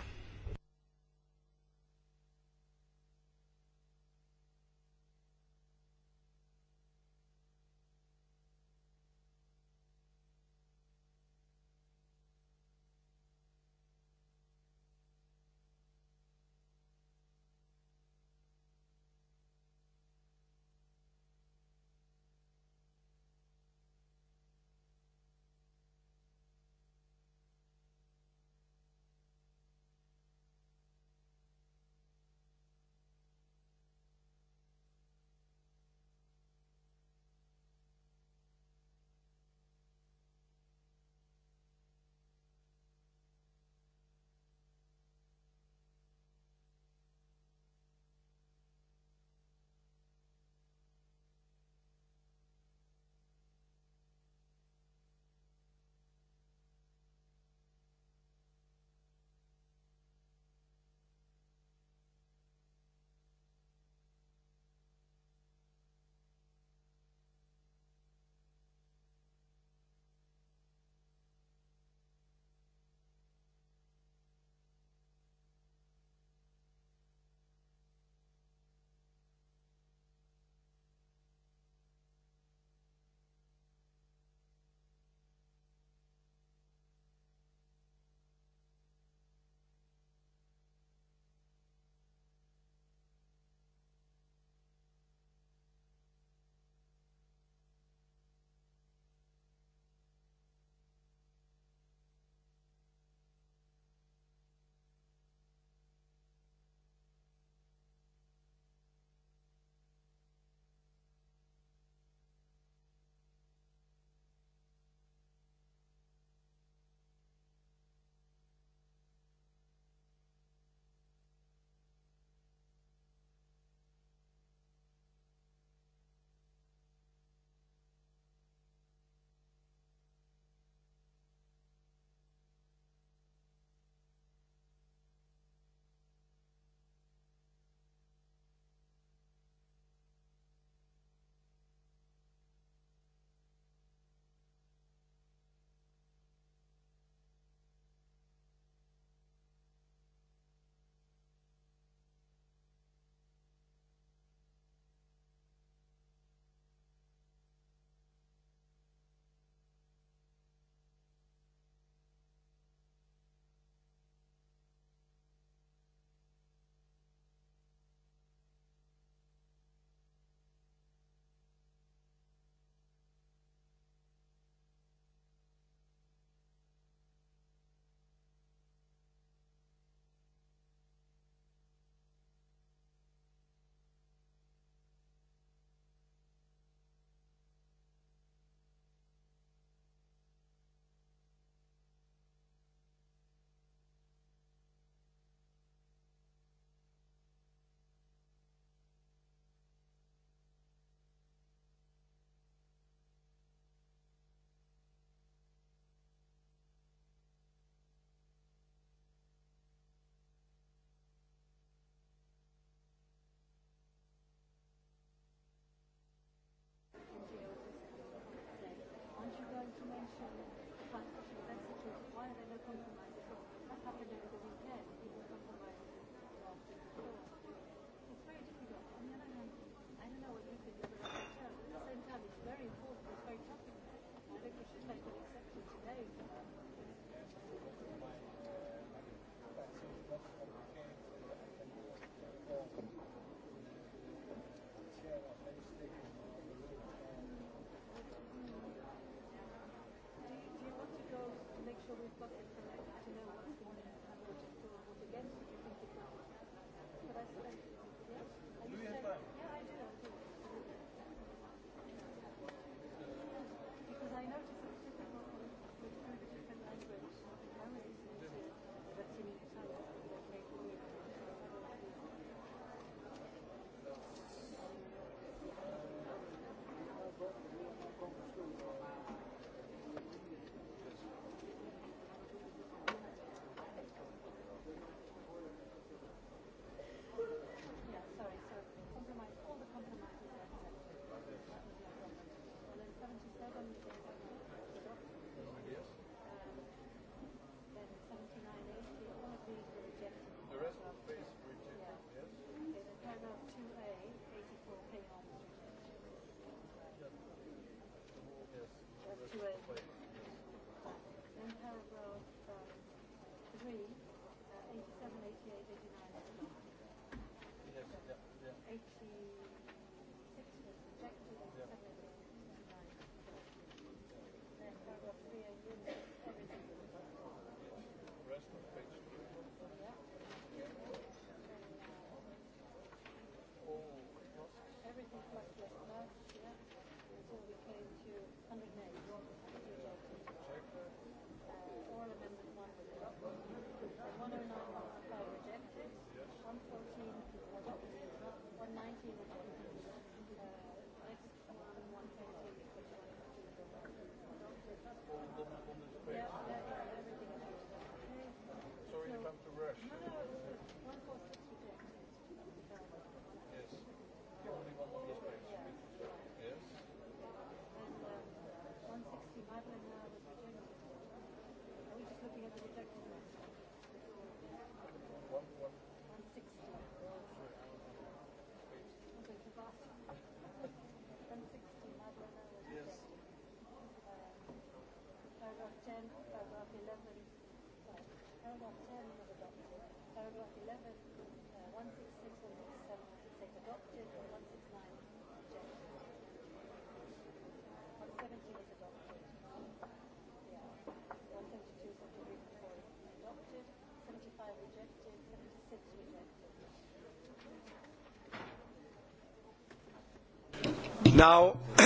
Now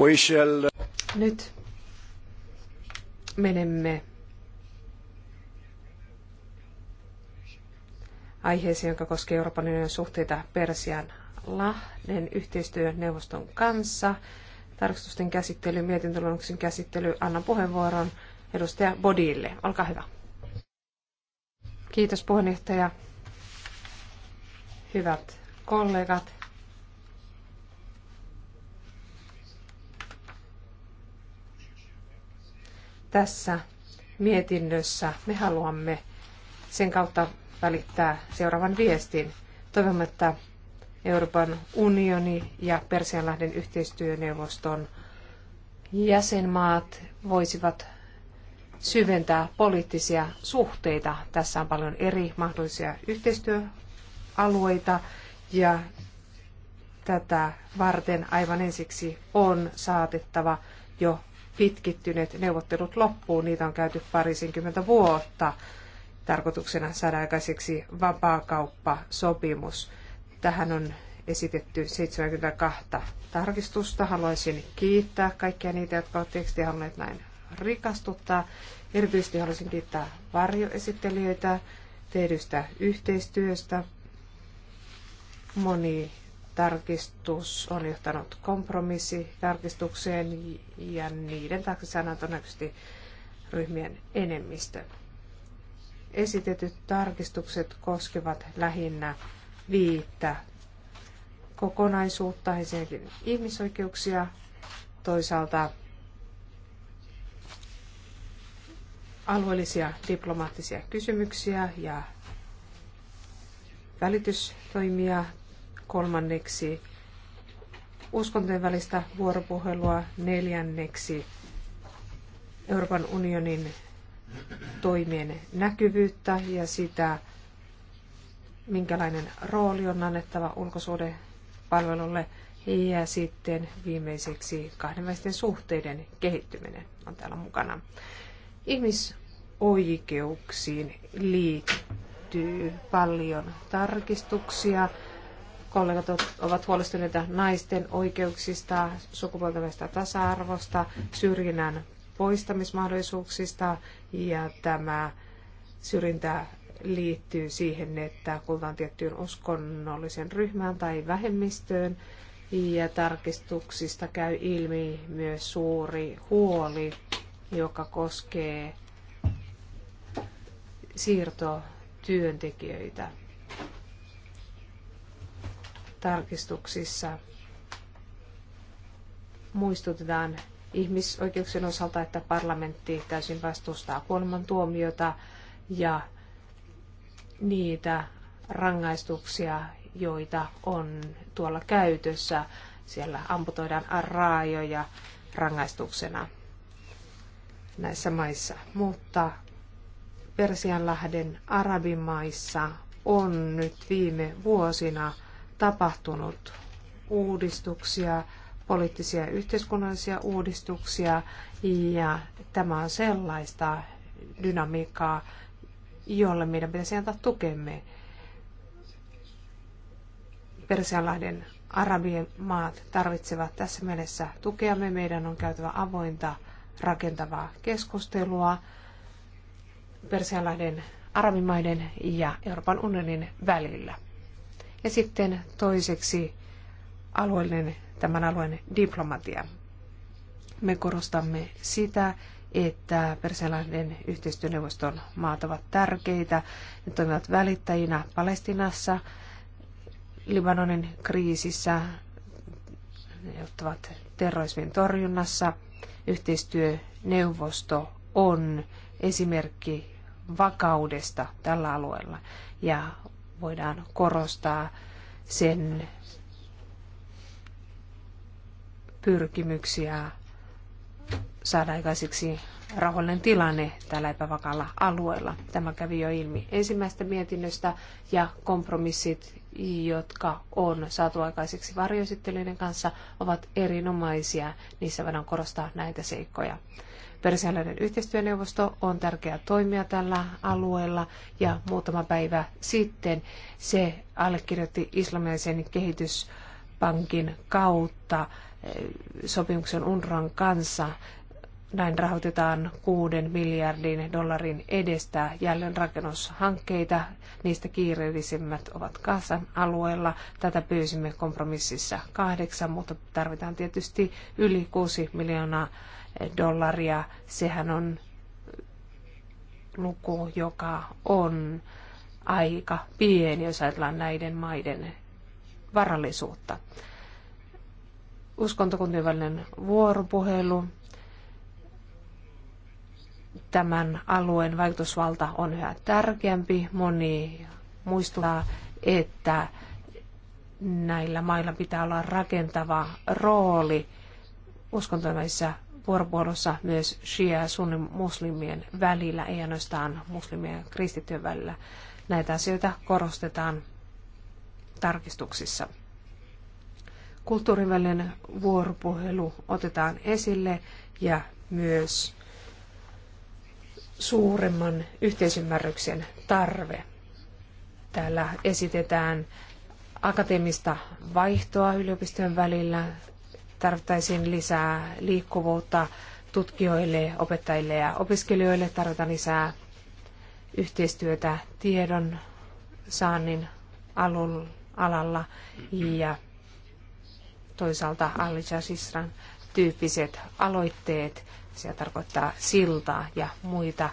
we shall... Uh, Nyt menemme aiheeseen, joka koskee Euroopan unionin suhteita Persian Lahden yhteistyöneuvoston kanssa. Tarkastusten käsittely, mietintöluonnoksen käsittely. Annan puheenvuoron edustaja Bodille. Olkaa hyvä. Kiitos puheenjohtaja. Hyvät kollegat. tässä mietinnössä me haluamme sen kautta välittää seuraavan viestin. Toivomme, että Euroopan unioni ja Persianlahden yhteistyöneuvoston jäsenmaat voisivat syventää poliittisia suhteita. Tässä on paljon eri mahdollisia yhteistyöalueita ja tätä varten aivan ensiksi on saatettava jo pitkittyneet neuvottelut loppuun. Niitä on käyty parisinkymmentä vuotta tarkoituksena saada aikaiseksi vapaakauppasopimus. Tähän on esitetty 72 tarkistusta. Haluaisin kiittää kaikkia niitä, jotka ovat tekstiä halunneet näin rikastuttaa. Erityisesti haluaisin kiittää varjoesittelijöitä tehdystä yhteistyöstä. Moni tarkistus on johtanut kompromissitarkistukseen ja niiden taakse saadaan todennäköisesti ryhmien enemmistö. Esitetyt tarkistukset koskevat lähinnä viittä kokonaisuutta, ensinnäkin ihmisoikeuksia, toisaalta alueellisia diplomaattisia kysymyksiä ja välitystoimia, kolmanneksi uskontojen välistä vuoropuhelua, neljänneksi Euroopan unionin toimien näkyvyyttä ja sitä, minkälainen rooli on annettava ulkosuhdepalvelulle ja sitten viimeiseksi kahdenvälisten suhteiden kehittyminen on täällä mukana. Ihmisoikeuksiin liittyy paljon tarkistuksia kollegat ovat huolestuneita naisten oikeuksista, sukupuolten välistä tasa-arvosta, syrjinnän poistamismahdollisuuksista ja tämä syrjintä liittyy siihen, että kuulutaan tiettyyn uskonnolliseen ryhmään tai vähemmistöön. Ja tarkistuksista käy ilmi myös suuri huoli, joka koskee siirtotyöntekijöitä tarkistuksissa muistutetaan ihmisoikeuksien osalta, että parlamentti täysin vastustaa kuolemantuomiota ja niitä rangaistuksia, joita on tuolla käytössä. Siellä amputoidaan raajoja rangaistuksena näissä maissa. Mutta Persianlahden arabimaissa on nyt viime vuosina – tapahtunut uudistuksia, poliittisia yhteiskunnallisia uudistuksia ja tämä on sellaista dynamiikkaa, jolle meidän pitäisi antaa tukemme. Persianlahden arabien maat tarvitsevat tässä mielessä tukeamme. Meidän on käytävä avointa rakentavaa keskustelua Persianlahden arabimaiden ja Euroopan unionin välillä. Ja sitten toiseksi alueellinen, tämän alueen diplomatia. Me korostamme sitä, että Persianlahden yhteistyöneuvoston maat ovat tärkeitä. Ne toimivat välittäjinä Palestinassa, Libanonin kriisissä, ne ottavat terrorismin torjunnassa. Yhteistyöneuvosto on esimerkki vakaudesta tällä alueella. Ja voidaan korostaa sen pyrkimyksiä saada aikaiseksi rauhallinen tilanne tällä epävakalla alueella. Tämä kävi jo ilmi ensimmäistä mietinnöstä ja kompromissit, jotka on saatu aikaiseksi varjoesittelyiden kanssa, ovat erinomaisia. Niissä voidaan korostaa näitä seikkoja. Persialainen yhteistyöneuvosto on tärkeä toimija tällä alueella ja muutama päivä sitten se allekirjoitti islamilaisen kehityspankin kautta eh, sopimuksen UNRAN kanssa. Näin rahoitetaan kuuden miljardin dollarin edestä jälleenrakennushankkeita. Niistä kiireellisimmät ovat Kasan alueella. Tätä pyysimme kompromississa kahdeksan, mutta tarvitaan tietysti yli kuusi miljoonaa dollaria. Sehän on luku, joka on aika pieni, jos ajatellaan näiden maiden varallisuutta. Uskontokuntien välinen vuoropuhelu. Tämän alueen vaikutusvalta on yhä tärkeämpi. Moni muistuttaa, että näillä mailla pitää olla rakentava rooli uskontoimaisissa vuoropuhelussa myös shia- ja sunnimuslimien välillä, ei ainoastaan muslimien ja kristittyjen välillä. Näitä asioita korostetaan tarkistuksissa. Kulttuurin välinen vuoropuhelu otetaan esille ja myös suuremman yhteisymmärryksen tarve. Täällä esitetään akateemista vaihtoa yliopistojen välillä, tarvittaisiin lisää liikkuvuutta tutkijoille, opettajille ja opiskelijoille, tarvitaan lisää yhteistyötä tiedon saannin alalla ja toisaalta Alija Sisran tyyppiset aloitteet, se tarkoittaa siltaa ja muita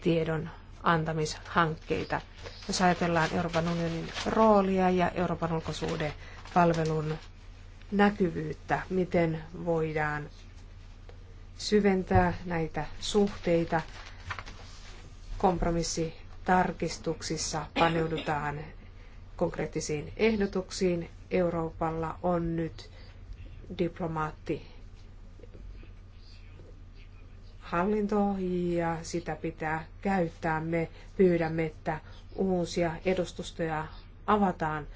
tiedon antamishankkeita. Jos ajatellaan Euroopan unionin roolia ja Euroopan ulkosuuden palvelun näkyvyyttä, miten voidaan syventää näitä suhteita. Kompromissitarkistuksissa paneudutaan konkreettisiin ehdotuksiin. Euroopalla on nyt diplomaatti hallintoa ja sitä pitää käyttää. Me pyydämme, että uusia edustustoja avataan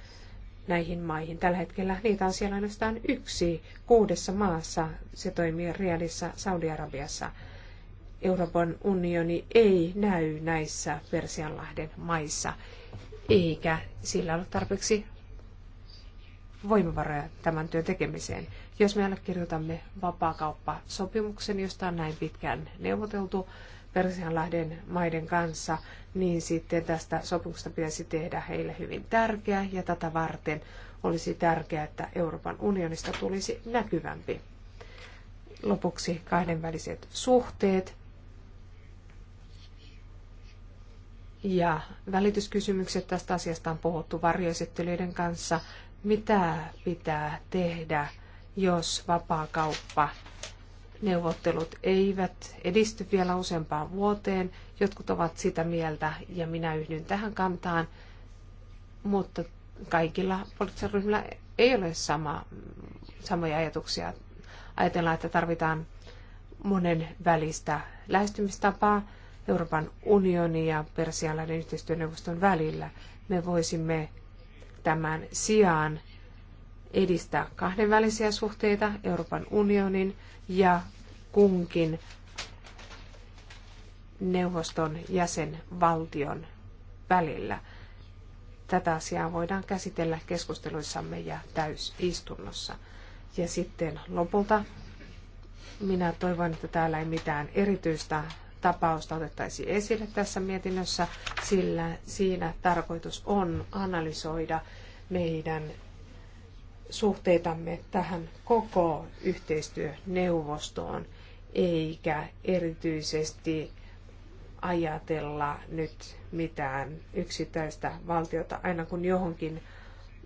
näihin maihin. Tällä hetkellä niitä on siellä ainoastaan yksi kuudessa maassa. Se toimii realissa Saudi-Arabiassa. Euroopan unioni ei näy näissä Persianlahden maissa, eikä sillä ole tarpeeksi voimavaroja tämän työn tekemiseen. Jos me allekirjoitamme vapaakauppasopimuksen, josta on näin pitkään neuvoteltu, Persianlahden maiden kanssa, niin sitten tästä sopimuksesta pitäisi tehdä heille hyvin tärkeä ja tätä varten olisi tärkeää, että Euroopan unionista tulisi näkyvämpi. Lopuksi kahdenväliset suhteet ja välityskysymykset tästä asiasta on puhuttu varjoesittelyiden kanssa. Mitä pitää tehdä, jos vapaakauppa neuvottelut eivät edisty vielä useampaan vuoteen. Jotkut ovat sitä mieltä ja minä yhdyn tähän kantaan, mutta kaikilla poliittisilla ryhmillä ei ole sama, samoja ajatuksia. Ajatellaan, että tarvitaan monen välistä lähestymistapaa Euroopan unionin ja Persialainen yhteistyöneuvoston välillä. Me voisimme tämän sijaan edistää kahdenvälisiä suhteita Euroopan unionin ja kunkin neuvoston jäsenvaltion välillä. Tätä asiaa voidaan käsitellä keskusteluissamme ja täysistunnossa. Ja sitten lopulta minä toivon, että täällä ei mitään erityistä tapausta otettaisi esille tässä mietinnössä, sillä siinä tarkoitus on analysoida meidän suhteitamme tähän koko yhteistyöneuvostoon – eikä erityisesti ajatella nyt mitään yksittäistä valtiota. Aina kun johonkin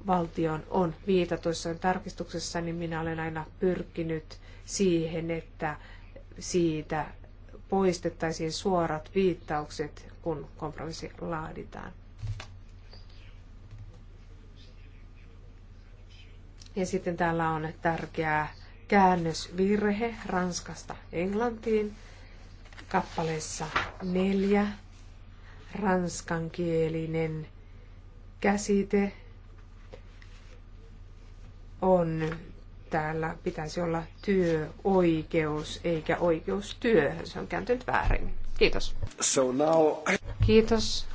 valtion on viitatuissa tarkistuksessa, niin minä olen aina pyrkinyt siihen, että siitä poistettaisiin suorat viittaukset, kun kompromissi laaditaan. Ja sitten täällä on tärkeää käännösvirhe Ranskasta Englantiin kappaleessa neljä ranskankielinen käsite on täällä pitäisi olla työoikeus eikä oikeus työhön. Se on kääntynyt väärin. Kiitos. So now... Kiitos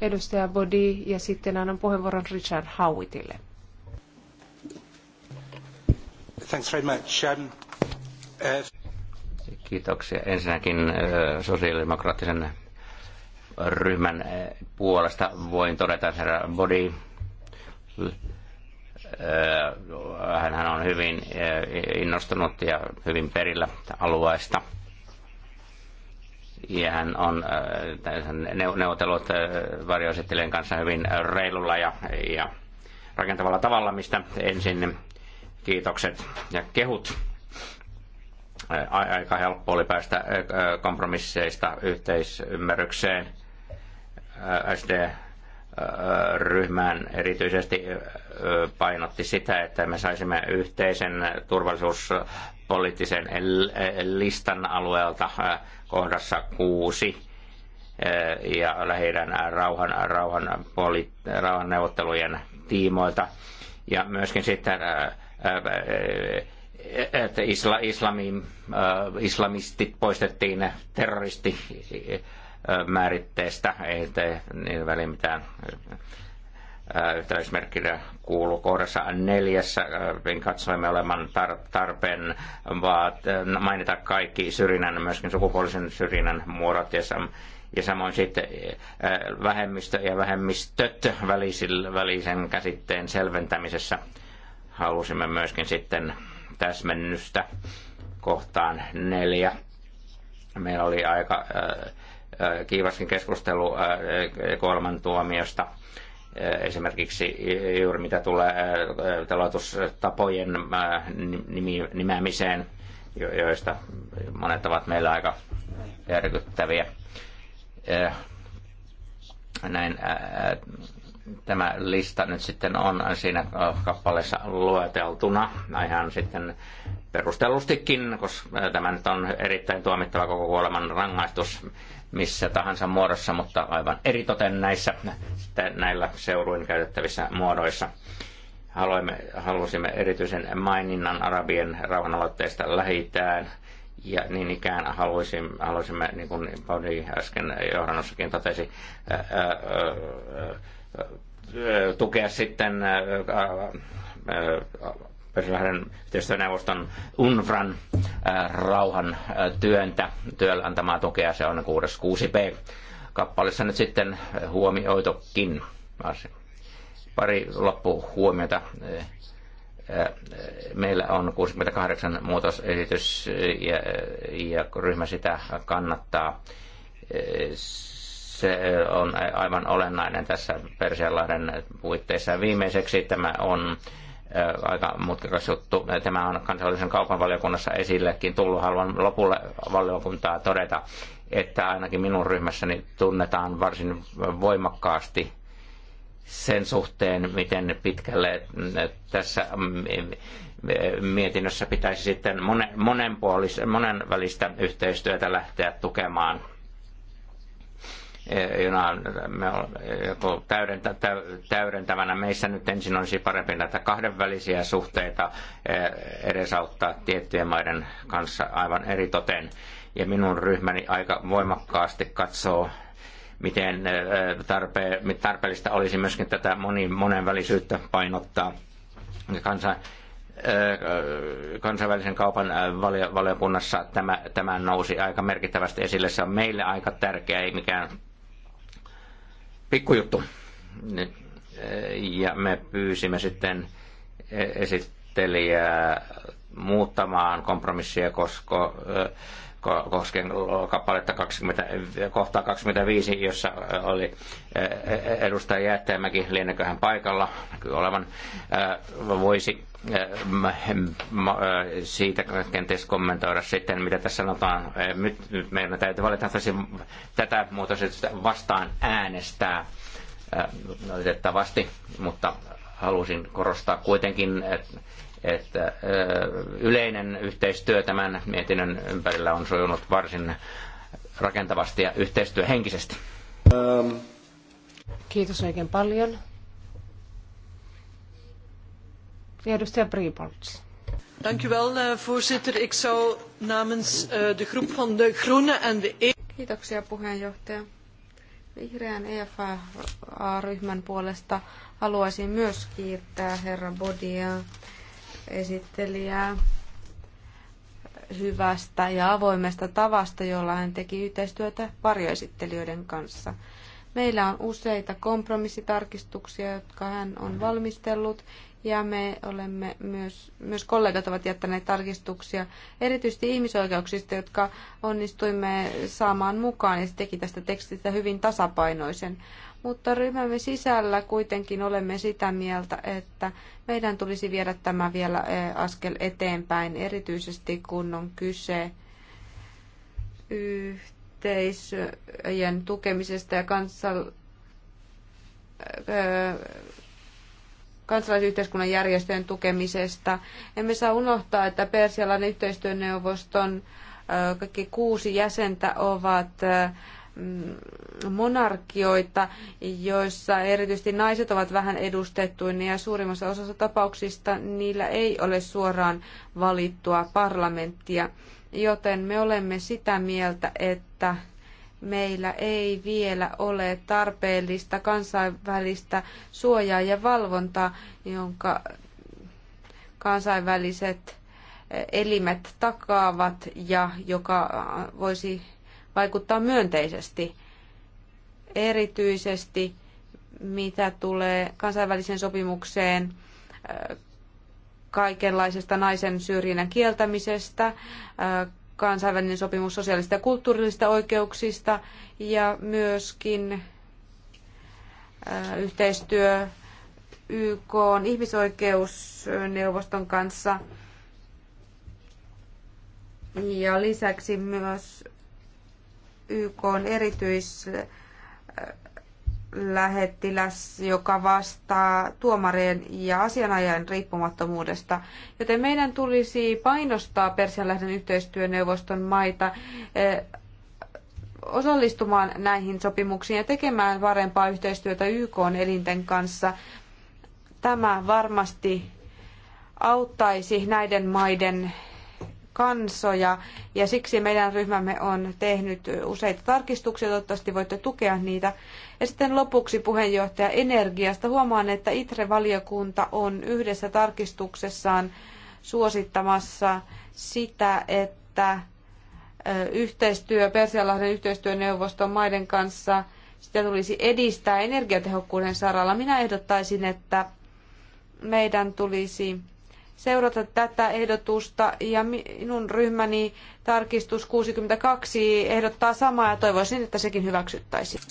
edustaja Bodi ja sitten annan puheenvuoron Richard Howitille. Thanks very much. Um, uh... Kiitoksia. Ensinnäkin uh, sosiaalidemokraattisen ryhmän uh, puolesta voin todeta herra Bodi. Uh, hän on hyvin innostunut ja hyvin perillä alueesta. Ja hän on neuvotellut varjoesittelijän kanssa hyvin reilulla ja, ja rakentavalla tavalla, mistä ensin kiitokset ja kehut. Aika helppo oli päästä kompromisseista yhteisymmärrykseen. SD-ryhmään erityisesti painotti sitä, että me saisimme yhteisen turvallisuuspoliittisen listan alueelta kohdassa kuusi ja lähi rauhan, rauhan, poli, rauhan neuvottelujen tiimoilta. Ja myöskin sitten Äh, äh, että isla, islamiin, äh, islamistit poistettiin terroristi määritteestä, ei tee niin väliin mitään yhtäläismerkkinä kuuluu kohdassa neljässä. Niin katsoimme olevan tarpeen vaat, mainita kaikki syrjinnän, myöskin sukupuolisen syrjinnän muodot ja, sam, ja samoin sitten vähemmistö ja vähemmistöt välisen käsitteen selventämisessä – halusimme myöskin sitten täsmennystä kohtaan neljä. Meillä oli aika äh, äh, kiivaskin keskustelu äh, tuomiosta. esimerkiksi juuri mitä tulee teloitustapojen nimeämiseen, joista monet ovat meillä aika järkyttäviä. Näin tämä lista nyt sitten on siinä äh, kappaleessa lueteltuna ihan sitten perustellustikin, koska äh, tämä nyt on erittäin tuomittava koko kuoleman rangaistus missä tahansa muodossa, mutta aivan eritoten näissä näillä seuruin käytettävissä muodoissa. Haluamme, halusimme erityisen maininnan arabien rauhanaloitteista lähitään. ja niin ikään haluaisimme, haluaisimme, niin kuin Pauli äsken johdannossakin totesi, ää, äh, ää, ää, tukea sitten Persilahden yhteistyöneuvoston UNFRAN rauhan työntä, työllä antamaa tukea, se on 6.6b kappaleessa nyt sitten huomioitokin. Pari loppuhuomiota. Meillä on 68 muutosesitys ja, ja ryhmä sitä kannattaa se eh, on aivan olennainen tässä Persianlahden puitteissa. Viimeiseksi tämä on eh, aika mutkikas juttu. Tämä on kansallisen kaupan valiokunnassa esillekin tullut. Haluan lopulle valiokuntaa todeta, että ainakin minun ryhmässäni tunnetaan varsin voimakkaasti sen suhteen, miten pitkälle mm, tässä mm, mm, mietinnössä pitäisi sitten monen, monen puolis, monenvälistä yhteistyötä lähteä tukemaan – jona me joko täydentä, täydentävänä meissä nyt ensin olisi parempi näitä kahdenvälisiä suhteita eh, edesauttaa tiettyjen maiden kanssa aivan eri toteen. Ja minun ryhmäni aika voimakkaasti katsoo miten eh, tarpe, tarpeellista olisi myöskin tätä moni, monenvälisyyttä painottaa. Kansa, eh, kansainvälisen kaupan valiokunnassa tämä, tämä nousi aika merkittävästi esille. Se on meille aika tärkeä, ei mikään pikkujuttu. Eh, ja me pyysimme sitten eh, esittelijää muuttamaan kompromissia, koska eh, koskien kappaletta 20, kohtaa 25, jossa oli edustaja Jäätteenmäki, lienneköhän paikalla, näkyy olevan, voisi siitä kenties kommentoida sitten, mitä tässä sanotaan. Nyt, nyt meidän täytyy valitettavasti tätä muutosta vastaan äänestää valitettavasti, mutta halusin korostaa kuitenkin, että että yleinen yhteistyö tämän mietinnön ympärillä on sujunut varsin rakentavasti ja yhteistyöhenkisesti. Um. Kiitos oikein paljon. edustaja Briepolts. Dank u wel, eh, voorzitter. Ik zou namens eh, de groep van de Groenen en de E... Kiitoksia puheenjohtaja. Vihreän EFA-ryhmän puolesta haluaisin myös kiittää herra Bodia esittelijää hyvästä ja avoimesta tavasta, jolla hän teki yhteistyötä varjoesittelijöiden kanssa. Meillä on useita kompromissitarkistuksia, jotka hän on valmistellut, ja me olemme myös, myös kollegat ovat jättäneet tarkistuksia, erityisesti ihmisoikeuksista, jotka onnistuimme saamaan mukaan, ja se teki tästä tekstistä hyvin tasapainoisen mutta ryhmämme sisällä kuitenkin olemme sitä mieltä, että meidän tulisi viedä tämä vielä eh, askel eteenpäin, erityisesti kun on kyse yhteisöjen tukemisesta ja kansal- eh, kansalaisyhteiskunnan järjestöjen tukemisesta. Emme saa unohtaa, että Persialan yhteistyöneuvoston eh, kaikki kuusi jäsentä ovat monarkioita, joissa erityisesti naiset ovat vähän edustettuina ja suurimmassa osassa tapauksista niillä ei ole suoraan valittua parlamenttia. Joten me olemme sitä mieltä, että meillä ei vielä ole tarpeellista kansainvälistä suojaa ja valvontaa, jonka kansainväliset elimet takaavat ja joka voisi vaikuttaa myönteisesti, erityisesti mitä tulee kansainväliseen sopimukseen äh, kaikenlaisesta naisen syrjinnän kieltämisestä, äh, kansainvälinen sopimus sosiaalista ja kulttuurillisista oikeuksista ja myöskin äh, yhteistyö YK on ihmisoikeusneuvoston kanssa. Ja lisäksi myös YK on erityislähettiläs, joka vastaa tuomareen ja asianajajan riippumattomuudesta. Joten meidän tulisi painostaa Persianlähden yhteistyöneuvoston maita eh, osallistumaan näihin sopimuksiin ja tekemään parempaa yhteistyötä YK elinten kanssa. Tämä varmasti auttaisi näiden maiden kansoja ja siksi meidän ryhmämme on tehnyt useita tarkistuksia, toivottavasti voitte tukea niitä. Ja sitten lopuksi puheenjohtaja energiasta. Huomaan, että ITRE-valiokunta on yhdessä tarkistuksessaan suosittamassa sitä, että yhteistyö, Persialahden yhteistyöneuvoston maiden kanssa, sitä tulisi edistää energiatehokkuuden saralla. Minä ehdottaisin, että meidän tulisi seurata tätä ehdotusta ja minun ryhmäni tarkistus 62 ehdottaa samaa ja toivoisin, että sekin hyväksyttäisiin.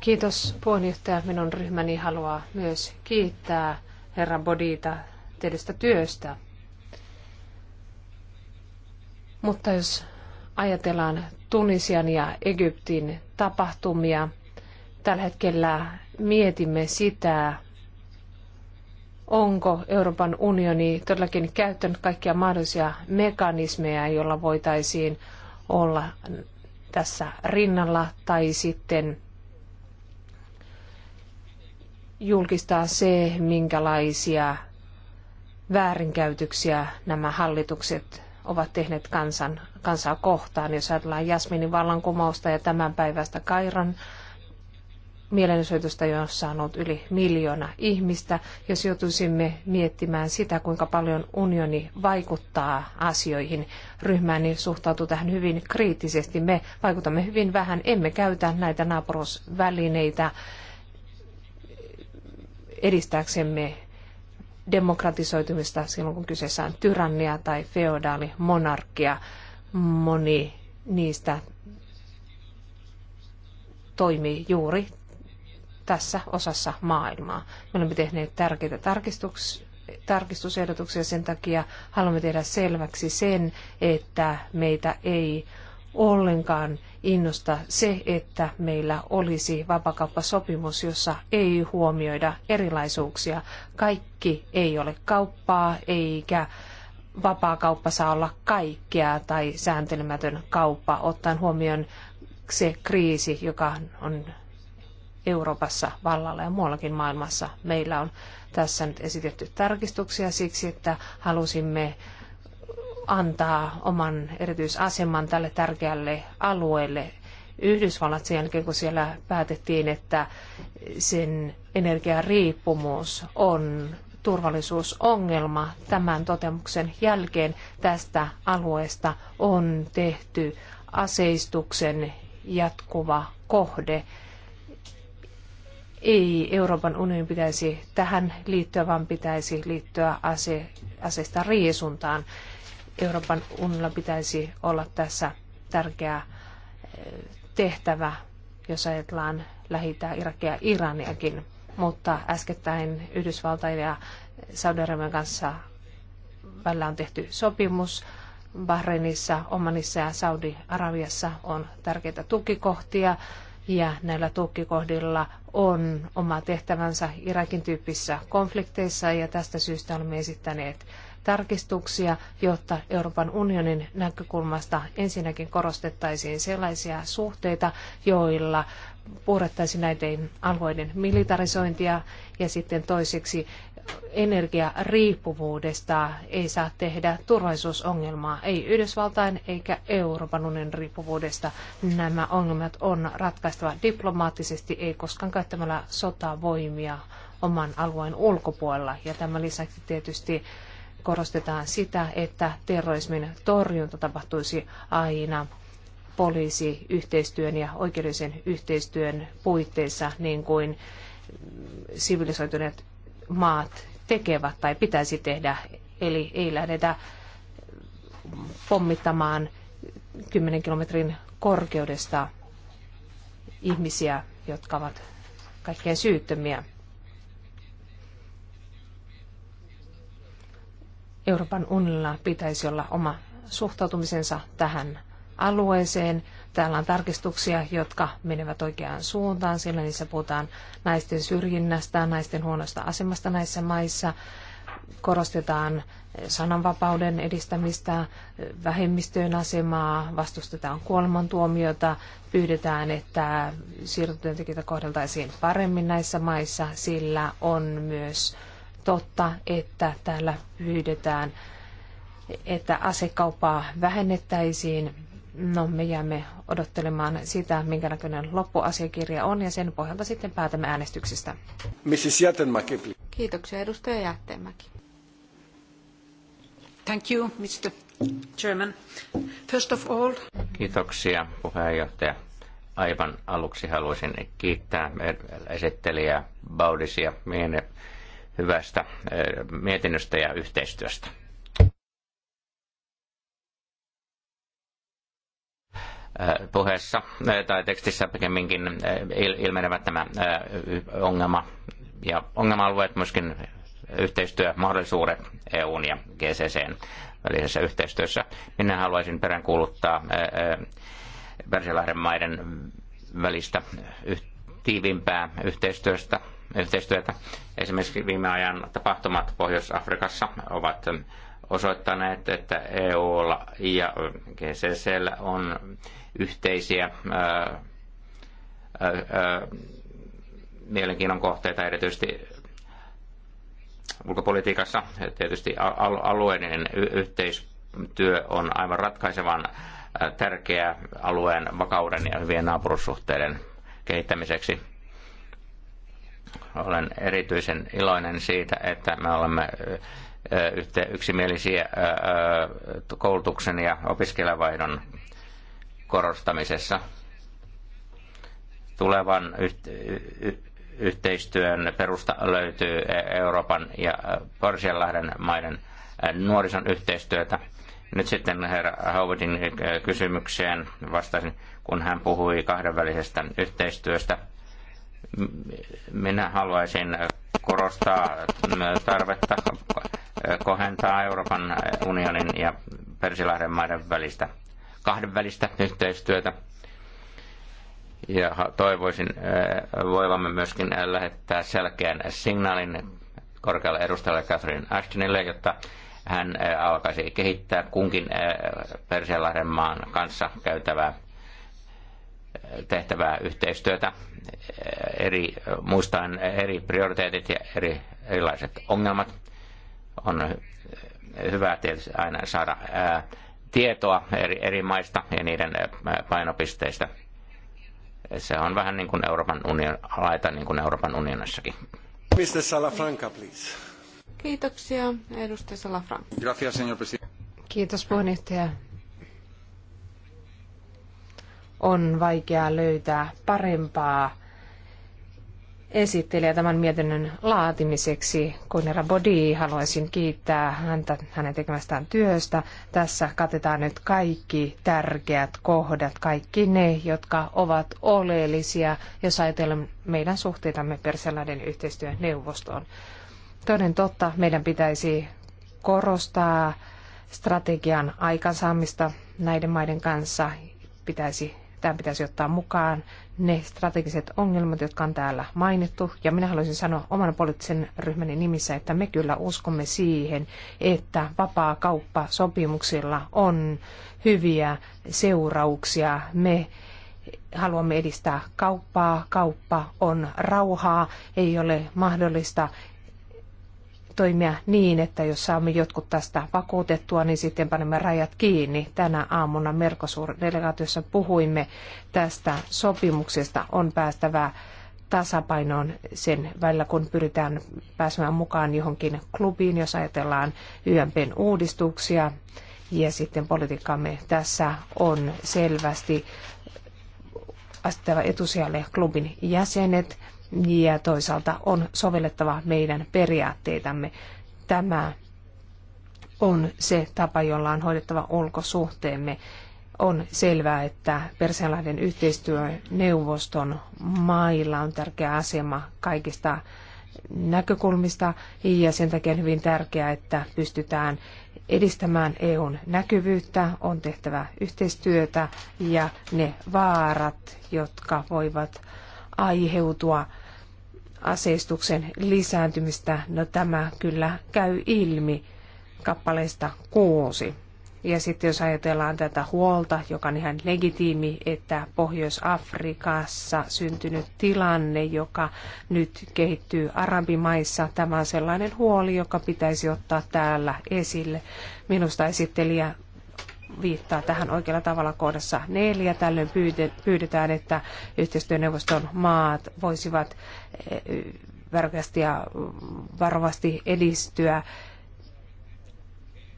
Kiitos puheenjohtaja. Minun ryhmäni haluaa myös kiittää herra Bodita tehdystä työstä. Mutta jos ajatellaan Tunisian ja Egyptin tapahtumia, tällä hetkellä mietimme sitä, onko Euroopan unioni todellakin käyttänyt kaikkia mahdollisia mekanismeja, joilla voitaisiin olla tässä rinnalla tai sitten julkistaa se, minkälaisia väärinkäytöksiä nämä hallitukset ovat tehneet kansan, kansaa kohtaan. Jos ajatellaan Jasminin vallankumousta ja tämän päivästä Kairon mielenosoitusta, jossa on ollut yli miljoona ihmistä, jos joutuisimme miettimään sitä, kuinka paljon unioni vaikuttaa asioihin. Ryhmäni niin suhtautuu tähän hyvin kriittisesti. Me vaikutamme hyvin vähän, emme käytä näitä naapurusvälineitä edistääksemme demokratisoitumista silloin, kun kyseessä on tyrannia tai feodaali monarkia. Moni niistä toimii juuri tässä osassa maailmaa. Me olemme tehneet tärkeitä tarkistuksia tarkistusehdotuksia sen takia haluamme tehdä selväksi sen, että meitä ei ollenkaan innosta se, että meillä olisi vapakauppasopimus, jossa ei huomioida erilaisuuksia. Kaikki ei ole kauppaa, eikä vapaakauppa saa olla kaikkea tai sääntelemätön kauppa, ottaen huomioon se kriisi, joka on Euroopassa vallalla ja muuallakin maailmassa. Meillä on tässä nyt esitetty tarkistuksia siksi, että halusimme antaa oman erityisaseman tälle tärkeälle alueelle. Yhdysvallat sen jälkeen, kun siellä päätettiin, että sen energiariippumus on turvallisuusongelma tämän totemuksen jälkeen tästä alueesta on tehty aseistuksen jatkuva kohde ei Euroopan unionin pitäisi tähän liittyä, vaan pitäisi liittyä ase, aseista riisuntaan. Euroopan unionilla pitäisi olla tässä tärkeä eh, tehtävä, jos ajatellaan lähi Irakia ja Iraniakin. Mutta äskettäin Yhdysvaltain ja Saudi-Arabian kanssa välillä on tehty sopimus. Bahreinissa, Omanissa ja Saudi-Arabiassa on tärkeitä tukikohtia ja näillä tukkikohdilla on oma tehtävänsä Irakin tyyppisissä konflikteissa ja tästä syystä olemme esittäneet tarkistuksia, jotta Euroopan unionin näkökulmasta ensinnäkin korostettaisiin sellaisia suhteita, joilla purettaisiin näiden alueiden militarisointia ja sitten toiseksi energiariippuvuudesta ei saa tehdä turvallisuusongelmaa, ei Yhdysvaltain eikä Euroopan unionin riippuvuudesta. Nämä ongelmat on ratkaistava diplomaattisesti, ei koskaan käyttämällä sotavoimia oman alueen ulkopuolella. Ja tämän lisäksi tietysti korostetaan sitä, että terrorismin torjunta tapahtuisi aina poliisiyhteistyön ja oikeudellisen yhteistyön puitteissa, niin kuin sivilisoituneet maat tekevät tai pitäisi tehdä. Eli ei lähdetä pommittamaan 10 kilometrin korkeudesta ihmisiä, jotka ovat kaikkein syyttömiä. Euroopan unionilla pitäisi olla oma suhtautumisensa tähän alueeseen. Täällä on tarkistuksia, jotka menevät oikeaan suuntaan, sillä niissä puhutaan naisten syrjinnästä, naisten huonosta asemasta näissä maissa, korostetaan sananvapauden edistämistä, vähemmistöjen asemaa, vastustetaan kuolemantuomiota, pyydetään, että siirtotyöntekijöitä kohdeltaisiin paremmin näissä maissa, sillä on myös totta, että täällä pyydetään, että asekauppaa vähennettäisiin No, me jäämme odottelemaan sitä, minkä näköinen loppuasiakirja on, ja sen pohjalta sitten päätämme äänestyksestä. Mrs. Jätenmäki. Kiitoksia, edustaja Jähtenmäki. Thank you, Mr. Chairman. First of all... Kiitoksia, puheenjohtaja. Aivan aluksi haluaisin kiittää esittelijää Baudisia Miene hyvästä eh, mietinnöstä ja yhteistyöstä puheessa tai tekstissä pikemminkin ilmenevät tämä ongelma ja ongelma-alueet myöskin yhteistyömahdollisuudet EUn ja GCCn välisessä yhteistyössä. Minä haluaisin peräänkuuluttaa Persilahden maiden välistä tiivimpää yhteistyöstä, yhteistyötä. Esimerkiksi viime ajan tapahtumat Pohjois-Afrikassa ovat osoittaneet, että EU ja GCC on yhteisiä ää, ää, mielenkiinnon kohteita erityisesti ulkopolitiikassa. Tietysti alueellinen yhteistyö on aivan ratkaisevan tärkeä alueen vakauden ja hyvien naapurussuhteiden kehittämiseksi. Olen erityisen iloinen siitä, että me olemme yksimielisiä koulutuksen ja opiskelijavaihdon korostamisessa. Tulevan yhteistyön perusta löytyy e- Euroopan ja Porsianlahden maiden nuorison yhteistyötä. Nyt sitten herra Howardin kysymykseen vastasin, kun hän puhui kahdenvälisestä yhteistyöstä. Minä haluaisin korostaa tarvetta kohentaa Euroopan unionin ja Persilahden maiden välistä kahdenvälistä yhteistyötä. Ja toivoisin eh, voivamme myöskin lähettää selkeän signaalin korkealle edustajalle Catherine Ashtonille, jotta hän eh, alkaisi kehittää kunkin eh, Persianlahden maan kanssa käytävää tehtävää yhteistyötä, eri, muistaen eri prioriteetit ja eri, erilaiset ongelmat on hyvä tietysti aina saada ää, tietoa eri, eri maista ja niiden painopisteistä. Se on vähän niin kuin Euroopan union, laita niin kuin Euroopan unionissakin. Mr. Salafranca, please. Kiitoksia, edustaja Salafranca. Gracias, señor presidente. Kiitos, puheenjohtaja. On vaikea löytää parempaa esittelijä tämän mietinnön laatimiseksi. Kunnera Bodi haluaisin kiittää häntä hänen tekemästään työstä. Tässä katetaan nyt kaikki tärkeät kohdat, kaikki ne, jotka ovat oleellisia, jos ajatellaan meidän suhteitamme Persialaiden yhteistyön neuvostoon. Toden totta, meidän pitäisi korostaa strategian aikansaamista näiden maiden kanssa. Pitäisi Tämän pitäisi ottaa mukaan ne strategiset ongelmat, jotka on täällä mainittu. Ja minä haluaisin sanoa oman poliittisen ryhmäni nimissä, että me kyllä uskomme siihen, että vapaa kauppa sopimuksilla on hyviä seurauksia. Me haluamme edistää kauppaa. Kauppa on rauhaa. Ei ole mahdollista, toimia niin, että jos saamme jotkut tästä vakuutettua, niin sitten panemme rajat kiinni. Tänä aamuna Mercosur-delegaatiossa puhuimme tästä sopimuksesta. On päästävä tasapainoon sen välillä, kun pyritään pääsemään mukaan johonkin klubiin, jos ajatellaan YMPn uudistuksia. Ja sitten politiikkamme tässä on selvästi asettava etusijalle klubin jäsenet ja toisaalta on sovellettava meidän periaatteitamme. Tämä on se tapa, jolla on hoidettava ulkosuhteemme. On selvää, että Persianlahden yhteistyöneuvoston mailla on tärkeä asema kaikista näkökulmista ja sen takia on hyvin tärkeää, että pystytään edistämään EUn näkyvyyttä, on tehtävä yhteistyötä ja ne vaarat, jotka voivat aiheutua aseistuksen lisääntymistä. No tämä kyllä käy ilmi kappaleesta kuusi. Ja sitten jos ajatellaan tätä huolta, joka on ihan legitiimi, että Pohjois-Afrikassa syntynyt tilanne, joka nyt kehittyy arabimaissa, tämä on sellainen huoli, joka pitäisi ottaa täällä esille. Minusta esittelijä viittaa tähän oikealla tavalla kohdassa neljä. Tällöin pyydetään, että yhteistyöneuvoston maat voisivat eh, värkästi ja varovasti edistyä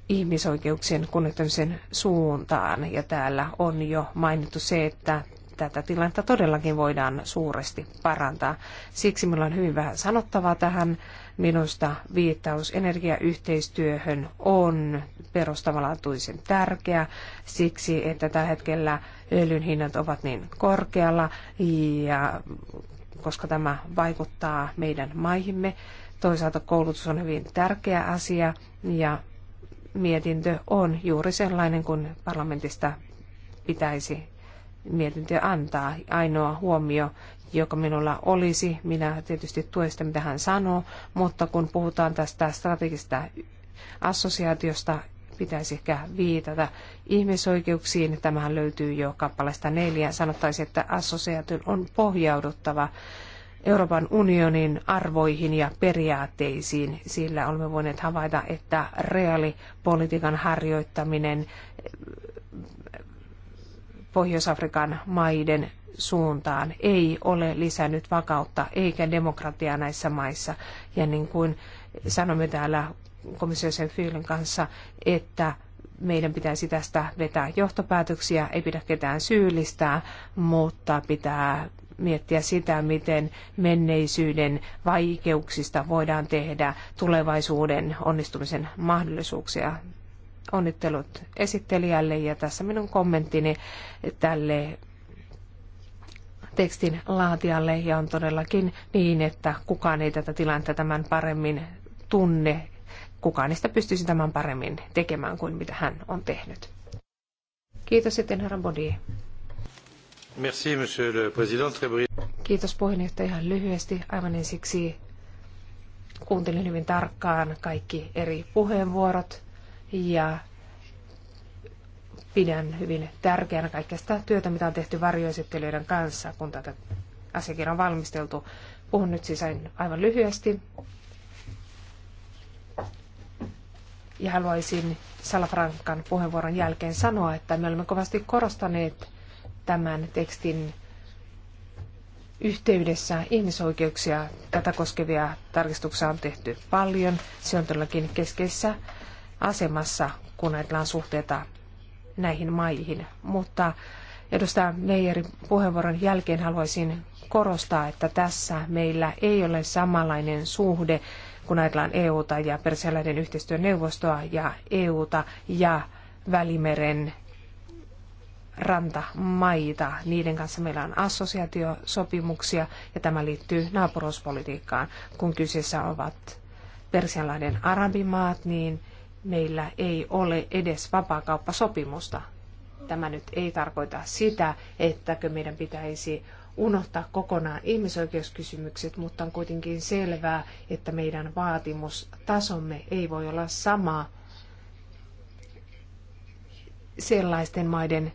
ihmisoikeuksien kunnioittamisen suuntaan. Ja täällä on jo mainittu se, että tätä tilannetta todellakin voidaan suuresti parantaa. Siksi meillä on hyvin vähän sanottavaa tähän Minusta viittaus energiayhteistyöhön on perustavanlaatuisen tärkeä siksi, että tällä hetkellä öljyn hinnat ovat niin korkealla ja koska tämä vaikuttaa meidän maihimme. Toisaalta koulutus on hyvin tärkeä asia ja mietintö on juuri sellainen kuin parlamentista pitäisi mietintöä antaa. Ainoa huomio, joka minulla olisi. Minä tietysti tuen sitä, mitä hän sanoo, mutta kun puhutaan tästä strategisesta assosiaatiosta, pitäisi ehkä viitata ihmisoikeuksiin. Tämähän löytyy jo kappaleesta neljä. Sanottaisiin, että assosiaatio on pohjauduttava Euroopan unionin arvoihin ja periaatteisiin, sillä olemme voineet havaita, että reaalipolitiikan harjoittaminen Pohjois-Afrikan maiden suuntaan, ei ole lisännyt vakautta eikä demokratiaa näissä maissa. Ja niin kuin sanomme täällä komissiosen Fyylin kanssa, että meidän pitäisi tästä vetää johtopäätöksiä, ei pidä ketään syyllistää, mutta pitää miettiä sitä, miten menneisyyden vaikeuksista voidaan tehdä tulevaisuuden onnistumisen mahdollisuuksia. Onnittelut esittelijälle ja tässä minun kommenttini tälle tekstin laatijalle ja on todellakin niin, että kukaan ei tätä tilannetta tämän paremmin tunne, kukaan niistä pystyisi tämän paremmin tekemään kuin mitä hän on tehnyt. Kiitos sitten herra Bodier. Merci, monsieur le président. Kiitos puheenjohtaja ihan lyhyesti. Aivan ensiksi kuuntelin hyvin tarkkaan kaikki eri puheenvuorot ja pidän hyvin tärkeänä kaikkea sitä työtä, mitä on tehty varjoesittelijöiden kanssa, kun tätä asiakirjaa on valmisteltu. Puhun nyt siis aivan lyhyesti. Ja haluaisin Salafrankan puheenvuoron jälkeen sanoa, että me olemme kovasti korostaneet tämän tekstin yhteydessä ihmisoikeuksia. Tätä koskevia tarkistuksia on tehty paljon. Se on todellakin keskeisessä asemassa, kun ajatellaan suhteita näihin maihin. Mutta edustaja Meijerin puheenvuoron jälkeen haluaisin korostaa, että tässä meillä ei ole samanlainen suhde, kun ajatellaan EUta ja Persialaiden yhteistyöneuvostoa ja EUta ja Välimeren rantamaita. Niiden kanssa meillä on assosiaatiosopimuksia ja tämä liittyy naapuruuspolitiikkaan. Kun kyseessä ovat Persianlahden arabimaat, niin meillä ei ole edes vapaakauppasopimusta. Tämä nyt ei tarkoita sitä, ettäkö meidän pitäisi unohtaa kokonaan ihmisoikeuskysymykset, mutta on kuitenkin selvää, että meidän vaatimustasomme ei voi olla sama sellaisten maiden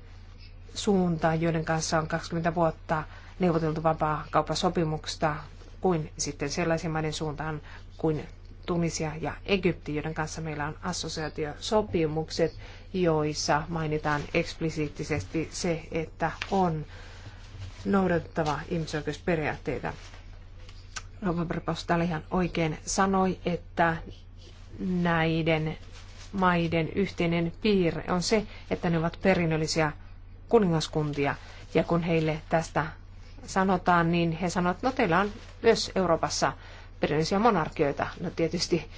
suuntaan, joiden kanssa on 20 vuotta neuvoteltu vapaa kauppasopimuksesta, kuin sitten sellaisen maiden suuntaan, kuin Tunisia ja Egypti, joiden kanssa meillä on assosiaatiosopimukset, joissa mainitaan eksplisiittisesti se, että on noudatettava ihmisoikeusperiaatteita. Rova Brepostali ihan oikein sanoi, että näiden maiden yhteinen piirre on se, että ne ovat perinnöllisiä kuningaskuntia. Ja kun heille tästä sanotaan, niin he sanovat, no teillä on myös Euroopassa perinnöllisiä monarkioita. No tietysti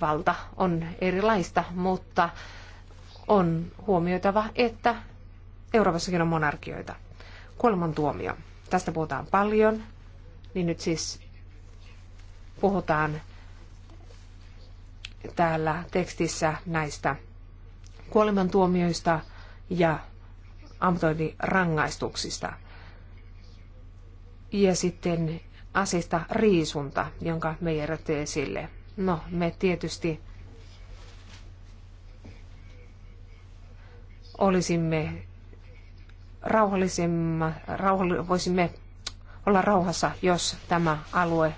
valta on erilaista, mutta on huomioitava, että Euroopassakin on monarkioita. Kuolemantuomio. Tästä puhutaan paljon, niin nyt siis puhutaan täällä tekstissä näistä kuolemantuomioista ja amputointirangaistuksista. Ja sitten asista riisunta, jonka Meijer esille. No, me tietysti olisimme rauhallisemma, rauhall voisimme olla rauhassa, jos tämä alue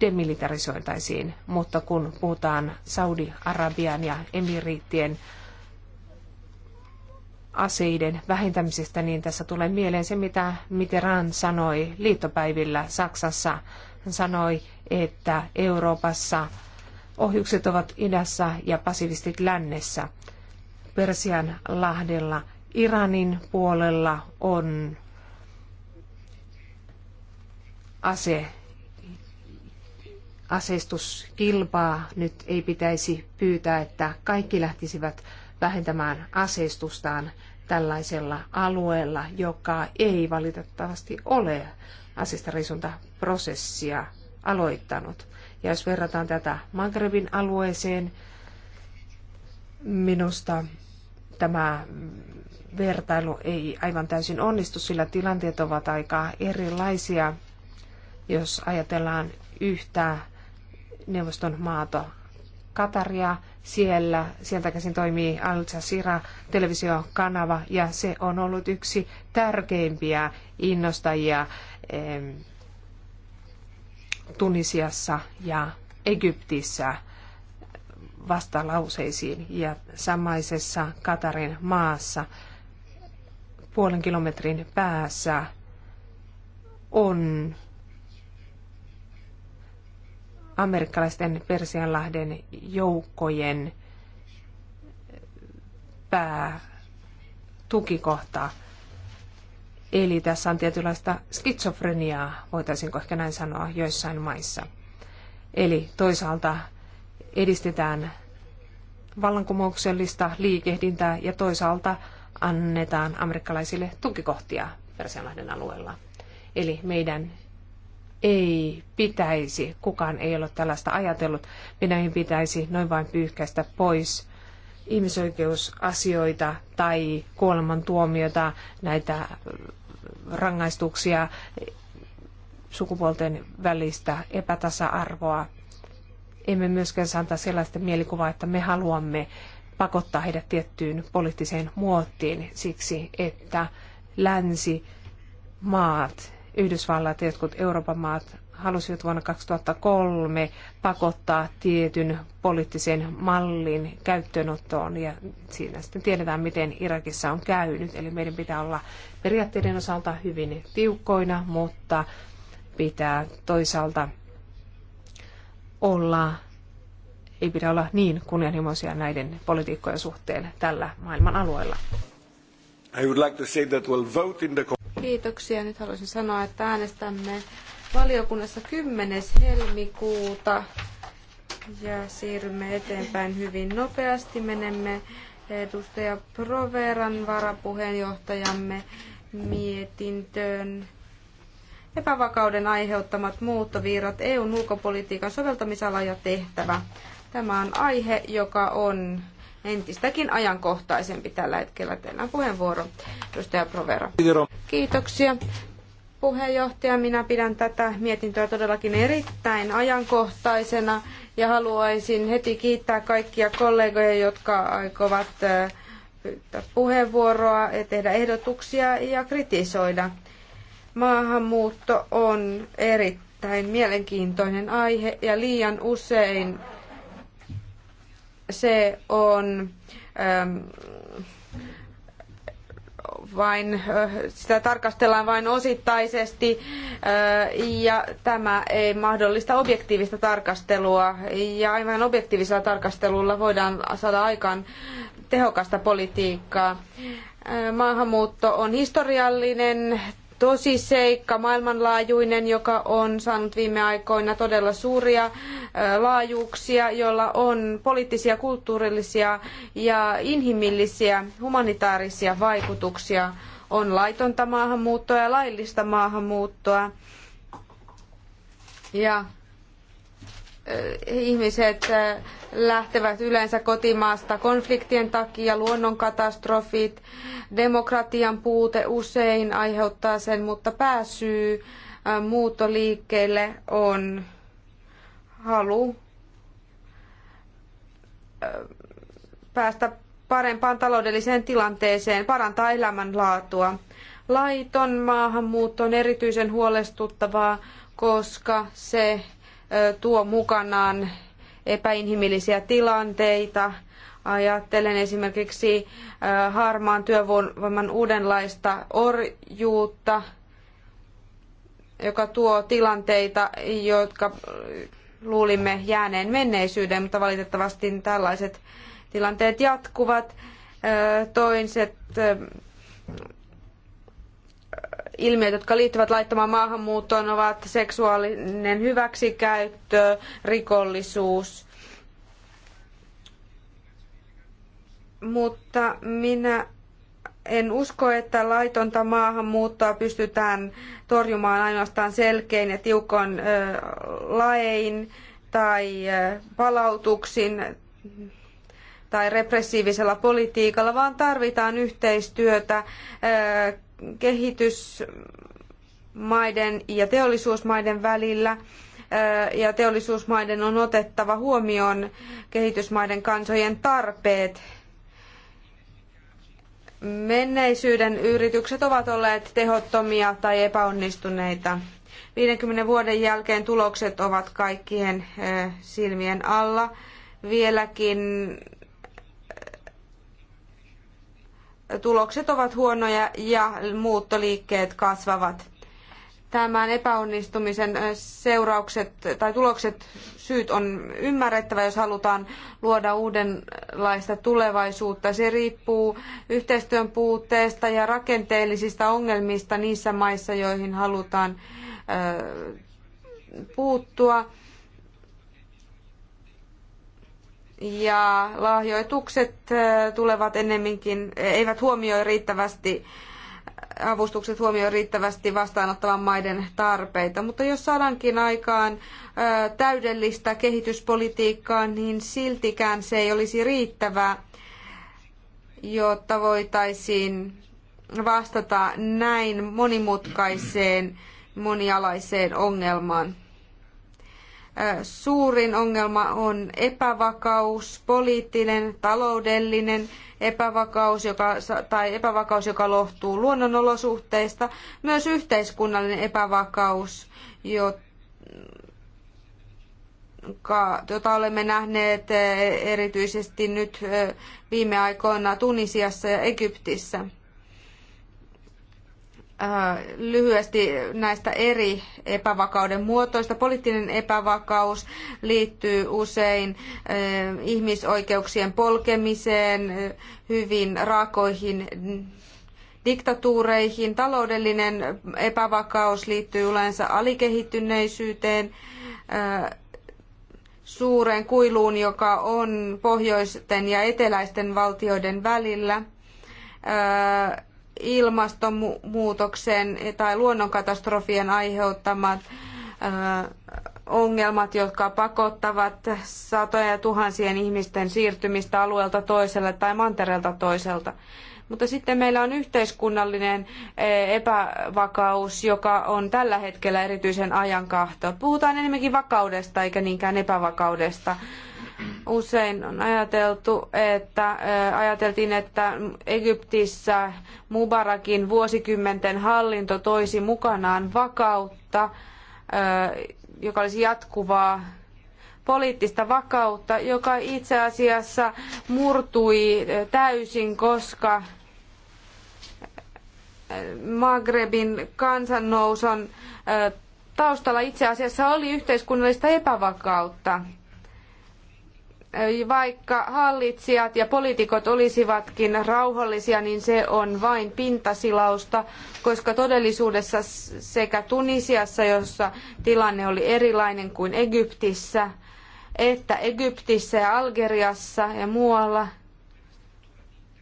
demilitarisoitaisiin, mutta kun puhutaan Saudi-Arabian ja emiriittien aseiden vähentämisestä, niin tässä tulee mieleen se, mitä Mitterrand sanoi liittopäivillä Saksassa. Hän sanoi, että Euroopassa ohjukset ovat idässä ja pasifistit lännessä. Persian lahdella Iranin puolella on ase, aseistuskilpaa. Nyt ei pitäisi pyytää, että kaikki lähtisivät vähentämään aseistustaan tällaisella alueella, joka ei valitettavasti ole asistariisuntaprosessia aloittanut. Ja jos verrataan tätä Magrebin alueeseen, minusta tämä vertailu ei aivan täysin onnistu, sillä tilanteet ovat aika erilaisia, jos ajatellaan yhtä neuvoston maata Kataria siellä, sieltä käsin toimii Al Jazeera televisiokanava ja se on ollut yksi tärkeimpiä innostajia Tunisiassa ja Egyptissä vastalauseisiin ja samaisessa Katarin maassa puolen kilometrin päässä on amerikkalaisten Persianlahden joukkojen tukikohta. Eli tässä on tietynlaista skitsofreniaa, voitaisiinko ehkä näin sanoa, joissain maissa. Eli toisaalta edistetään vallankumouksellista liikehdintää ja toisaalta annetaan amerikkalaisille tukikohtia Persianlahden alueella. Eli meidän ei pitäisi, kukaan ei ole tällaista ajatellut, Venäjän pitäisi noin vain pyyhkäistä pois ihmisoikeusasioita tai kuolemantuomiota, näitä äh, rangaistuksia, sukupuolten välistä epätasa-arvoa. Emme myöskään saa antaa sellaista mielikuvaa, että me haluamme pakottaa heidät tiettyyn poliittiseen muottiin siksi, että länsi maat Yhdysvallat ja jotkut Euroopan maat halusivat vuonna 2003 pakottaa tietyn poliittisen mallin käyttöönottoon ja siinä sitten tiedetään, miten Irakissa on käynyt. Eli meidän pitää olla periaatteiden osalta hyvin tiukkoina, mutta pitää toisaalta olla, ei pidä olla niin kunnianhimoisia näiden politiikkojen suhteen tällä maailman alueella. I would like to say that we'll vote in the... Kiitoksia. Nyt haluaisin sanoa, että äänestämme valiokunnassa 10. helmikuuta ja siirrymme eteenpäin hyvin nopeasti. Menemme edustaja Proveran varapuheenjohtajamme mietintöön. Epävakauden aiheuttamat muuttovirrat EUn ulkopolitiikan soveltamisala ja tehtävä. Tämä on aihe, joka on entistäkin ajankohtaisempi tällä hetkellä. Teillä on puheenvuoro, edustaja Provera. Kiitoksia puheenjohtaja. Minä pidän tätä mietintöä todellakin erittäin ajankohtaisena ja haluaisin heti kiittää kaikkia kollegoja, jotka aikovat pyytää puheenvuoroa, tehdä ehdotuksia ja kritisoida. Maahanmuutto on erittäin mielenkiintoinen aihe ja liian usein se on ähm, vain, äh, sitä tarkastellaan vain osittaisesti äh, ja tämä ei mahdollista objektiivista tarkastelua ja aivan objektiivisella tarkastelulla voidaan saada aikaan tehokasta politiikkaa. Äh, maahanmuutto on historiallinen tosi seikka maailmanlaajuinen, joka on saanut viime aikoina todella suuria laajuuksia, jolla on poliittisia, kulttuurillisia ja inhimillisiä, humanitaarisia vaikutuksia. On laitonta maahanmuuttoa ja laillista maahanmuuttoa. Ja ihmiset lähtevät yleensä kotimaasta konfliktien takia, luonnonkatastrofit, demokratian puute usein aiheuttaa sen, mutta pääsyy muuttoliikkeelle on halu päästä parempaan taloudelliseen tilanteeseen, parantaa elämänlaatua. Laiton maahanmuutto on erityisen huolestuttavaa, koska se tuo mukanaan epäinhimillisiä tilanteita. Ajattelen esimerkiksi harmaan työvoiman uudenlaista orjuutta, joka tuo tilanteita, jotka luulimme jääneen menneisyyden, mutta valitettavasti tällaiset tilanteet jatkuvat. Toiset ilmiöt, jotka liittyvät laittomaan maahanmuuttoon, ovat seksuaalinen hyväksikäyttö, rikollisuus. Mutta minä en usko, että laitonta maahanmuuttoa pystytään torjumaan ainoastaan selkein ja tiukon laein tai palautuksin tai repressiivisella politiikalla, vaan tarvitaan yhteistyötä kehitysmaiden ja teollisuusmaiden välillä ja teollisuusmaiden on otettava huomioon kehitysmaiden kansojen tarpeet. Menneisyyden yritykset ovat olleet tehottomia tai epäonnistuneita. 50 vuoden jälkeen tulokset ovat kaikkien silmien alla. Vieläkin tulokset ovat huonoja ja muuttoliikkeet kasvavat. Tämän epäonnistumisen seuraukset tai tulokset, syyt on ymmärrettävä, jos halutaan luoda uudenlaista tulevaisuutta. Se riippuu yhteistyön puutteesta ja rakenteellisista ongelmista niissä maissa, joihin halutaan puuttua ja lahjoitukset äh, tulevat ennemminkin, äh, eivät huomioi riittävästi äh, avustukset huomioi riittävästi vastaanottavan maiden tarpeita. Mutta jos saadaankin aikaan täydellistä kehityspolitiikkaa, niin siltikään se ei olisi riittävää, jotta voitaisiin vastata näin monimutkaiseen monialaiseen ongelmaan suurin ongelma on epävakaus, poliittinen, taloudellinen epävakaus joka, tai epävakaus, joka lohtuu luonnonolosuhteista, myös yhteiskunnallinen epävakaus, jota olemme nähneet e, erityisesti nyt viime aikoina Tunisiassa ja Egyptissä. Äh, lyhyesti näistä eri epävakauden muotoista. Poliittinen epävakaus liittyy usein äh, ihmisoikeuksien polkemiseen, hyvin raakoihin diktatuureihin. Taloudellinen epävakaus liittyy yleensä alikehittyneisyyteen, äh, suureen kuiluun, joka on pohjoisten ja eteläisten valtioiden välillä ilmastonmuutoksen tai luonnonkatastrofien aiheuttamat ongelmat, jotka pakottavat satoja ja tuhansien ihmisten siirtymistä alueelta toiselle tai mantereelta toiselta. Mutta sitten meillä on yhteiskunnallinen eh, epävakaus, joka on tällä hetkellä erityisen ajankahto. Puhutaan enemmänkin vakaudesta eikä niinkään epävakaudesta usein on ajateltu, että eh, ajateltiin, että Egyptissä Mubarakin vuosikymmenten hallinto toisi mukanaan vakautta, eh, joka olisi jatkuvaa poliittista vakautta, joka itse asiassa murtui täysin, koska Magrebin kansannouson taustalla itse asiassa oli yhteiskunnallista epävakautta. Vaikka hallitsijat ja poliitikot olisivatkin rauhallisia, niin se on vain pintasilausta, koska todellisuudessa sekä Tunisiassa, jossa tilanne oli erilainen kuin Egyptissä, että Egyptissä ja Algeriassa ja muualla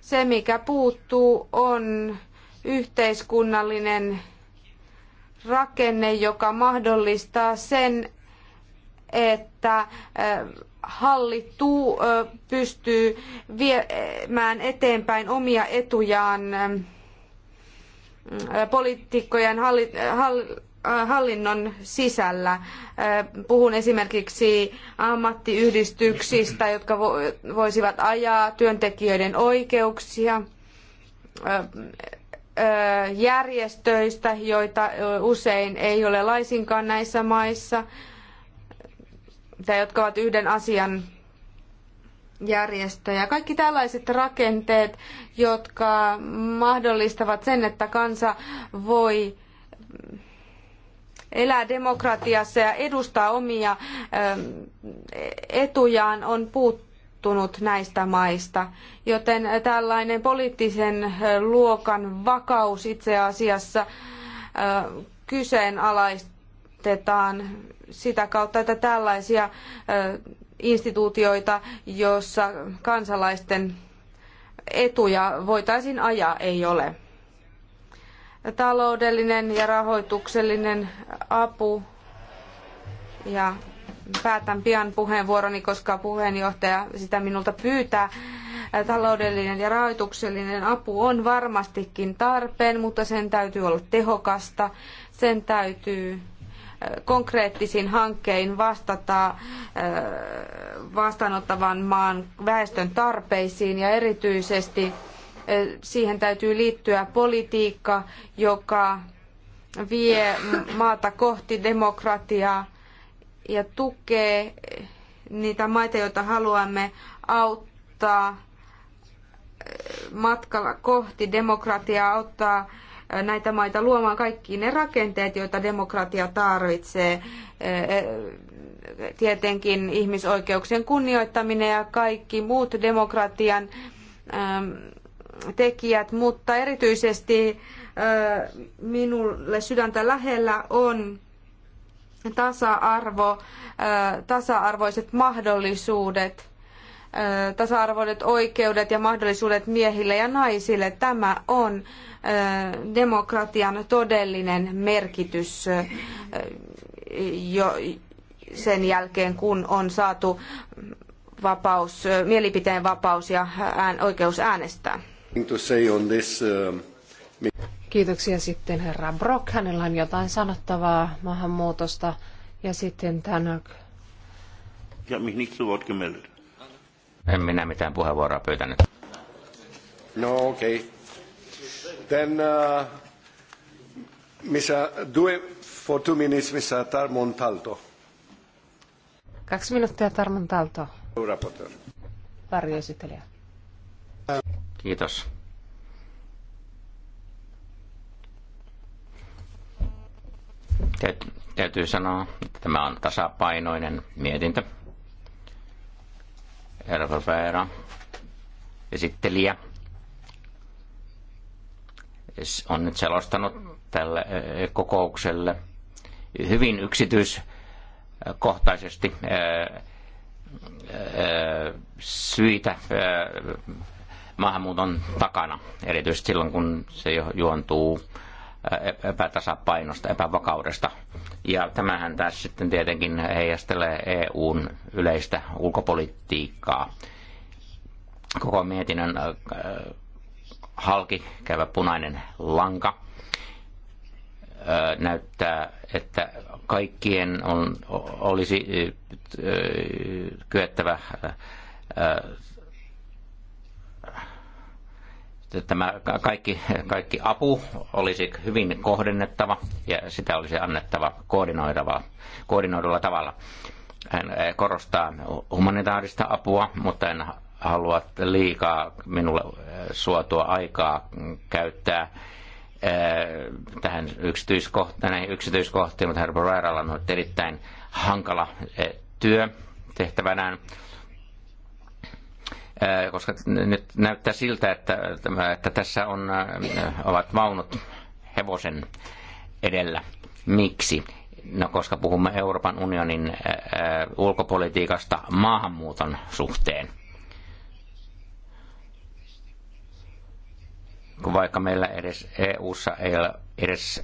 se, mikä puuttuu, on yhteiskunnallinen rakenne, joka mahdollistaa sen, että hallittu pystyy viemään eteenpäin omia etujaan poliitikkojen halli, Äh, hallinnon sisällä. Äh, puhun esimerkiksi ammattiyhdistyksistä, jotka voisivat ajaa työntekijöiden oikeuksia, äh, järjestöistä, joita usein ei ole laisinkaan näissä maissa, tai jotka ovat yhden asian järjestöjä. Kaikki tällaiset rakenteet, jotka mahdollistavat sen, että kansa voi elää demokratiassa ja edustaa omia ähm, etujaan on puuttunut näistä maista. Joten tällainen poliittisen äh, luokan vakaus itse asiassa äh, kyseenalaistetaan sitä kautta, että tällaisia äh, instituutioita, joissa kansalaisten etuja voitaisiin ajaa, ei ole taloudellinen ja rahoituksellinen apu. Ja päätän pian puheenvuoroni, koska puheenjohtaja sitä minulta pyytää. Taloudellinen ja rahoituksellinen apu on varmastikin tarpeen, mutta sen täytyy olla tehokasta. Sen täytyy äh, konkreettisin hankkein vastata äh, vastaanottavan maan väestön tarpeisiin ja erityisesti siihen täytyy liittyä politiikka, joka vie maata kohti demokratiaa ja tukee niitä maita, joita haluamme auttaa matkalla kohti demokratiaa, auttaa näitä maita luomaan kaikki ne rakenteet, joita demokratia tarvitsee. Tietenkin ihmisoikeuksien kunnioittaminen ja kaikki muut demokratian tekijät, mutta erityisesti minulle sydäntä lähellä on tasa-arvo, tasa-arvoiset mahdollisuudet, tasa-arvoiset oikeudet ja mahdollisuudet miehille ja naisille. Tämä on demokratian todellinen merkitys jo sen jälkeen, kun on saatu vapaus, mielipiteen vapaus ja oikeus äänestää. Um, Kiitoksia sitten herra Brock. Hänellä on jotain sanottavaa maahanmuutosta. Ja sitten Tanak. En minä mitään puheenvuoroa pyytänyt. No okei. Okay. Then uh, missä due for two minutes, missä Tarmon Talto. Kaksi minuuttia Tarmon Talto. Raporteur. Varjoesittelijä. Kiitos. Täytyy sanoa, että tämä on tasapainoinen mietintö. Erva Veera, esittelijä, on nyt selostanut tälle e, e, kokoukselle hyvin yksityiskohtaisesti e, syitä maahanmuuton takana, erityisesti silloin kun se juontuu epätasapainosta, epävakaudesta. Ja tämähän tässä sitten tietenkin heijastelee EUn yleistä ulkopolitiikkaa. Koko mietinnön halki käyvä punainen lanka näyttää, että kaikkien on, olisi kyettävä tämä kaikki, kaikki apu olisi hyvin kohdennettava ja sitä olisi annettava koordinoidava, koordinoidulla tavalla. Hän eh, korostaa humanitaarista apua, mutta en halua liikaa minulle eh, suotua aikaa käyttää eh, tähän yksityiskohtaan, näihin yksityiskohtiin, mutta herra Rairalla on ollut erittäin hankala työ tehtävänään koska nyt näyttää siltä, että, että tässä on, ovat vaunut hevosen edellä. Miksi? No koska puhumme Euroopan unionin ulkopolitiikasta maahanmuuton suhteen. Vaikka meillä edes EU:ssa ei ole edes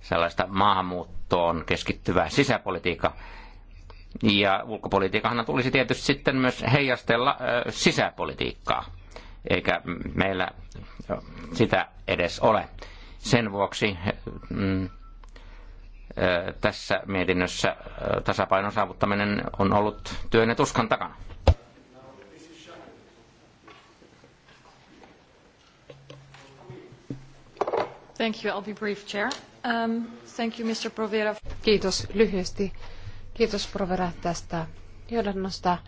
sellaista maahanmuuttoon keskittyvää sisäpolitiikkaa, ja ulkopolitiikahan tulisi tietysti sitten myös heijastella sisäpolitiikkaa, eikä meillä sitä edes ole. Sen vuoksi mm, tässä mietinnössä tasapainon saavuttaminen on ollut työn ja tuskan takana. Thank you. I'll be brief, Chair. Um, thank you, Mr. Provera. Kiitos lyhyesti Kiitos Provera tästä johdannosta.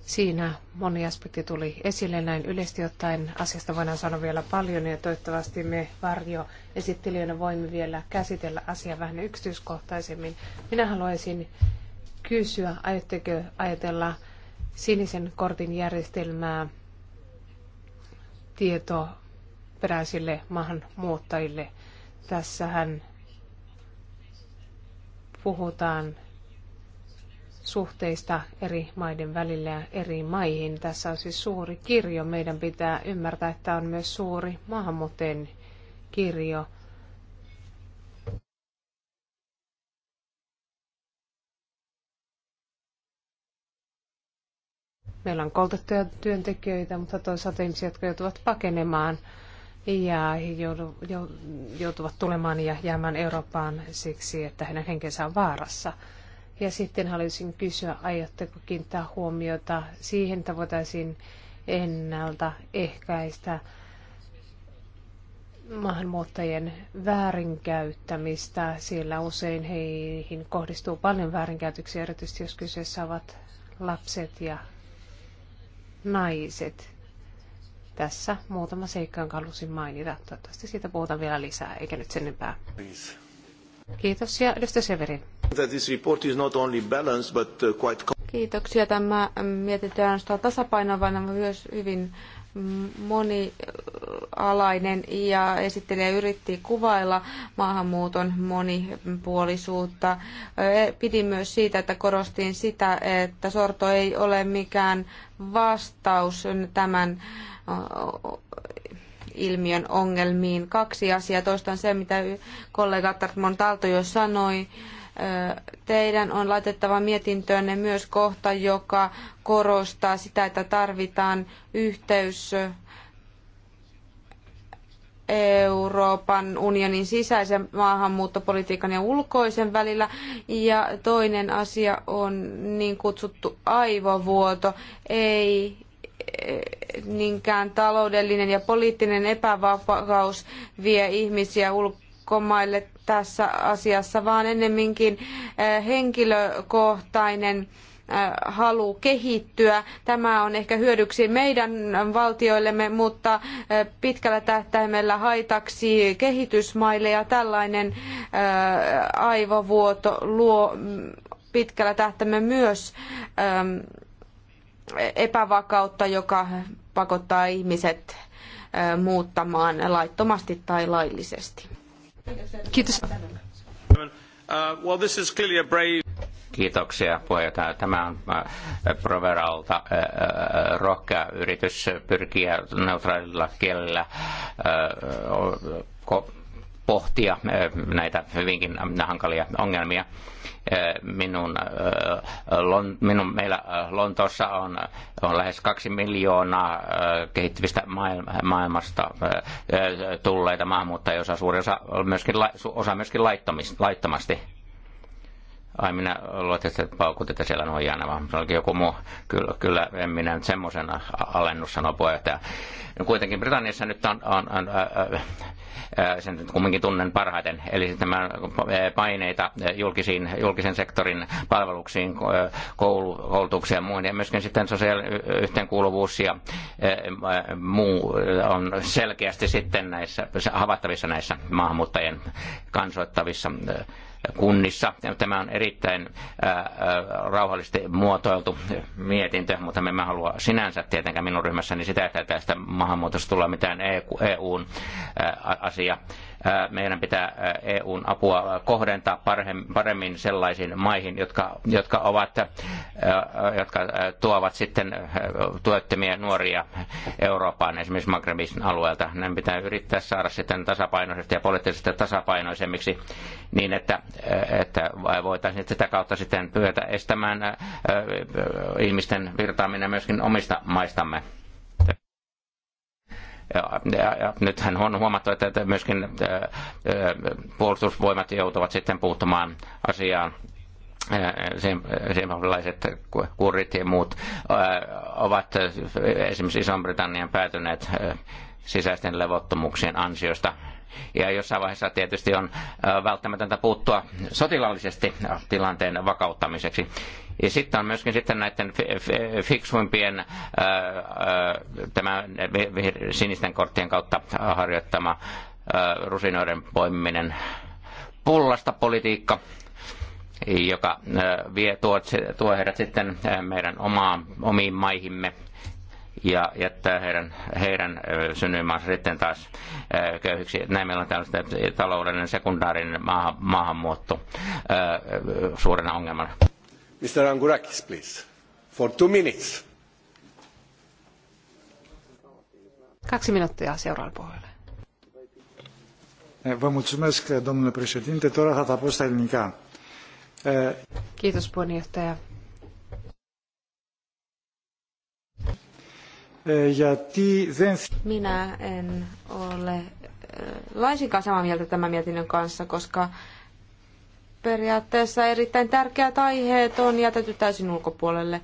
Siinä moni aspekti tuli esille näin yleisesti ottaen. Asiasta voidaan sanoa vielä paljon ja toivottavasti me varjo esittelijöinä voimme vielä käsitellä asiaa vähän yksityiskohtaisemmin. Minä haluaisin kysyä, aiotteko ajatella sinisen kortin järjestelmää tietoperäisille maahanmuuttajille. Tässähän puhutaan suhteista eri maiden välillä ja eri maihin. Tässä on siis suuri kirjo. Meidän pitää ymmärtää, että on myös suuri maahanmuuttajien kirjo. Meillä on koulutettuja työntekijöitä, mutta toisaalta ihmisiä, jotka joutuvat pakenemaan ja joutuvat tulemaan ja jäämään Eurooppaan siksi, että heidän henkensä on vaarassa. Ja sitten haluaisin kysyä, aiotteko kiinnittää huomiota siihen, että voitaisiin ennalta ehkäistä maahanmuuttajien väärinkäyttämistä, sillä usein heihin kohdistuu paljon väärinkäytöksiä, erityisesti jos kyseessä ovat lapset ja naiset. Tässä muutama seikka, jonka halusin mainita. Toivottavasti siitä puhutaan vielä lisää, eikä nyt sen enempää. Please. Kiitos ja edustaja Severi. Uh, Kiitoksia. Tämä um, mietintö on ainoastaan tasapainoinen, vaan myös hyvin mm, monialainen ja esittelijä yritti kuvailla maahanmuuton monipuolisuutta. E, pidin myös siitä, että korostin sitä, että sorto ei ole mikään vastaus tämän ilmiön ongelmiin. Kaksi asiaa. Toistan se, mitä kollega Tartmon Talto jo sanoi. Teidän on laitettava mietintöönne myös kohta, joka korostaa sitä, että tarvitaan yhteys Euroopan unionin sisäisen maahanmuuttopolitiikan ja ulkoisen välillä. Ja toinen asia on niin kutsuttu aivovuoto. Ei niinkään taloudellinen ja poliittinen epävakaus vie ihmisiä ulkomaille tässä asiassa, vaan ennemminkin eh, henkilökohtainen eh, halu kehittyä. Tämä on ehkä hyödyksi meidän valtioillemme, mutta eh, pitkällä tähtäimellä haitaksi kehitysmaille ja tällainen aivovuoto luo mm, pitkällä tähtäimellä myös ehm, epävakautta, joka pakottaa ihmiset muuttamaan laittomasti tai laillisesti. Kiitos. Uh, Kiitoksia puheenjohtaja. Tämä on äh, Proveralta äh, äh, rohkea yritys pyrkiä neutraalilla kielellä pohtia näitä hyvinkin hankalia ongelmia minun, minun, meillä Lontoossa on, on lähes kaksi miljoonaa kehittyvistä maailmasta tulleita maahanmuuttajia, osa suurin osa myöskin, osa myöskin laittomasti. Ai minä luulen, että paukut, että siellä nojaa vaan se olikin joku muu. Kyllä, kyllä en minä nyt semmoisen alennus sanoa puheenjohtaja. No kuitenkin Britanniassa nyt on, on, on ää, sen kumminkin tunnen parhaiten. Eli tämä paineita julkisiin, julkisen sektorin palveluksiin, koulu, koulutukseen ja muun, ja myöskin sitten sosiaaliyhteenkuuluvuus ja muu on selkeästi sitten näissä, havaittavissa näissä maahanmuuttajien kansoittavissa kunnissa. Tämä on erittäin rauhallisesti muotoiltu mietintö, mutta me emme halua sinänsä tietenkään minun ryhmässäni sitä, että tästä maahanmuutosta tulee mitään EUn e asia. EU meidän pitää EUn apua kohdentaa paremmin sellaisiin maihin, jotka, jotka, ovat, jotka tuovat sitten työttömiä nuoria Eurooppaan, esimerkiksi Magrebin alueelta. Näin pitää yrittää saada sitten tasapainoisesti ja poliittisesti tasapainoisemmiksi niin, että, että voitaisiin sitä kautta sitten pyötä estämään ihmisten virtaaminen myöskin omista maistamme. Ja nythän on huomattu, että myöskin äh, äh, puolustusvoimat joutuvat sitten puuttumaan asiaan äh, siimapilaiset kurit ja muut ovat esimerkiksi Iso-Britannian päätyneet sisäisten levottomuuksien ansiosta ja jossain vaiheessa tietysti on välttämätöntä puuttua sotilaallisesti tilanteen vakauttamiseksi. Ja sitten on myöskin sitten näiden fiksuimpien tämän sinisten korttien kautta harjoittama rusinoiden poimiminen pullasta politiikka, joka vie, tuo, tuo heidät sitten meidän omaan, omiin maihimme ja jättää heidän, heidän synnyinmaansa sitten taas köyhiksi. Näin meillä on tällaista taloudellinen sekundaarinen maahan, maahanmuutto suurena ongelmana. Mr. Angurakis, please. For two minutes. Kaksi minuuttia seuraavalle puhujalle. Eh, vă mulțumesc, domnule președinte. Τώρα θα τα πω στα Kiitos, puheenjohtaja. Eh, Minä en ole eh, laisinkaan samaa mieltä tämän mietinnön kanssa, koska periaatteessa erittäin tärkeät aiheet on jätetty täysin ulkopuolelle.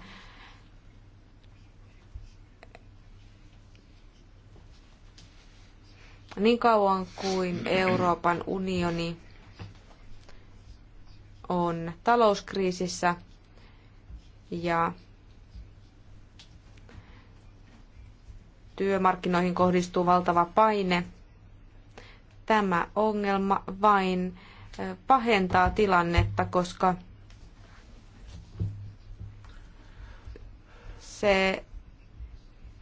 Niin kauan kuin Euroopan unioni on talouskriisissä ja työmarkkinoihin kohdistuu valtava paine. Tämä ongelma vain pahentaa tilannetta, koska se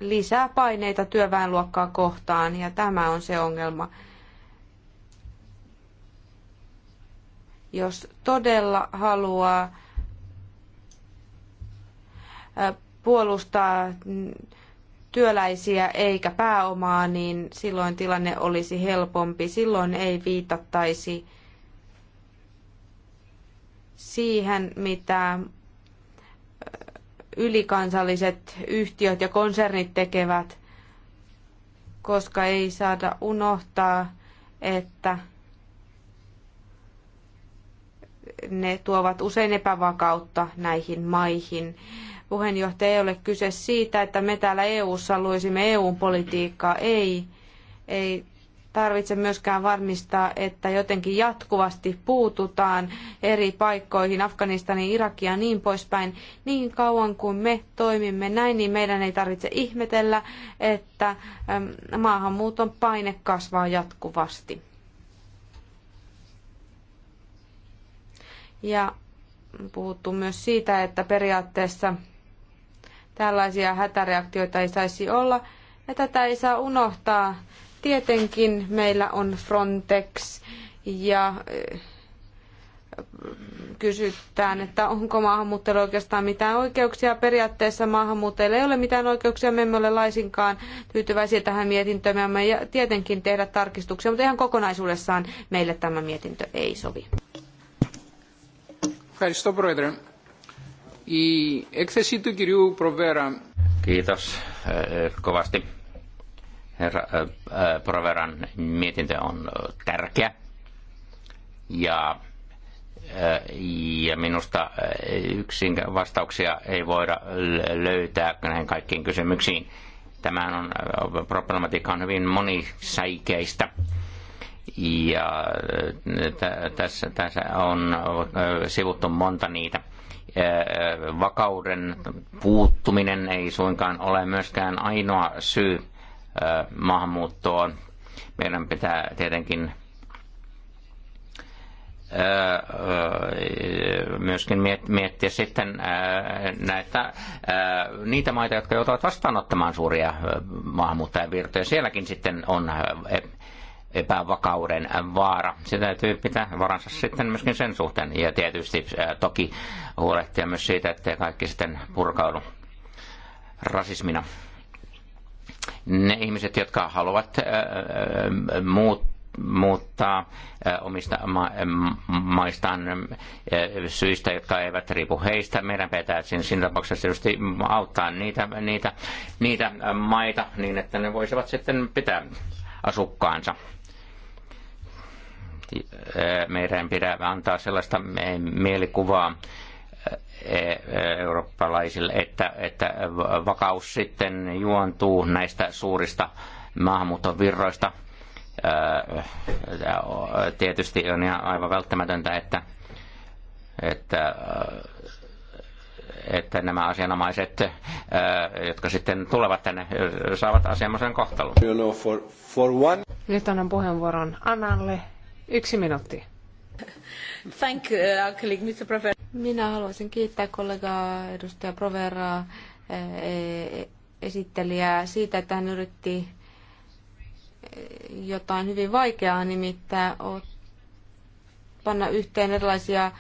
lisää paineita työväenluokkaa kohtaan ja tämä on se ongelma. Jos todella haluaa puolustaa mm, työläisiä eikä pääomaa, niin silloin tilanne olisi helpompi. Silloin ei viitattaisi siihen, mitä ylikansalliset yhtiöt ja konsernit tekevät, koska ei saada unohtaa, että ne tuovat usein epävakautta näihin maihin puheenjohtaja, ei ole kyse siitä, että me täällä EU-ssa luisimme EU-politiikkaa. Ei, ei tarvitse myöskään varmistaa, että jotenkin jatkuvasti puututaan eri paikkoihin, Afganistaniin, Irakia ja niin poispäin. Niin kauan kuin me toimimme näin, niin meidän ei tarvitse ihmetellä, että maahanmuuton paine kasvaa jatkuvasti. Ja puhuttu myös siitä, että periaatteessa tällaisia hätäreaktioita ei saisi olla. Ja tätä ei saa unohtaa. Tietenkin meillä on Frontex ja eh, kysytään, että onko maahanmuuttajilla oikeastaan mitään oikeuksia. Periaatteessa maahanmuuttajilla ei ole mitään oikeuksia, me emme ole laisinkaan tyytyväisiä tähän mietintöön. Me ja tietenkin tehdä tarkistuksia, mutta ihan kokonaisuudessaan meille tämä mietintö ei sovi. Ευχαριστώ, Πρόεδρε. Η έκθεση του κυρίου Προβέρα. Kiitos kovasti. Herra Proveran mietintö on tärkeä ja, ja minusta yksin vastauksia ei voida löytää näihin kaikkiin kysymyksiin. Tämä on, problematiikka on hyvin monisäikeistä. Ja tässä, tässä on sivuttu monta niitä Äh, vakauden puuttuminen ei suinkaan ole myöskään ainoa syy äh, maahanmuuttoon. Meidän pitää tietenkin äh, myöskin miettiä sitten näitä, niitä maita, jotka joutuvat vastaanottamaan suuria maahanmuuttajavirtoja. Sielläkin sitten on epävakauden vaara. Se täytyy pitää varansa sitten myöskin sen suhteen. Ja tietysti äh, toki huolehtia myös siitä, että kaikki sitten purkaudu rasismina. Ne ihmiset, jotka haluavat äh, äh, muut, muuttaa omista ma- maistaan syistä, jotka eivät riipu heistä. Meidän pitää siinä tapauksessa tietysti auttaa niitä, niitä, niitä maita niin, että ne voisivat sitten pitää asukkaansa meidän pitää antaa sellaista mielikuvaa e- e- eurooppalaisille, että, että vakaus sitten juontuu näistä suurista maahanmuuton virroista. Tietysti on ihan aivan välttämätöntä, että, että että nämä asianomaiset, jotka sitten tulevat tänne, saavat asianomaisen kohtelun. Nyt annan puheenvuoron Annalle, Yksi minuutti. Thank you, uh, colleague, Mr. Provera. Minä haluaisin kiittää kollegaa edustaja Proveraa eh, eh, esittelijää siitä, että hän yritti eh, jotain hyvin vaikeaa, nimittäin panna yhteen erilaisia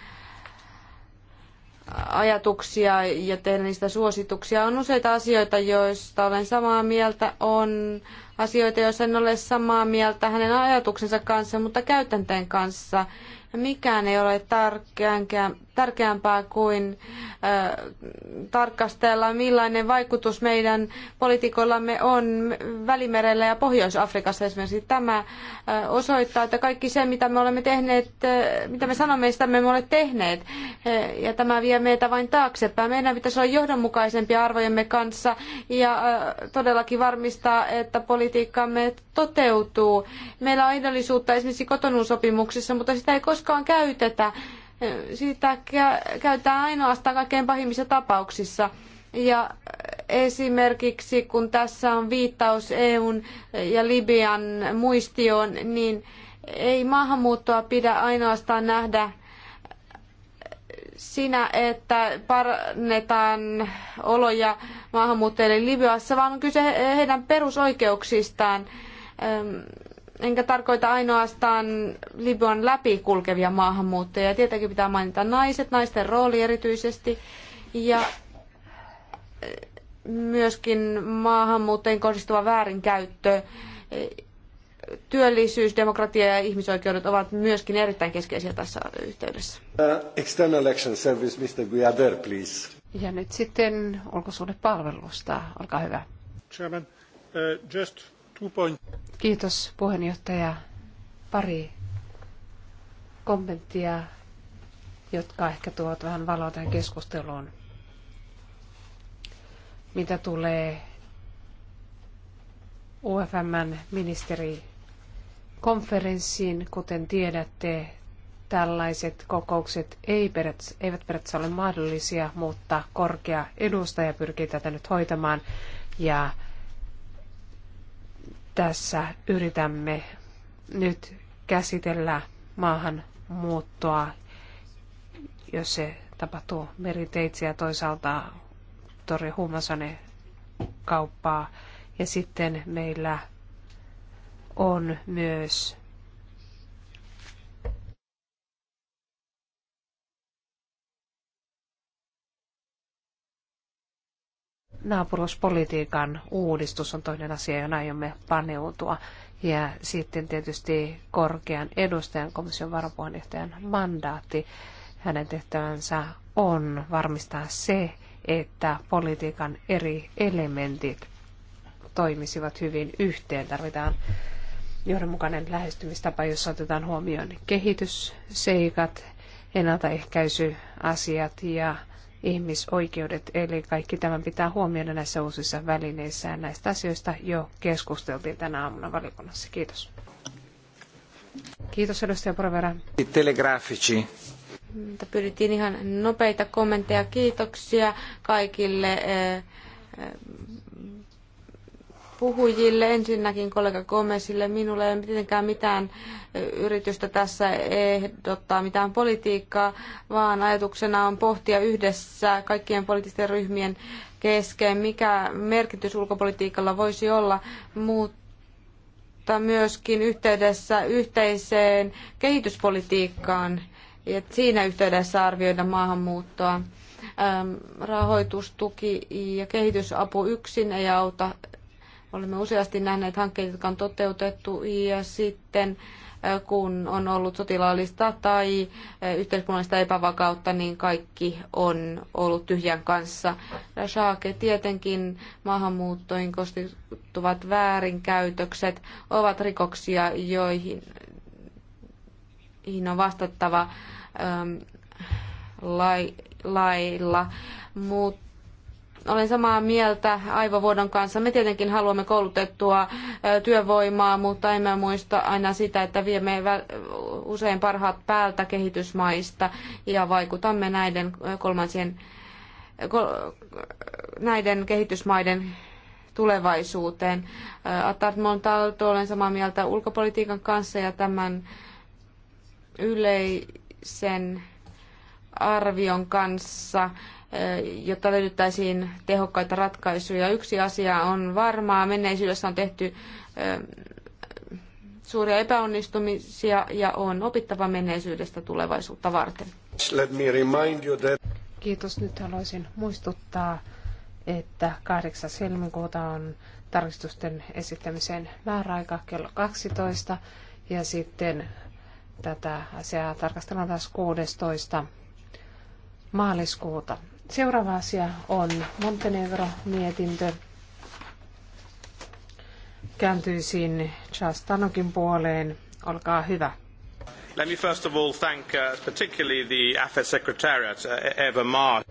ajatuksia ja tehdä niistä suosituksia. On useita asioita, joista olen samaa mieltä. On asioita, joissa en ole samaa mieltä hänen ajatuksensa kanssa, mutta käytänteen kanssa. Mikään ei ole tärkeänkään tärkeämpää kuin tarkastella, millainen vaikutus meidän poliitikoillamme on Välimerellä ja Pohjois-Afrikassa esimerkiksi. Tämä osoittaa, että kaikki se, mitä me olemme tehneet, mitä me sanomme, sitä me emme ole tehneet. ja tämä vie meitä vain taaksepäin. Meidän pitäisi olla johdonmukaisempia arvojemme kanssa ja todellakin varmistaa, että politiikkamme toteutuu. Meillä on ehdollisuutta esimerkiksi kotonuusopimuksissa, mutta sitä ei koskaan käytetä sitä käytetään ainoastaan kaikkein pahimmissa tapauksissa. Ja esimerkiksi kun tässä on viittaus EUn ja Libian muistioon, niin ei maahanmuuttoa pidä ainoastaan nähdä sinä, että parannetaan oloja maahanmuuttajille Libyassa, vaan on kyse heidän perusoikeuksistaan enkä tarkoita ainoastaan Libyan läpi kulkevia maahanmuuttajia. Tietenkin pitää mainita naiset, naisten rooli erityisesti. Ja eh, myöskin maahanmuuttajien kohdistuva väärinkäyttö. Eh, työllisyys, demokratia ja ihmisoikeudet ovat myöskin erittäin keskeisiä tässä yhteydessä. Uh, external Action Service, Mr. Guiader, please. Ja nyt sitten ulkosuhdepalvelusta. Olkaa hyvä. Chairman, uh, just Kiitos puheenjohtaja. Pari kommenttia, jotka ehkä tuovat vähän valoa tähän keskusteluun. Mitä tulee UFMn ministerikonferenssiin, kuten tiedätte, tällaiset kokoukset ei eivät periaatteessa ole mahdollisia, mutta korkea edustaja pyrkii tätä nyt hoitamaan ja tässä yritämme nyt käsitellä maahanmuuttoa, jos se tapahtuu meriteitse ja toisaalta Tori Huumasone kauppaa. Ja sitten meillä on myös naapuruuspolitiikan uudistus on toinen asia, johon aiomme paneutua. Ja sitten tietysti korkean edustajan, komission varapuheenjohtajan mandaatti. Hänen tehtävänsä on varmistaa se, että politiikan eri elementit toimisivat hyvin yhteen. Tarvitaan johdonmukainen lähestymistapa, jossa otetaan huomioon kehitysseikat, ennaltaehkäisyasiat ja ihmisoikeudet. Eli kaikki tämän pitää huomioida näissä uusissa välineissä. Näistä asioista jo keskusteltiin tänä aamuna valiokunnassa. Kiitos. Kiitos edustaja Telegrafici. Pyydettiin ihan nopeita kommentteja. Kiitoksia kaikille eh, eh, puhujille. Ensinnäkin kollega Gomesille. Minulla ei ole mitenkään mitään yritystä tässä ehdottaa mitään politiikkaa, vaan ajatuksena on pohtia yhdessä kaikkien poliittisten ryhmien kesken, mikä merkitys ulkopolitiikalla voisi olla, mutta myöskin yhteydessä yhteiseen kehityspolitiikkaan ja siinä yhteydessä arvioida maahanmuuttoa rahoitustuki ja kehitysapu yksin ei auta Olemme useasti nähneet hankkeita, jotka on toteutettu ja sitten kun on ollut sotilaallista tai yhteiskunnallista epävakautta, niin kaikki on ollut tyhjän kanssa. Rashake, tietenkin maahanmuuttoihin kostuvat väärinkäytökset ovat rikoksia, joihin on vastattava ähm, lai, lailla, mutta olen samaa mieltä aivovuodon kanssa. Me tietenkin haluamme koulutettua työvoimaa, mutta emme muista aina sitä, että viemme usein parhaat päältä kehitysmaista ja vaikutamme näiden kolmansien näiden kehitysmaiden tulevaisuuteen. Attard Montalto, olen samaa mieltä ulkopolitiikan kanssa ja tämän yleisen arvion kanssa jotta löydettäisiin tehokkaita ratkaisuja. Yksi asia on varmaa. Menneisyydessä on tehty suuria epäonnistumisia ja on opittava menneisyydestä tulevaisuutta varten. Kiitos. Nyt haluaisin muistuttaa, että 8. helmikuuta on tarkistusten esittämisen määräaika kello 12 ja sitten tätä asiaa tarkastellaan taas 16. maaliskuuta. Seuraava asia on Montenegro-mietintö. Kääntyisin Charles Tanokin puoleen. Olkaa hyvä. Let me first of all thank uh, particularly the AFET Secretariat, uh, Eva Maar.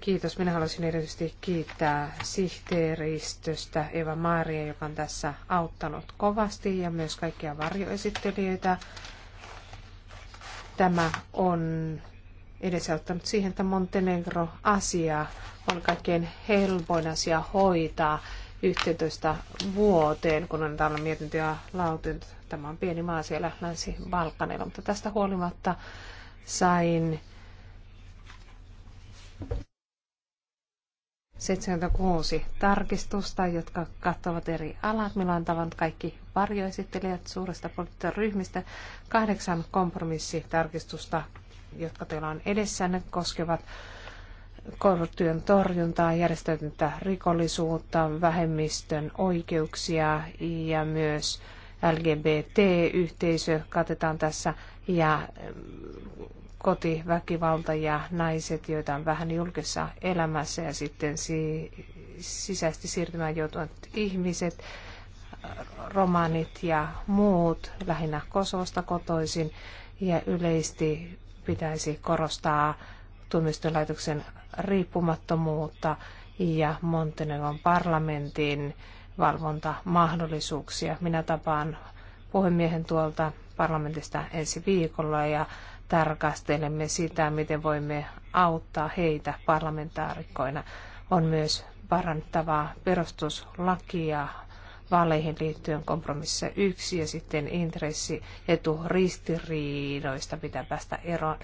Kiitos. Minä haluaisin erityisesti kiittää sihteeristöstä Eva Maaria, joka on tässä auttanut kovasti ja myös kaikkia varjoesittelijöitä. Tämä on edesauttanut siihen, että Montenegro-asia on kaikkein helpoin asia hoitaa 11 vuoteen, kun on täällä mietintö ja lautinut. Tämä on pieni maa siellä Länsi-Balkanilla, mutta tästä huolimatta sain 76 tarkistusta, jotka kattavat eri alat. Meillä on tavannut kaikki varjoesittelijät suuresta poliittisesta ryhmistä. Kahdeksan kompromissitarkistusta jotka teillä on edessänne, koskevat korruption torjuntaa, järjestäytyntä rikollisuutta, vähemmistön oikeuksia ja myös LGBT-yhteisö katetaan tässä ja mm, kotiväkivalta ja naiset, joita on vähän julkisessa elämässä ja sitten si- sisäisesti siirtymään joutuvat ihmiset, romanit ja muut, lähinnä Kosovosta kotoisin ja yleisesti pitäisi korostaa tuomioistuinlaitoksen riippumattomuutta ja Montenegron parlamentin valvontamahdollisuuksia. Minä tapaan puhemiehen tuolta parlamentista ensi viikolla ja tarkastelemme sitä, miten voimme auttaa heitä parlamentaarikkoina. On myös parantavaa perustuslakia vaaleihin liittyen kompromississa yksi ja sitten intressi eturistiriidoista pitää päästä eroon.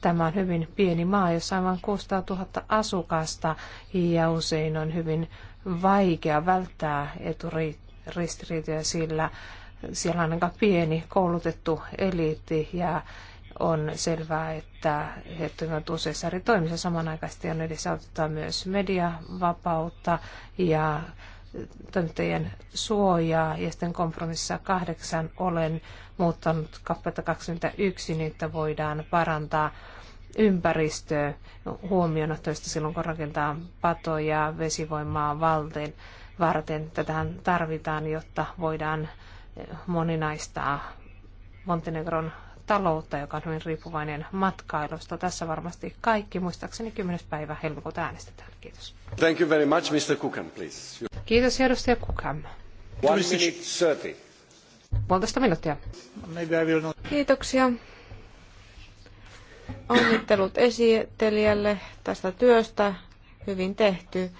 Tämä on hyvin pieni maa, jossa on vain 600 000 asukasta ja usein on hyvin vaikea välttää eturistiriitoja, sillä siellä on aika pieni koulutettu eliitti ja on selvää, että he toimivat useissa eri toimissa samanaikaisesti on edesautetaan myös mediavapautta ja toimittajien suojaa ja sitten kompromississa kahdeksan olen muuttanut kappaletta 21, niin että voidaan parantaa ympäristöä huomioon ottamista silloin, kun rakentaa patoja, vesivoimaa valten, varten. Tätähän tarvitaan, jotta voidaan moninaistaa Montenegron taloutta, joka on hyvin riippuvainen matkailusta. Tässä varmasti kaikki. Muistaakseni 10. päivä helmikuuta äänestetään. Kiitos. Thank you very much, Mr. Kukan, please. Kiitos, edustaja Kukan. One minute thirty. Puolitoista minuuttia. Kiitoksia. Onnittelut esittelijälle tästä työstä. Hyvin tehty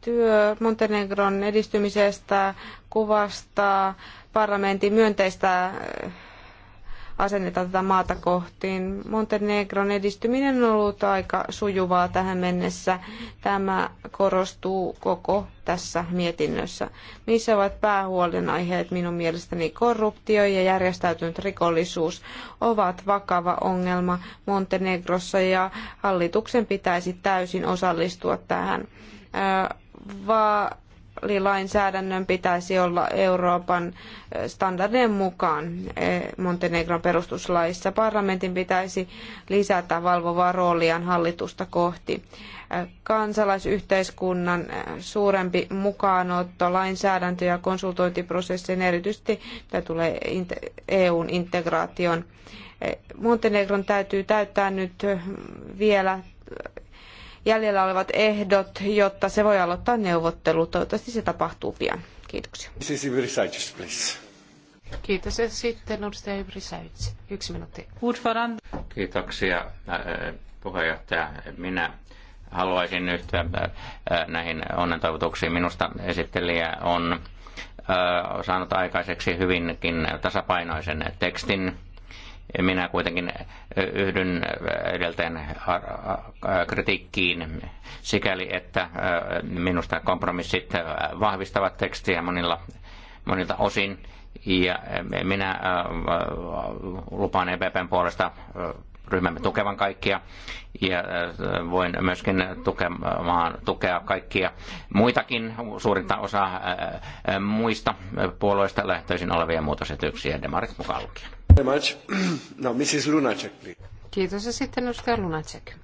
työ Montenegron edistymisestä kuvastaa parlamentin myönteistä asenneta tätä maata kohtiin. Montenegron edistyminen on ollut aika sujuvaa tähän mennessä. Tämä korostuu koko tässä mietinnössä. Missä ovat päähuolenaiheet minun mielestäni korruptio ja järjestäytynyt rikollisuus ovat vakava ongelma Montenegrossa ja hallituksen pitäisi täysin osallistua tähän. Va- lainsäädännön pitäisi olla Euroopan eh, standardien mukaan eh, Montenegron perustuslaissa. Parlamentin pitäisi lisätä valvovaa rooliaan hallitusta kohti. Eh, kansalaisyhteiskunnan suurempi mukaanotto lainsäädäntö- ja konsultointiprosessiin erityisesti mitä tulee EUn e integraation. Montenegron täytyy täyttää nyt vielä jäljellä olevat ehdot, jotta se voi aloittaa neuvottelut. Toivottavasti se tapahtuu pian. Kiitoksia. Kiitos. Ja sitten edustaja Ibrisavic. Yksi minuutti. Kiitoksia äh, puheenjohtaja. Minä haluaisin yhtyä äh, näihin onnentoivotuksiin. Minusta esittelijä on äh, saanut aikaiseksi hyvinkin tasapainoisen tekstin minä kuitenkin yhdyn edeltäjän kritiikkiin sikäli, että minusta kompromissit vahvistavat tekstiä monilla, monilta osin. Ja minä lupaan EPPn puolesta ryhmämme tukevan kaikkia ja voin myöskin tukemaan, tukea kaikkia muitakin, suurinta osaa muista puolueista lähtöisin olevia muutosetyksiä, demarit mukaan lukien. Very much. No, Mrs. Lunacek, please. Kiitos ja sitten edustaja Lunacek.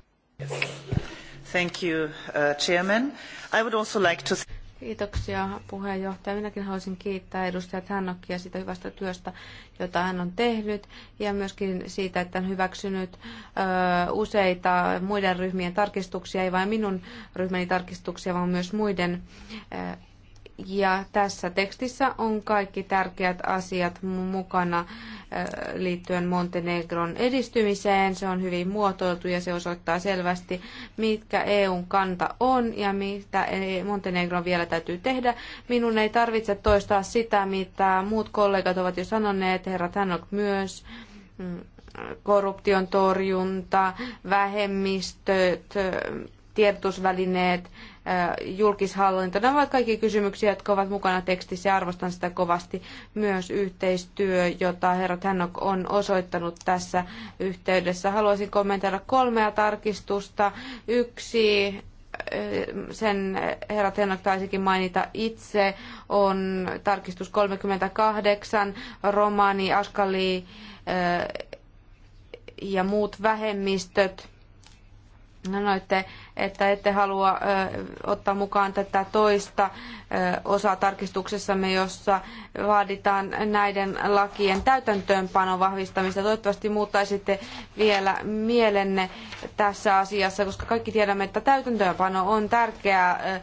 Thank you, uh, Chairman. I would also like to... Kiitoksia puheenjohtaja. Minäkin haluaisin kiittää edustaja Hannokkia siitä hyvästä työstä, jota hän on tehnyt, ja myöskin siitä, että hän hyväksynyt ö, uh, useita muiden ryhmien tarkistuksia, ei vain minun ryhmäni tarkistuksia, vaan myös muiden. Ö, uh, ja tässä tekstissä on kaikki tärkeät asiat mukana liittyen Montenegron edistymiseen. Se on hyvin muotoiltu ja se osoittaa selvästi, mitkä EUn kanta on ja mitä e- Montenegron vielä täytyy tehdä. Minun ei tarvitse toistaa sitä, mitä muut kollegat ovat jo sanoneet, herra Tannok myös mm, korruption torjunta, vähemmistöt, tiedotusvälineet, julkishallinto. Nämä ovat kaikki kysymyksiä, jotka ovat mukana tekstissä ja arvostan sitä kovasti. Myös yhteistyö, jota herra Tannock on osoittanut tässä yhteydessä. Haluaisin kommentoida kolmea tarkistusta. Yksi sen herra Tennok taisikin mainita itse, on tarkistus 38, romani, askali ja muut vähemmistöt. Sanoitte, no, että ette halua ottaa mukaan tätä toista osaa tarkistuksessamme, jossa vaaditaan näiden lakien täytäntöönpanon vahvistamista. Toivottavasti muuttaisitte vielä mielenne tässä asiassa, koska kaikki tiedämme, että täytäntöönpano on tärkeää.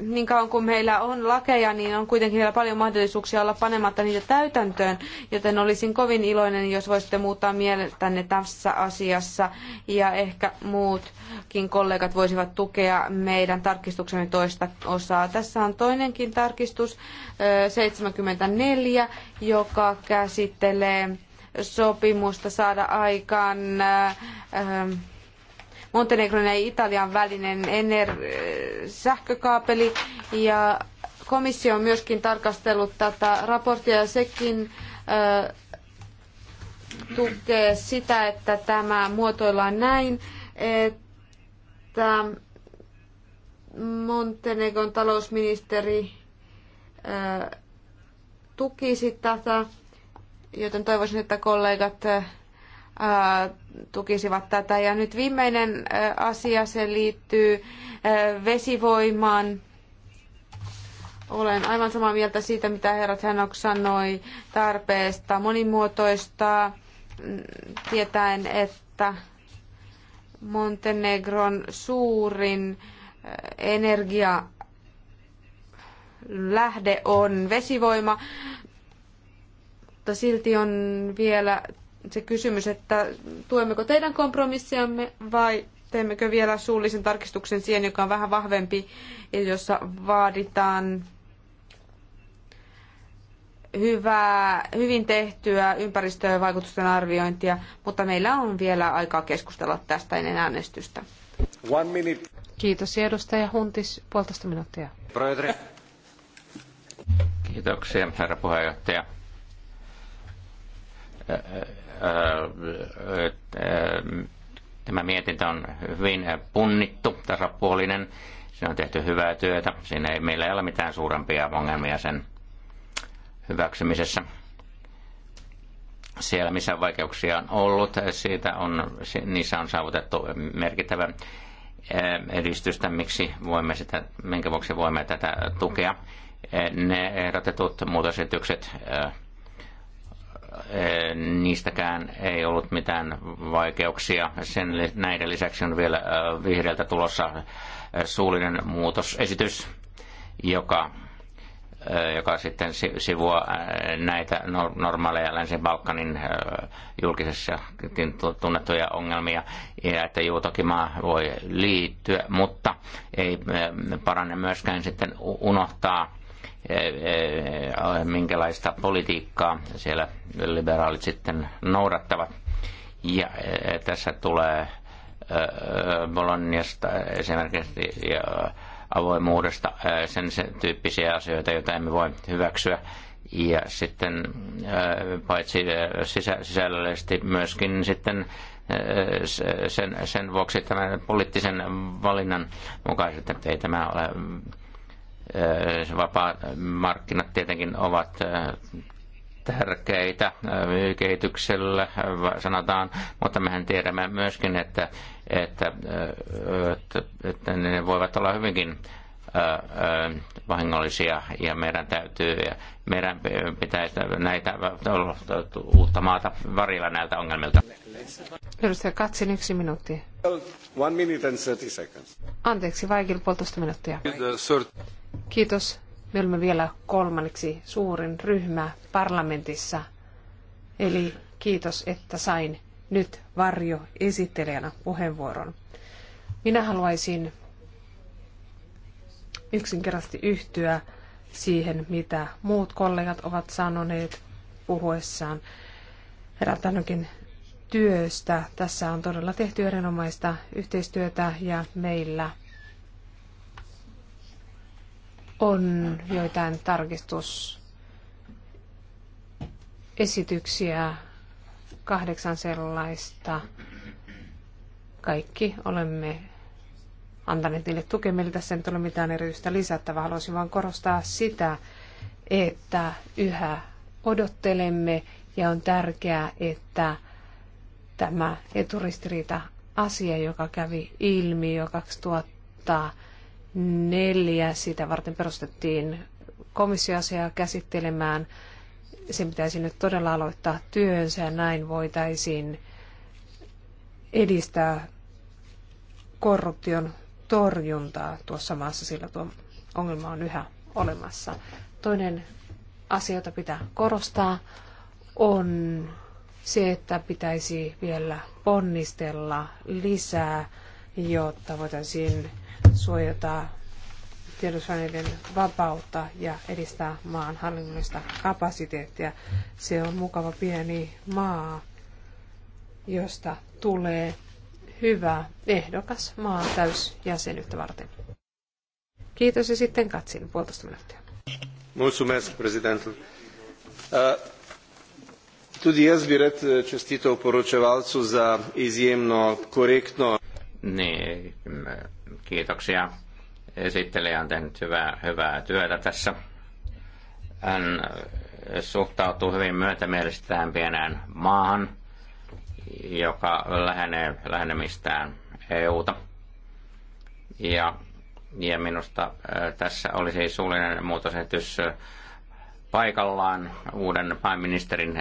Niin kauan kuin meillä on lakeja, niin on kuitenkin vielä paljon mahdollisuuksia olla panematta niitä täytäntöön, joten olisin kovin iloinen, jos voisitte muuttaa mieltänne tässä asiassa ja ehkä muutkin kollegat voisivat tukea meidän tarkistuksemme toista osaa. Tässä on toinenkin tarkistus 74, joka käsittelee sopimusta saada aikaan Montenegron ja Italian välinen ener- sähkökaapeli ja komissio on myöskin tarkastellut tätä raporttia ja sekin tukee sitä, että tämä muotoillaan näin, että että Montenegon talousministeri tukisi tätä, joten toivoisin, että kollegat tukisivat tätä. Ja nyt viimeinen asia, se liittyy vesivoimaan. Olen aivan samaa mieltä siitä, mitä herrat Tänok sanoi tarpeesta monimuotoista, mm, tietäen, että Montenegron suurin eh, energia lähde on vesivoima, mutta silti on vielä se kysymys, että tuemmeko teidän kompromissiamme vai teemmekö vielä suullisen tarkistuksen siihen, joka on vähän vahvempi ja jossa vaaditaan hyvää, hyvin tehtyä ympäristövaikutusten arviointia, mutta meillä on vielä aikaa keskustella tästä ennen äänestystä. One minute. Kiitos edustaja Huntis, puolitoista minuuttia. Kiitoksia, herra puheenjohtaja. Tämä mietintö on hyvin punnittu, tasapuolinen. Siinä on tehty hyvää työtä. Siinä ei meillä ei ole mitään suurempia ongelmia sen hyväksymisessä. Siellä, missä vaikeuksia on ollut, siitä on, niissä on saavutettu merkittävä eh, edistystä, miksi voimme sitä, minkä vuoksi voimme tätä tukea. Eh, ne ehdotetut muutosetykset eh, niistäkään ei ollut mitään vaikeuksia. Sen, näiden lisäksi on vielä vihreältä tulossa suullinen muutosesitys, joka Äh, joka sitten sivua äh, näitä normaaleja Länsi-Balkanin äh, julkisessa tunnettuja ongelmia, ja että maa voi liittyä, mutta ei parane myöskään sitten unohtaa, minkälaista politiikkaa siellä liberaalit sitten noudattavat. Ja tässä tulee Bolognasta esimerkiksi avoimuudesta, sen, sen tyyppisiä asioita, joita emme voi hyväksyä. Ja sitten paitsi sisä, sisällöllisesti myöskin sitten sen, sen vuoksi tämän poliittisen valinnan mukaisesti, että ei tämä ole vapaa markkinat tietenkin ovat tärkeitä äh, kehitykselle, äh, sanotaan, mutta mehän tiedämme myöskin, että, että, äh, että, että ne voivat olla hyvinkin vahingollisia ja meidän täytyy ja meidän pitäisi näitä uutta maata varilla näiltä ongelmilta. Edustaja Katsin yksi minuutti. One minute and 30 seconds. Anteeksi, vaikin puolitoista minuuttia. Kiitos me olemme vielä kolmanneksi suurin ryhmä parlamentissa. Eli kiitos, että sain nyt varjo esittelijänä puheenvuoron. Minä haluaisin yksinkertaisesti yhtyä siihen, mitä muut kollegat ovat sanoneet puhuessaan herätänykin työstä. Tässä on todella tehty erinomaista yhteistyötä ja meillä on joitain tarkistusesityksiä, kahdeksan sellaista. Kaikki olemme antaneet niille tukemme, eli tässä ei ole mitään erityistä lisättävää. Haluaisin vain korostaa sitä, että yhä odottelemme ja on tärkeää, että tämä eturistiriita asia, joka kävi ilmi jo 2000 neljä. Sitä varten perustettiin komissioasiaa käsittelemään. Sen pitäisi nyt todella aloittaa työnsä ja näin voitaisiin edistää korruption torjuntaa tuossa maassa, sillä tuo ongelma on yhä olemassa. Toinen asia, jota pitää korostaa, on se, että pitäisi vielä ponnistella lisää, jotta voitaisiin suojata tiedotusvälineiden vapautta ja edistää maan hallinnollista kapasiteettia. Se on mukava pieni maa, josta tulee hyvä ehdokas maa täysjäsenyyttä varten. Kiitos ja sitten katsin puolitoista minuuttia. Mulțumesc, prezidentul. Uh, tudi jaz bi rad uh, čestitev poročevalcu za izjemno korektno niin, mm, kiitoksia. Esittelijä on tehnyt hyvää, hyvää työtä tässä. Hän eh, suhtautuu hyvin myötämielisesti tähän pienään maahan, joka lähenee lähenemistään EUta. Ja, ja minusta eh, tässä olisi siis suullinen muutosesitys eh, paikallaan uuden pääministerin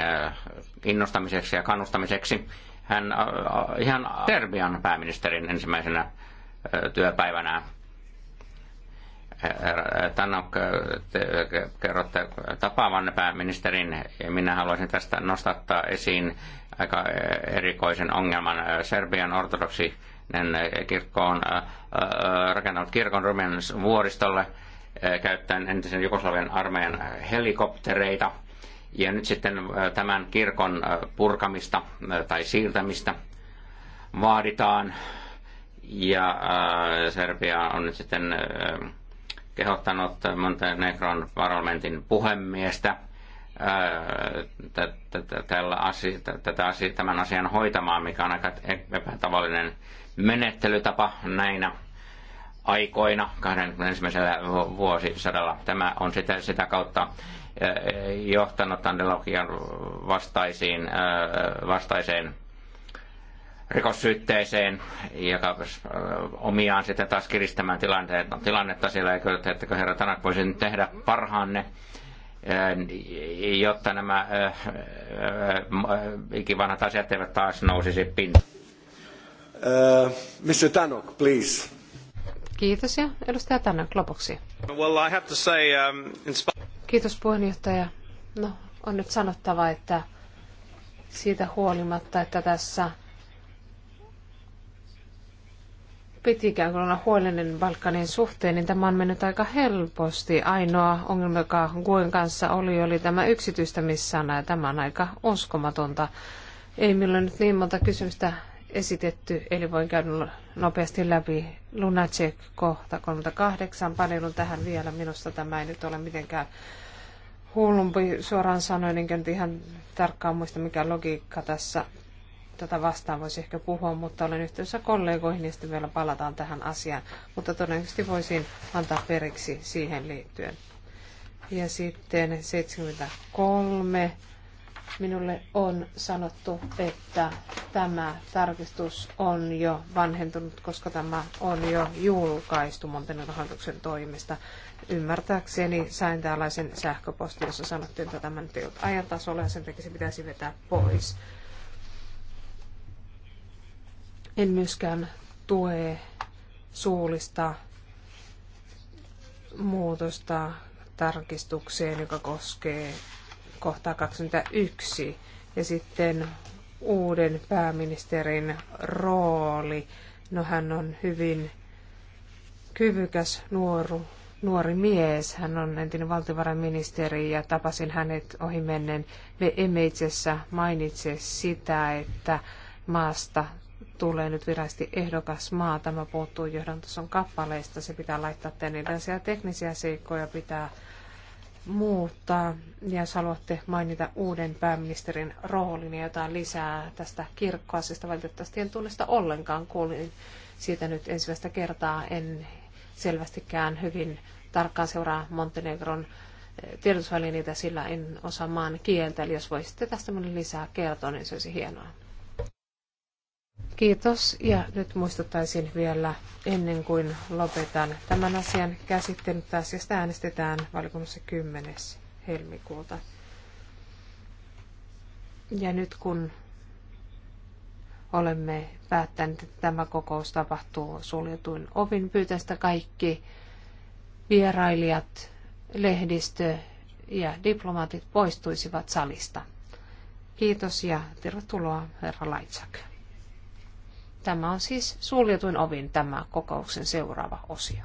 innostamiseksi ja kannustamiseksi hän äh, äh, ihan Serbian pääministerin ensimmäisenä äh, työpäivänä. Tannok, te kerrotte tapaavanne pääministerin. Minä haluaisin tästä nostattaa esiin aika erikoisen ongelman. Serbian ortodoksinen kirkko on rakentanut kirkon Rumen vuoristolle käyttäen entisen Jugoslavian armeijan helikoptereita – ja nyt sitten äh, tämän kirkon äh, purkamista äh, tai siirtämistä vaaditaan. Ja Serbia on nyt sitten kehottanut Montenegron parlamentin puhemiestä tämän asian hoitamaan, mikä on aika e-, epätavallinen menettelytapa näinä aikoina 21. vuosisadalla. Tämä on sitä, sitä kautta Eh, johtanut analogian vastaisiin, eh, vastaiseen rikossyytteeseen, joka eh, omiaan sitten taas kiristämään tilannetta, tilannetta siellä, eikö, ettekö herra Tanak voisi nyt tehdä parhaanne, jotta nämä ikivanhat asiat eivät taas nousisi pintaan. Uh, Mr. Tanok, please. Kiitos ja edustaja Tannak lopuksi. Well, I have to say, um, Kiitos puheenjohtaja. No, on nyt sanottava, että siitä huolimatta, että tässä piti ikään kuin olla huolellinen Balkanin suhteen, niin tämä on mennyt aika helposti. Ainoa ongelma, joka Guen kanssa oli, oli tämä yksityistämissana ja tämä on aika uskomatonta. Ei meillä nyt niin monta kysymystä esitetty, eli voin käydä nopeasti läpi Lunacek kohta 38. Paneudun tähän vielä. Minusta tämä ei nyt ole mitenkään hullumpi suoraan sanoen, enkä nyt ihan tarkkaan muista, mikä logiikka tässä tätä vastaan voisi ehkä puhua, mutta olen yhteydessä kollegoihin ja sitten vielä palataan tähän asiaan. Mutta todennäköisesti voisin antaa periksi siihen liittyen. Ja sitten 73 Minulle on sanottu, että tämä tarkistus on jo vanhentunut, koska tämä on jo julkaistu Montenegron hallituksen toimesta. Ymmärtääkseni sain tällaisen sähköpostin, jossa sanottiin, että tämä nyt ei ollut ajan tasolla ja sen takia se pitäisi vetää pois. En myöskään tue suullista muutosta tarkistukseen, joka koskee kohtaa 21 ja sitten uuden pääministerin rooli. No hän on hyvin kyvykäs nuoru, nuori mies. Hän on entinen valtiovarainministeri ja tapasin hänet ohimennen. Me emme itse asiassa mainitse sitä, että maasta tulee nyt virallisesti ehdokas maa. Tämä puuttuu johdantason kappaleista. Se pitää laittaa tänne. Tällaisia teknisiä seikkoja pitää muuttaa. Ja jos haluatte mainita uuden pääministerin roolin ja jotain lisää tästä kirkkoasiasta, valitettavasti en tunne sitä ollenkaan. Kuulin siitä nyt ensimmäistä kertaa. En selvästikään hyvin tarkkaan seuraa Montenegron eh, tiedotusvälineitä, sillä en osaa maan kieltä. Eli jos voisitte tästä minulle lisää kertoa, niin se olisi hienoa. Kiitos ja nyt muistuttaisin vielä ennen kuin lopetan tämän asian käsittelyn. Asiasta äänestetään valikunnassa 10. helmikuuta. Ja nyt kun olemme päättäneet, että tämä kokous tapahtuu suljetuin ovin, pyytästä kaikki vierailijat, lehdistö ja diplomaatit poistuisivat salista. Kiitos ja tervetuloa, herra Laitsak. Tämä on siis suljetuin ovin tämä kokouksen seuraava osio.